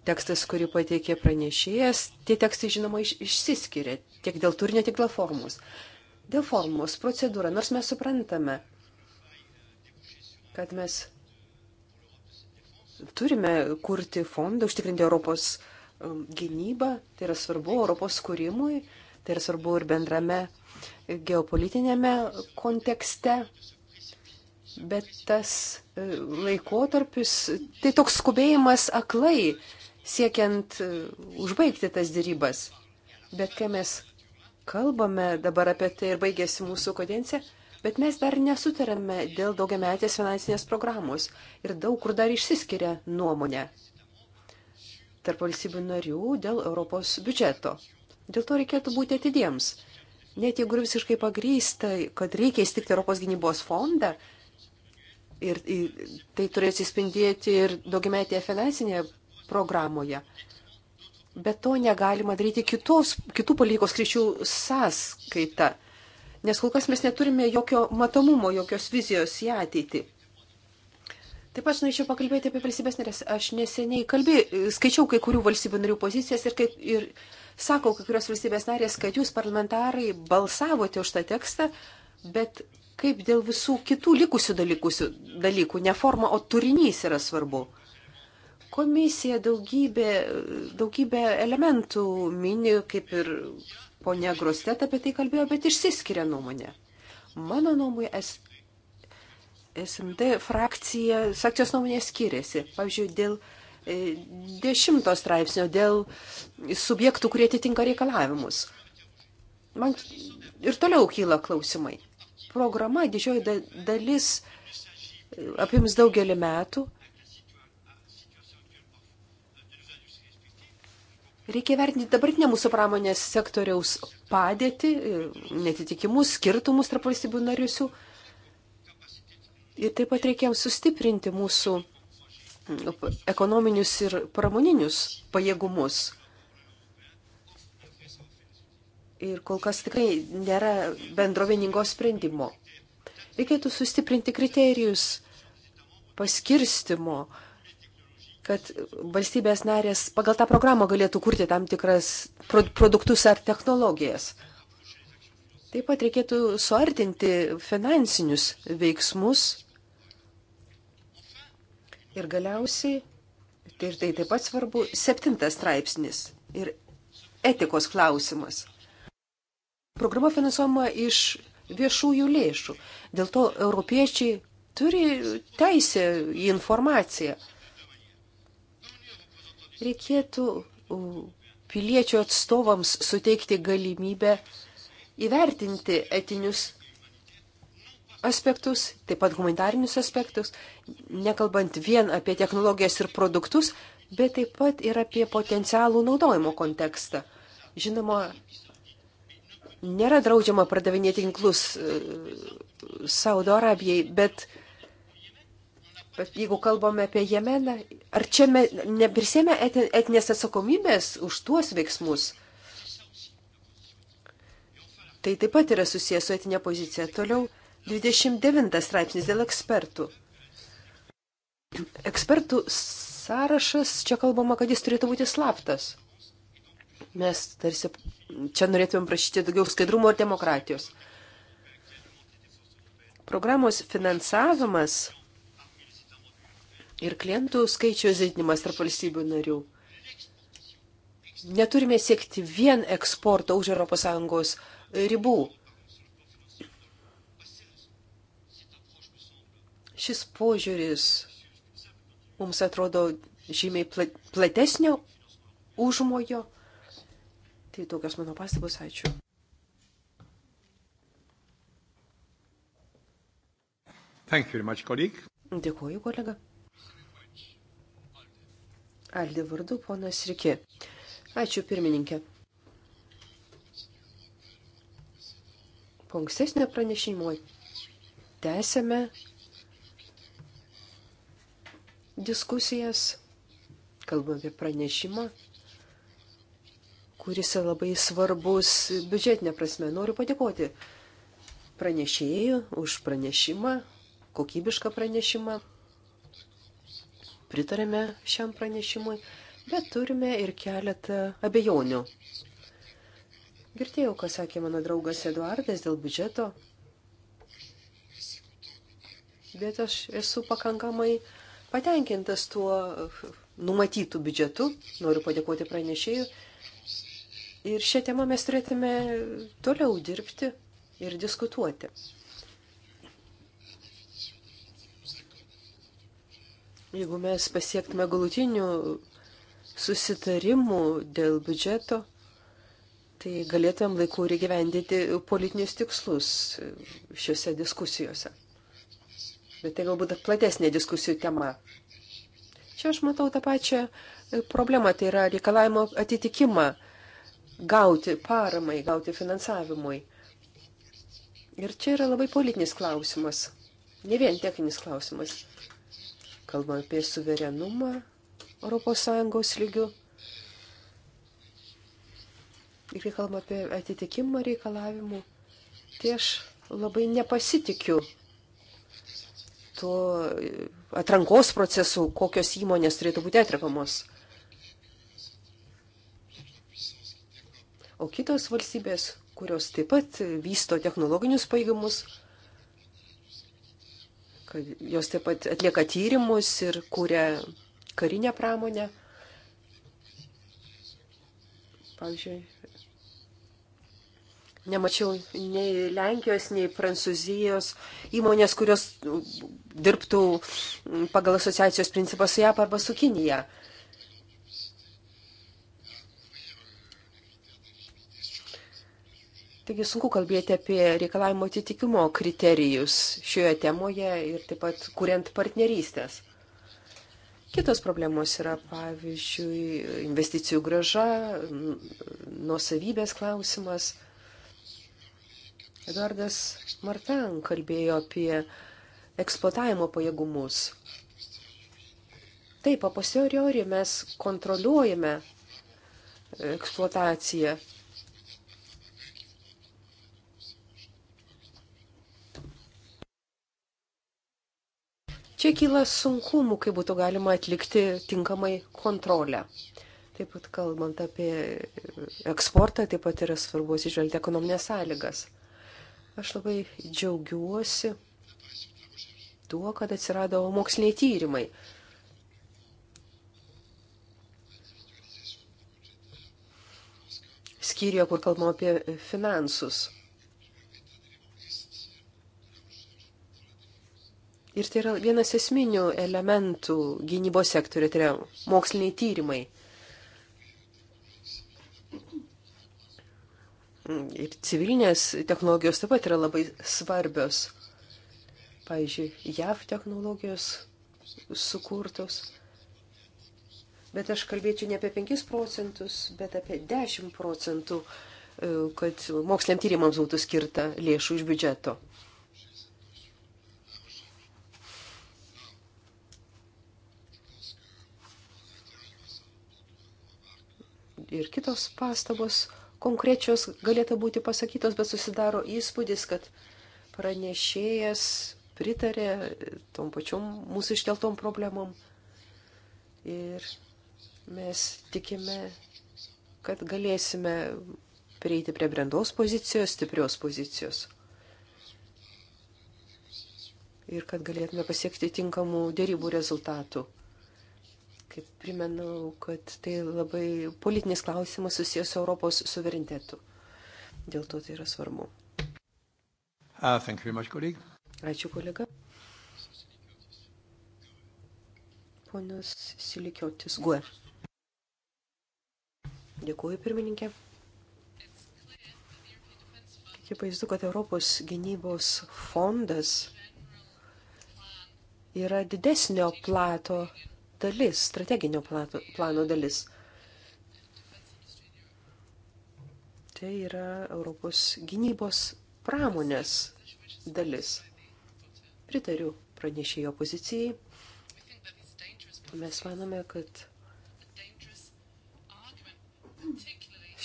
tekstas, kurį pateikė pranešėjas, tie tekstai, žinoma, iš, išsiskiria tiek dėl turinio, tiek dėl formos. Dėl formos procedūra, nors mes suprantame, kad mes turime kurti fondą, užtikrinti Europos um, gynybą, tai yra svarbu Europos kūrimui, tai yra svarbu ir bendrame geopolitinėme kontekste. Bet tas uh, laikotarpis, tai toks skubėjimas aklai, siekiant uh, užbaigti tas dėrybas. Bet kai mes kalbame dabar apie tai ir baigėsi mūsų kodencija, Bet mes dar nesutarėme dėl daugiametės finansinės programos ir daug kur dar išsiskiria nuomonė tarp valstybių narių dėl Europos biudžeto. Dėl to reikėtų būti atidiems. Net jeigu visiškai pagrysta, kad reikia įstikti Europos gynybos fondą, ir tai turės įspindėti ir daugiametėje finansinėje programoje. Bet to negalima daryti kitos, kitų palikos kryčių sąskaita nes kol kas mes neturime jokio matomumo, jokios vizijos į ateitį. Taip pat norėčiau pakalbėti apie valstybės narės. Aš neseniai kalbė, skaičiau kai kurių valstybių narių pozicijas ir, kaip, ir sakau kai kurios valstybės narės, kad jūs parlamentarai balsavote už tą tekstą, bet kaip dėl visų kitų likusių dalykusių, dalykų, ne forma, o turinys yra svarbu. Komisija daugybė, daugybė elementų mini, kaip ir ponia Grostet apie tai kalbėjo, bet išsiskiria nuomonė. Mano nuomonė, es, SMD frakcija, sakcijos nuomonė skiriasi. Pavyzdžiui, dėl e, dešimto straipsnio, dėl subjektų, kurie atitinka reikalavimus. Man ir toliau kyla klausimai. Programa didžioji dalis e, apims daugelį metų Reikia vertinti dabartinę mūsų pramonės sektoriaus padėtį, netitikimus, skirtumus tarp valstybių nariusių. Ir taip pat reikėjom sustiprinti mūsų mm, ekonominius ir pramoninius pajėgumus. Ir kol kas tikrai nėra bendro vieningo sprendimo. Reikėtų sustiprinti kriterijus paskirstimo, uh, kad valstybės narės pagal tą programą galėtų kurti tam tikras produktus ar technologijas. Taip pat reikėtų suartinti finansinius veiksmus ir galiausiai, tai ir tai taip pat svarbu, septintas straipsnis ir etikos klausimas. Programa finansuojama iš viešųjų lėšų, dėl to europiečiai turi teisę į informaciją. Reikėtų piliečių atstovams suteikti galimybę įvertinti etinius aspektus, taip pat humanitarinius aspektus, nekalbant vien apie technologijas ir produktus, bet taip pat ir apie potencialų naudojimo kontekstą. Žinoma, nėra draudžiama pardavinėti ginklus e, Saudo Arabijai, bet Bet jeigu kalbame apie Jemeną, ar čia neprisėmė etinės atsakomybės už tuos veiksmus? Tai taip pat yra susijęs su etinė pozicija. Toliau 29 straipsnis dėl ekspertų. Ekspertų sąrašas, čia kalbama, kad jis turėtų būti slaptas. Mes tarsi čia norėtumėm prašyti daugiau skaidrumo ir demokratijos. Programos finansavimas ir klientų skaičiaus didinimas tarp valstybių narių. Neturime siekti vien eksporto už ES ribų. Šis požiūris mums atrodo žymiai platesnio užmojo. Tai tokios mano pastabos, ačiū. Much, Dėkuoju, kolega. Aldi vardu, ponas Riki. Ačiū, pirmininkė. Po ankstesnio pranešimo tęsėme diskusijas, kalbame apie pranešimą, kuris yra labai svarbus biudžetinė prasme. Noriu padėkoti pranešėjų už pranešimą, kokybišką pranešimą pritarėme šiam pranešimui, bet turime ir keletą abejonių. Girdėjau, ką sakė mano draugas Eduardas dėl biudžeto, bet aš esu pakankamai patenkintas tuo numatytų biudžetu. Noriu padėkoti pranešėjui. Ir šią temą mes turėtume toliau dirbti ir diskutuoti. Jeigu mes pasiektume galutinių susitarimų dėl biudžeto, tai galėtumėm laiku ir gyvendyti politinius tikslus šiuose diskusijose. Bet tai galbūt platesnė diskusijų tema. Čia aš matau tą pačią problemą, tai yra reikalavimo atitikimą gauti paramai, gauti finansavimui. Ir čia yra labai politinis klausimas, ne vien techninis klausimas kalbame apie suverenumą ES lygių. Ir kai kalbame apie atitikimą reikalavimų, tai aš labai nepasitikiu to atrankos procesų, kokios įmonės turėtų būti atrekamos. O kitos valstybės, kurios taip pat vysto technologinius paėgimus, kad jos taip pat atlieka tyrimus ir kūrė karinę pramonę. Pavyzdžiui, nemačiau nei Lenkijos, nei Prancūzijos įmonės, kurios dirbtų pagal asociacijos principą su JAP arba su Kinija. Uh, Taigi sunku kalbėti apie reikalavimo atitikimo kriterijus šioje temoje ir taip pat kuriant partnerystės. Kitos problemos yra, pavyzdžiui, investicijų graža, mm, nuosavybės klausimas. Eduardas Martin kalbėjo apie eksploatavimo pajėgumus. Taip, a posteriori mes kontroliuojame eksploataciją, Čia kyla sunkumų, kaip būtų galima atlikti tinkamai kontrolę. Taip pat kalbant apie eksportą, taip pat yra svarbu atsižvelgti ekonominės sąlygas. Aš labai džiaugiuosi tuo, kad atsirado moksliniai tyrimai. Skyriuje, kur kalbama apie finansus. Ir tai yra vienas esminių elementų gynybos sektoriuje, tai yra moksliniai tyrimai. Ir civilinės technologijos taip pat yra labai svarbios. Pavyzdžiui, JAV technologijos sukurtos. Bet aš kalbėčiau ne apie 5 procentus, bet apie 10 procentų, e, kad moksliniam tyrimams būtų skirta lėšų iš biudžeto. ir kitos pastabos konkrečios galėtų būti pasakytos, bet susidaro įspūdis, kad pranešėjas pritarė tom pačiom mūsų iškeltom problemom. Ir mes tikime, kad galėsime prieiti prie brandos pozicijos, stiprios pozicijos. Ir kad galėtume pasiekti tinkamų dėrybų rezultatų. Kaip primenau, kad tai labai politinis klausimas susijęs su Europos suverenitetu. Dėl to tai yra svarbu. Uh, much, colleague. Ačiū, kolega. Ponas Silikiotis Guer. Dėkuoju, pirmininkė. Akivaizdu, kad Europos gynybos fondas yra didesnio plato dalis, strateginio plato, plano dalis. Tai yra Europos gynybos pramonės dalis. Pritariu pranešėjo pozicijai. Mes manome, kad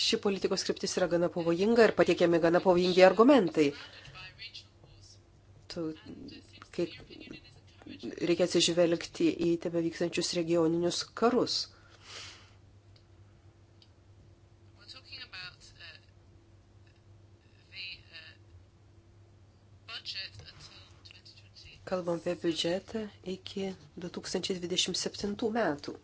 ši politikos skriptis yra gana pavojinga ir patiekiami gana pavojingi argumentai. Tu, kai reikia atsižvelgti į tebe vykstančius regioninius karus. Uh, uh, Kalbam apie biudžetą iki 2027 metų. Uh,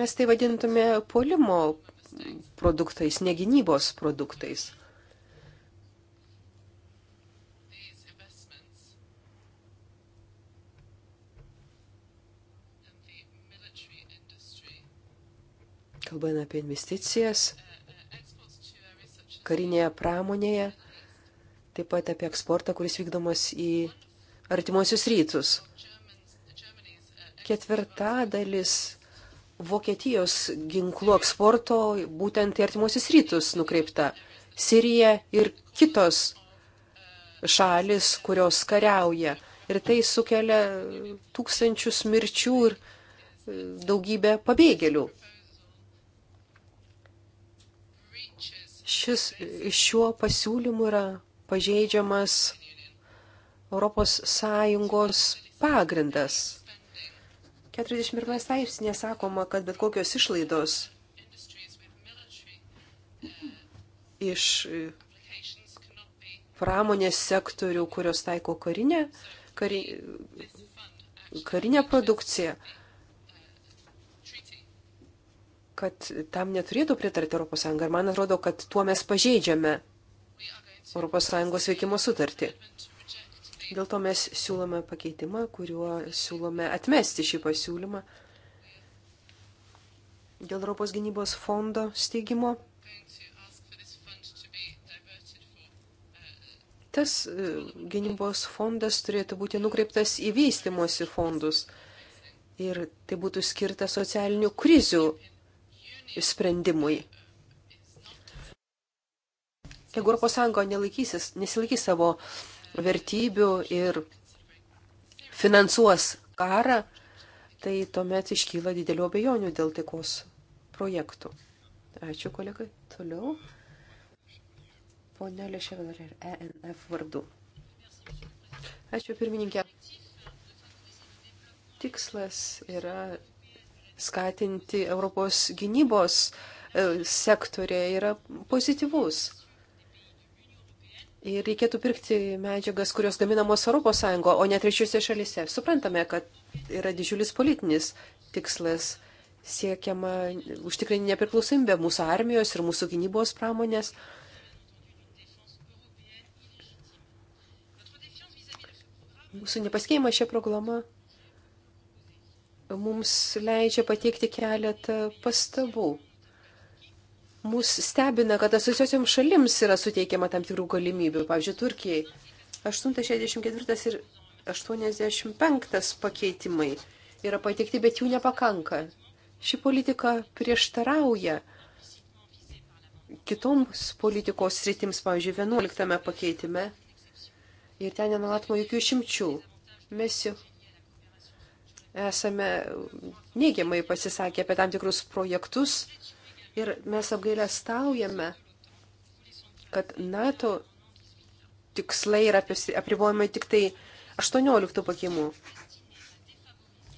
Mes tai vadintume polimo produktais, negynybos produktais. kalba eina apie investicijas karinėje pramonėje, taip pat apie eksportą, kuris vykdomas į artimuosius rytus. Ketvirtadalis Vokietijos ginklų eksporto būtent į artimuosius rytus nukreipta. Sirija ir kitos šalis, kurios kariauja. Ir tai sukelia tūkstančius mirčių ir e, daugybę pabėgėlių. Šis, šiuo pasiūlymu yra pažeidžiamas ES pagrindas. 41 straipsnė sakoma, kad bet kokios išlaidos iš pramonės sektorių, kurios taiko karinę, kari, karinę produkciją, kad tam neturėtų pritarti ES. Ir man atrodo, kad tuo mes pažeidžiame ES veikimo sutartį. Dėl to mes siūlome pakeitimą, kuriuo siūlome atmesti šį pasiūlymą dėl Europos gynybos fondo steigimo. Tas e, gynybos fondas turėtų būti nukreiptas į vystimosi fondus ir tai būtų skirta socialinių krizių sprendimui. Jeigu Europos Sąjunga nesilaikys savo vertybių ir finansuos karą, tai tuomet iškyla didelių abejonių dėl taikos projektų. Ačiū, kolegai. Toliau. Pone Leševelar ir ENF vardu. Ačiū, pirmininkė. Tikslas yra skatinti Europos gynybos e, sektorė yra pozityvus. Ir reikėtų pirkti medžiagas, kurios gaminamos ES, o ne trečiuose šalise. Suprantame, kad yra didžiulis politinis tikslas siekiama užtikrinti nepriklausomybę mūsų armijos ir mūsų gynybos pramonės. Mūsų nepasikeima šia programa mums leidžia pateikti keletą pastabų. Mūsų stebina, kad asociuosioms šalims yra suteikiama tam tikrų galimybių. Pavyzdžiui, Turkijai 864 ir 85 pakeitimai yra pateikti, bet jų nepakanka. Ši politika prieštarauja kitoms politikos sritims, pavyzdžiui, 11 pakeitime. Ir ten nenumatoma jokių išimčių. Mes jau esame neigiamai pasisakę apie tam tikrus projektus ir mes apgailę staujame, kad NATO tikslai yra apribojami tik tai 18 pakimų.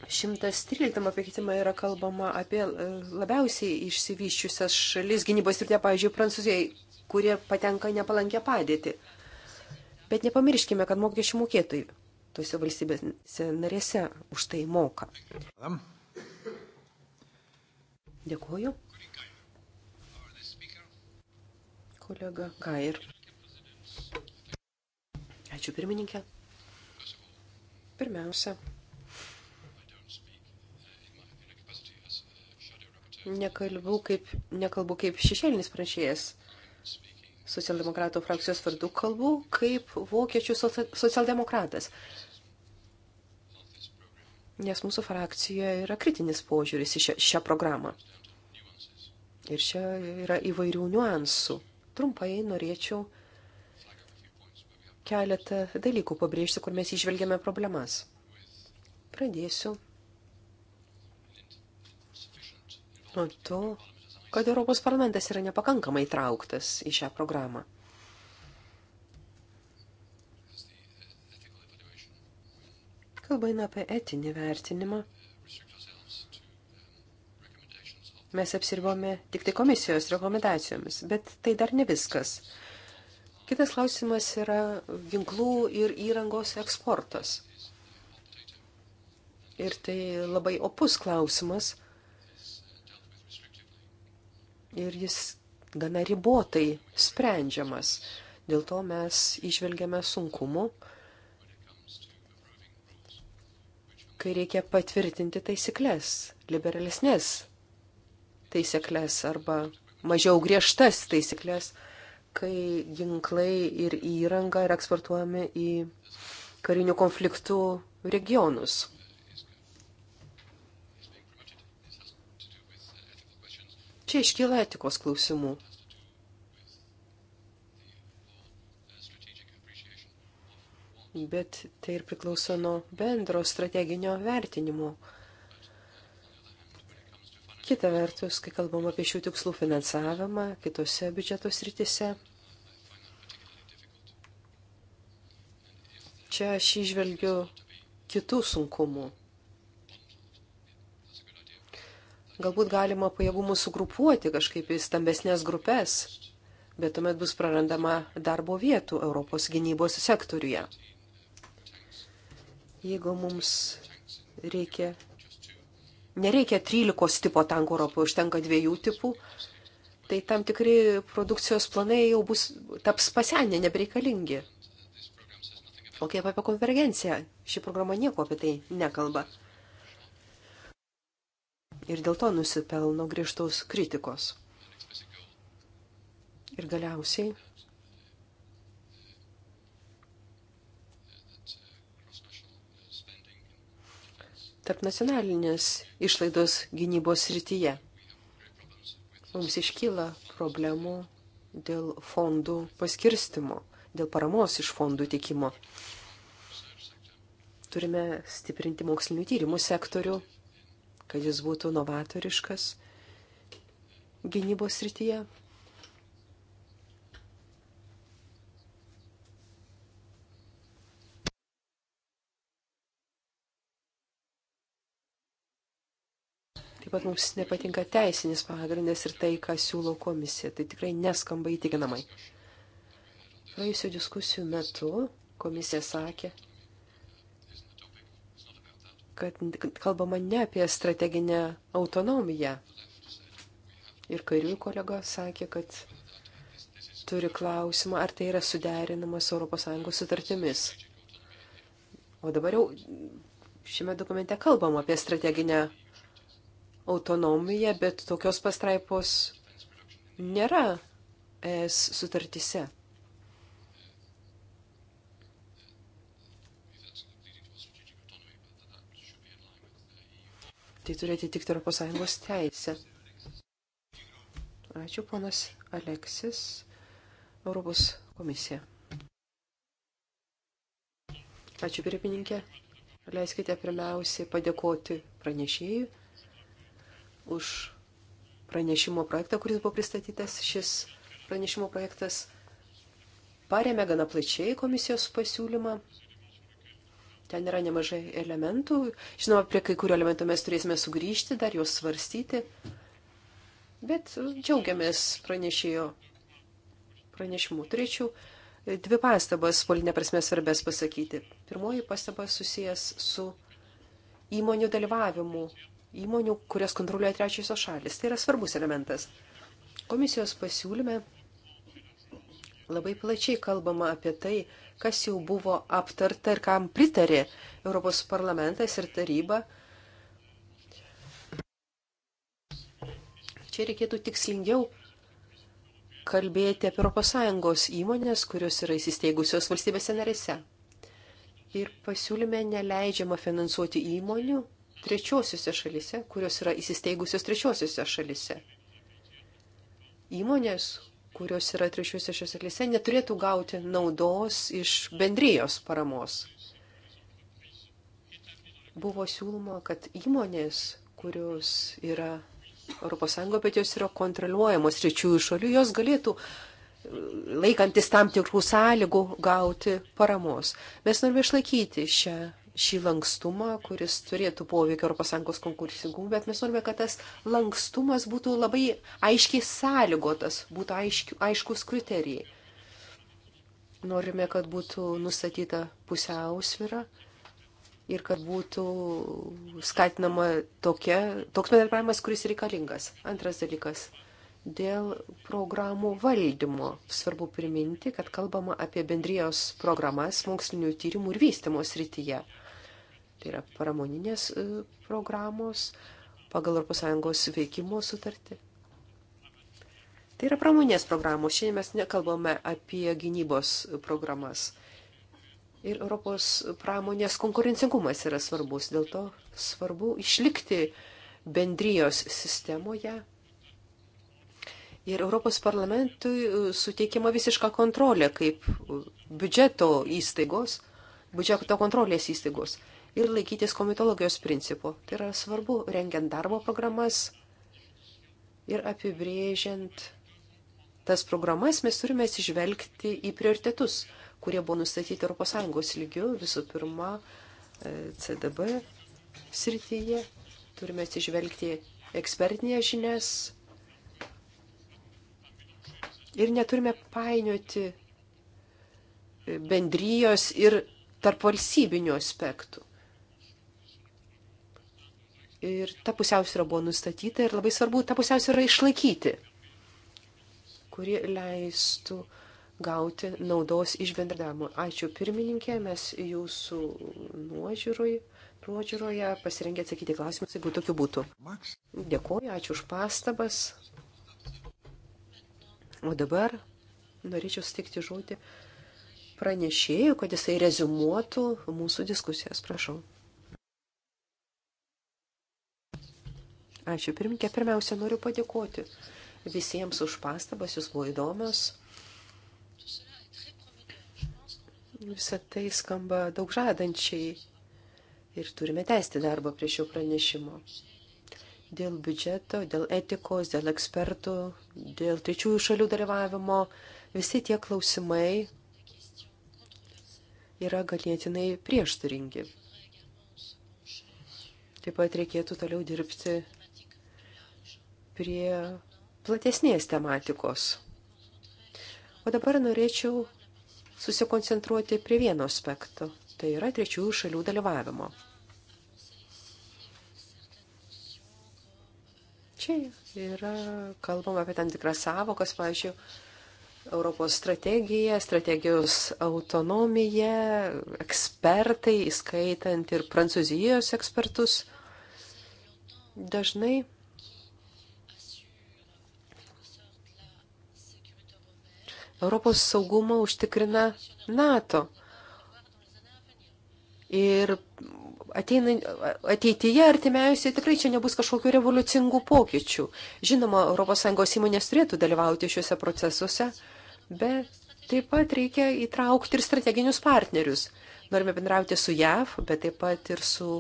113 pakeitimą yra kalbama apie e, labiausiai išsivyščiusias šalis gynybos ir tie, pavyzdžiui, prancūzijai, kurie patenka nepalankę padėtį. Bet nepamirškime, kad mokesčių mokėtojų tuose valstybėse narėse už tai moka. Dėkuoju. Kolega Gair. Ačiū pirmininkė. Pirmiausia, nekalbu kaip, nekalbu kaip šešėlinis pranešėjas socialdemokratų frakcijos vardu kalbu kaip vokiečių socialdemokratas. Nes mūsų frakcijoje yra kritinis požiūris į šią, šią programą. Ir čia yra įvairių niuansų. Trumpai norėčiau keletą dalykų pabrėžti, kur mes išvelgiame problemas. Pradėsiu nuo to, kad Europos parlamentas yra nepakankamai trauktas į šią programą. Kalba eina apie etinį vertinimą. Mes apsirbome tik tai komisijos rekomendacijomis, bet tai dar ne viskas. Kitas klausimas yra ginklų ir įrangos eksportas. Ir tai labai opus klausimas ir jis gana ribotai sprendžiamas. Dėl to mes išvelgiame sunkumu, kai reikia patvirtinti taisyklės, liberalesnės taisyklės arba mažiau griežtas taisyklės, kai ginklai ir įranga yra eksportuojami į karinių konfliktų regionus. Čia iškyla etikos klausimų. Bet tai ir priklauso nuo bendro strateginio vertinimo. Kita vertus, kai kalbam apie šių tikslų finansavimą kitose biudžeto sritise, čia aš išvelgiu kitų sunkumų. Galbūt galima pajėgumus sugrupuoti kažkaip į stambesnės grupės, bet tuomet bus prarandama darbo vietų Europos gynybos sektoriuje. Jeigu mums reikia. Nereikia 13 tipo tankų Europoje, užtenka dviejų tipų, tai tam tikri produkcijos planai jau bus, taps pasenę, nebereikalingi. O kaip apie konvergenciją? Ši programa nieko apie tai nekalba ir dėl to nusipelno griežtos kritikos. Ir galiausiai tarp nacionalinės išlaidos gynybos srityje. Mums iškyla problemų dėl fondų paskirstimo, dėl paramos iš fondų tikimo. Turime stiprinti mokslinių tyrimų sektorių, kad jis būtų novatoriškas gynybos srityje. Taip pat mums nepatinka teisinis pagrindas ir tai, ką siūlo komisija. Tai tikrai neskamba įtikinamai. Praėjusių diskusijų metu komisija sakė, kad kalbama ne apie strateginę autonomiją. Ir kairiųjų kolega sakė, kad turi klausimą, ar tai yra suderinama su ES sutartimis. O dabar jau šiame dokumente kalbam apie strateginę autonomiją, bet tokios pastraipos nėra ES sutartise. Tai turėti tik ES teisę. Ačiū, ponas Aleksis, Europos komisija. Ačiū, pirmininkė. Leiskite pirmiausiai padėkoti pranešėjui už pranešimo projektą, kuris buvo pristatytas. Šis pranešimo projektas paremė gana plačiai komisijos pasiūlymą Ten yra nemažai elementų. Žinoma, prie kai kurių elementų mes turėsime sugrįžti, dar juos svarstyti. Bet džiaugiamės pranešėjo pranešimu. Turėčiau dvi pastabas, politinė prasme svarbės pasakyti. Pirmoji pastaba susijęs su įmonių dalyvavimu, įmonių, kurias kontroliuoja trečiosios šalis. Tai yra svarbus elementas. Komisijos pasiūlyme labai plačiai kalbama apie tai, kas jau buvo aptarta ir kam pritarė Europos parlamentas ir taryba. Čia reikėtų tikslingiau kalbėti apie ES įmonės, kurios yra įsisteigusios valstybėse narėse. Ir pasiūlyme neleidžiama finansuoti įmonių trečiosiuose šalise, kurios yra įsisteigusios trečiosiuose šalise. Įmonės, kurios yra trečiuose šiose klyse, neturėtų gauti naudos iš bendrijos paramos. Buvo siūloma, kad įmonės, kurios yra ES, bet jos yra kontroliuojamos trečiųjų šalių, jos galėtų laikantis tam tikrų sąlygų gauti paramos. Mes norime išlaikyti šią šį lankstumą, kuris turėtų poveikio ES konkursingumui, bet mes norime, kad tas lankstumas būtų labai aiškiai sąlygotas, būtų aiškių, aiškus kriterijai. Norime, kad būtų nustatyta pusiausvyra ir kad būtų skatinama tokia, toks bendradarbiavimas, kuris reikalingas. Antras dalykas. Dėl programų valdymo svarbu priminti, kad kalbama apie bendrijos programas mokslinių tyrimų ir vystimo srityje. Tai yra pramoninės e, programos pagal ES veikimo sutartį. Tai yra pramoninės programos. Šiandien mes nekalbame apie gynybos programas. Ir Europos pramonės konkurencingumas yra svarbus. Dėl to svarbu išlikti bendrijos sistemoje. Ir Europos parlamentui e, suteikiama visiška kontrolė kaip biudžeto įstaigos, biudžeto kontrolės įstaigos ir laikytis komitologijos principų. Tai yra svarbu rengiant darbo programas ir apibrėžiant tas programas mes turime atsižvelgti į prioritetus, kurie buvo nustatyti ES lygių. Visų pirma, e, CDB srityje turime atsižvelgti ekspertinės žinias ir neturime painioti e, bendrijos ir tarp valstybinių aspektų. Ir ta pusiausvyrą buvo nustatyta ir labai svarbu tą pusiausvyrą išlaikyti, kuri leistų gauti naudos iš bendradavimo. Ačiū pirmininkė, mes jūsų nuožiūroj, nuožiūroje pasirengę atsakyti klausimus, jeigu tokių būtų. Dėkuoju, ačiū už pastabas. O dabar norėčiau stikti žodį pranešėjų, kad jisai rezumuotų mūsų diskusijas. Prašau. Ačiū pirmininkė. Pirmiausia, noriu padėkoti visiems už pastabas, jūs buvo įdomios. Visą tai skamba daug žadančiai ir turime tęsti darbą prie šio pranešimo. Dėl biudžeto, dėl etikos, dėl ekspertų, dėl trečiųjų šalių dalyvavimo, visi tie klausimai yra galėtinai prieštaringi. Taip pat reikėtų toliau dirbti prie platesnės tematikos. O dabar norėčiau susikoncentruoti prie vieno aspekto - tai yra trečiųjų šalių dalyvavimo. Čia yra kalbama apie tam tikras savokas, pavyzdžiui, Europos strategija, strategijos autonomija, ekspertai, įskaitant ir prancūzijos ekspertus. Dažnai Europos saugumą užtikrina NATO. Ir ateina, ateityje artimiausiai tikrai čia nebus kažkokių revoliucingų pokyčių. Žinoma, ES įmonės turėtų dalyvauti šiuose procesuose, bet taip pat reikia įtraukti ir strateginius partnerius. Norime bendrauti su JAV, bet taip pat ir su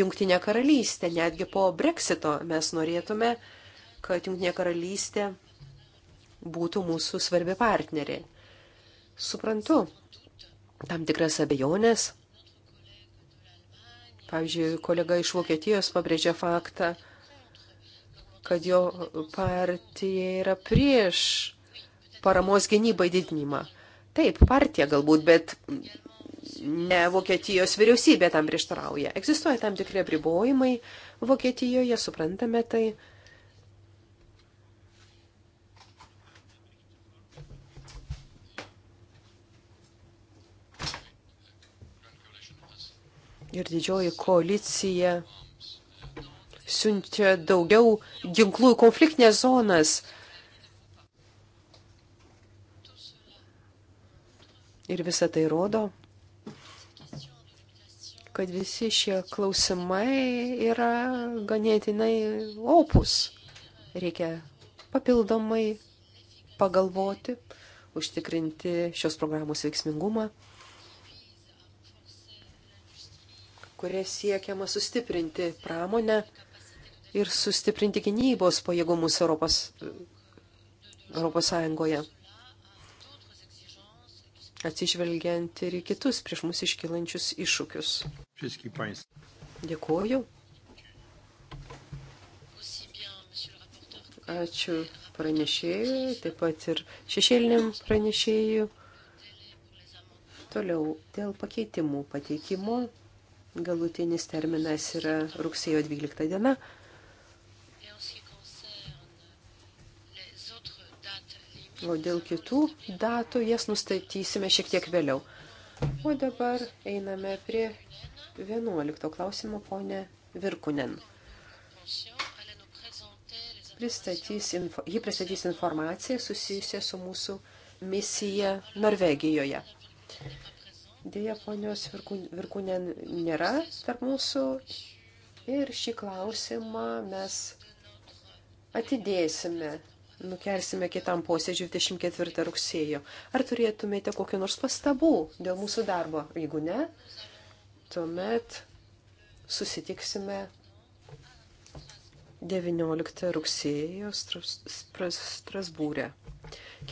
Junktinė karalystė. Netgi po Brexito mes norėtume, kad Junktinė karalystė būtų mūsų svarbi partnerė. Suprantu tam tikras abejonės. Pavyzdžiui, kolega iš Vokietijos pabrėžė faktą, kad jo partija yra prieš paramos gynybai didinimą. Taip, partija galbūt, bet ne Vokietijos vyriausybė tam prieštarauja. Egzistuoja tam tikri apribojimai Vokietijoje, suprantame tai. ir didžioji koalicija siuntė daugiau ginklų į konfliktinės zonas. Ir visa tai rodo, kad visi šie klausimai yra ganėtinai opus. Reikia papildomai pagalvoti, užtikrinti šios programos veiksmingumą. kuria siekiama sustiprinti pramonę ir sustiprinti gynybos pajėgumus Europos, Europos Sąjungoje, atsižvelgiant ir į kitus prieš mus iškilančius iššūkius. Dėkuoju. Ačiū pranešėjui, taip pat ir šešėliniam pranešėjui. Toliau dėl pakeitimų pateikimo Galutinis terminas yra rugsėjo 12 diena. O dėl kitų datų jas nustatysime šiek tiek vėliau. O dabar einame prie 11 klausimo, ponė Virkunen. Pristatys info, ji pristatys informaciją susijusią su mūsų misija Norvegijoje. Dėja, ponios Virkūnė nėra tarp mūsų. Ir šį klausimą mes atidėsime, nukelsime kitam posėdžiui 24 rugsėjo. Ar turėtumėte kokiu nors pastabų dėl mūsų darbo? Jeigu ne, tuomet susitiksime 19 rugsėjo Strasbūrė.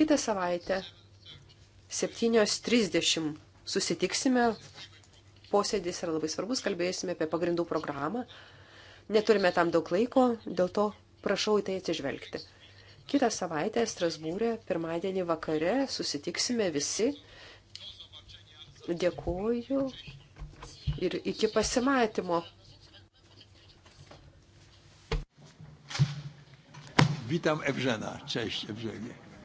Kitą savaitę 7.30 susitiksime. Posėdis yra labai svarbus, kalbėsime apie pagrindų programą. Neturime tam daug laiko, dėl to prašau į tai atsižvelgti. Kitą savaitę Strasbūrė, pirmadienį vakare, susitiksime visi. Dėkuoju ir iki pasimatymo. Witam Ewżena. Cześć Ewżenie.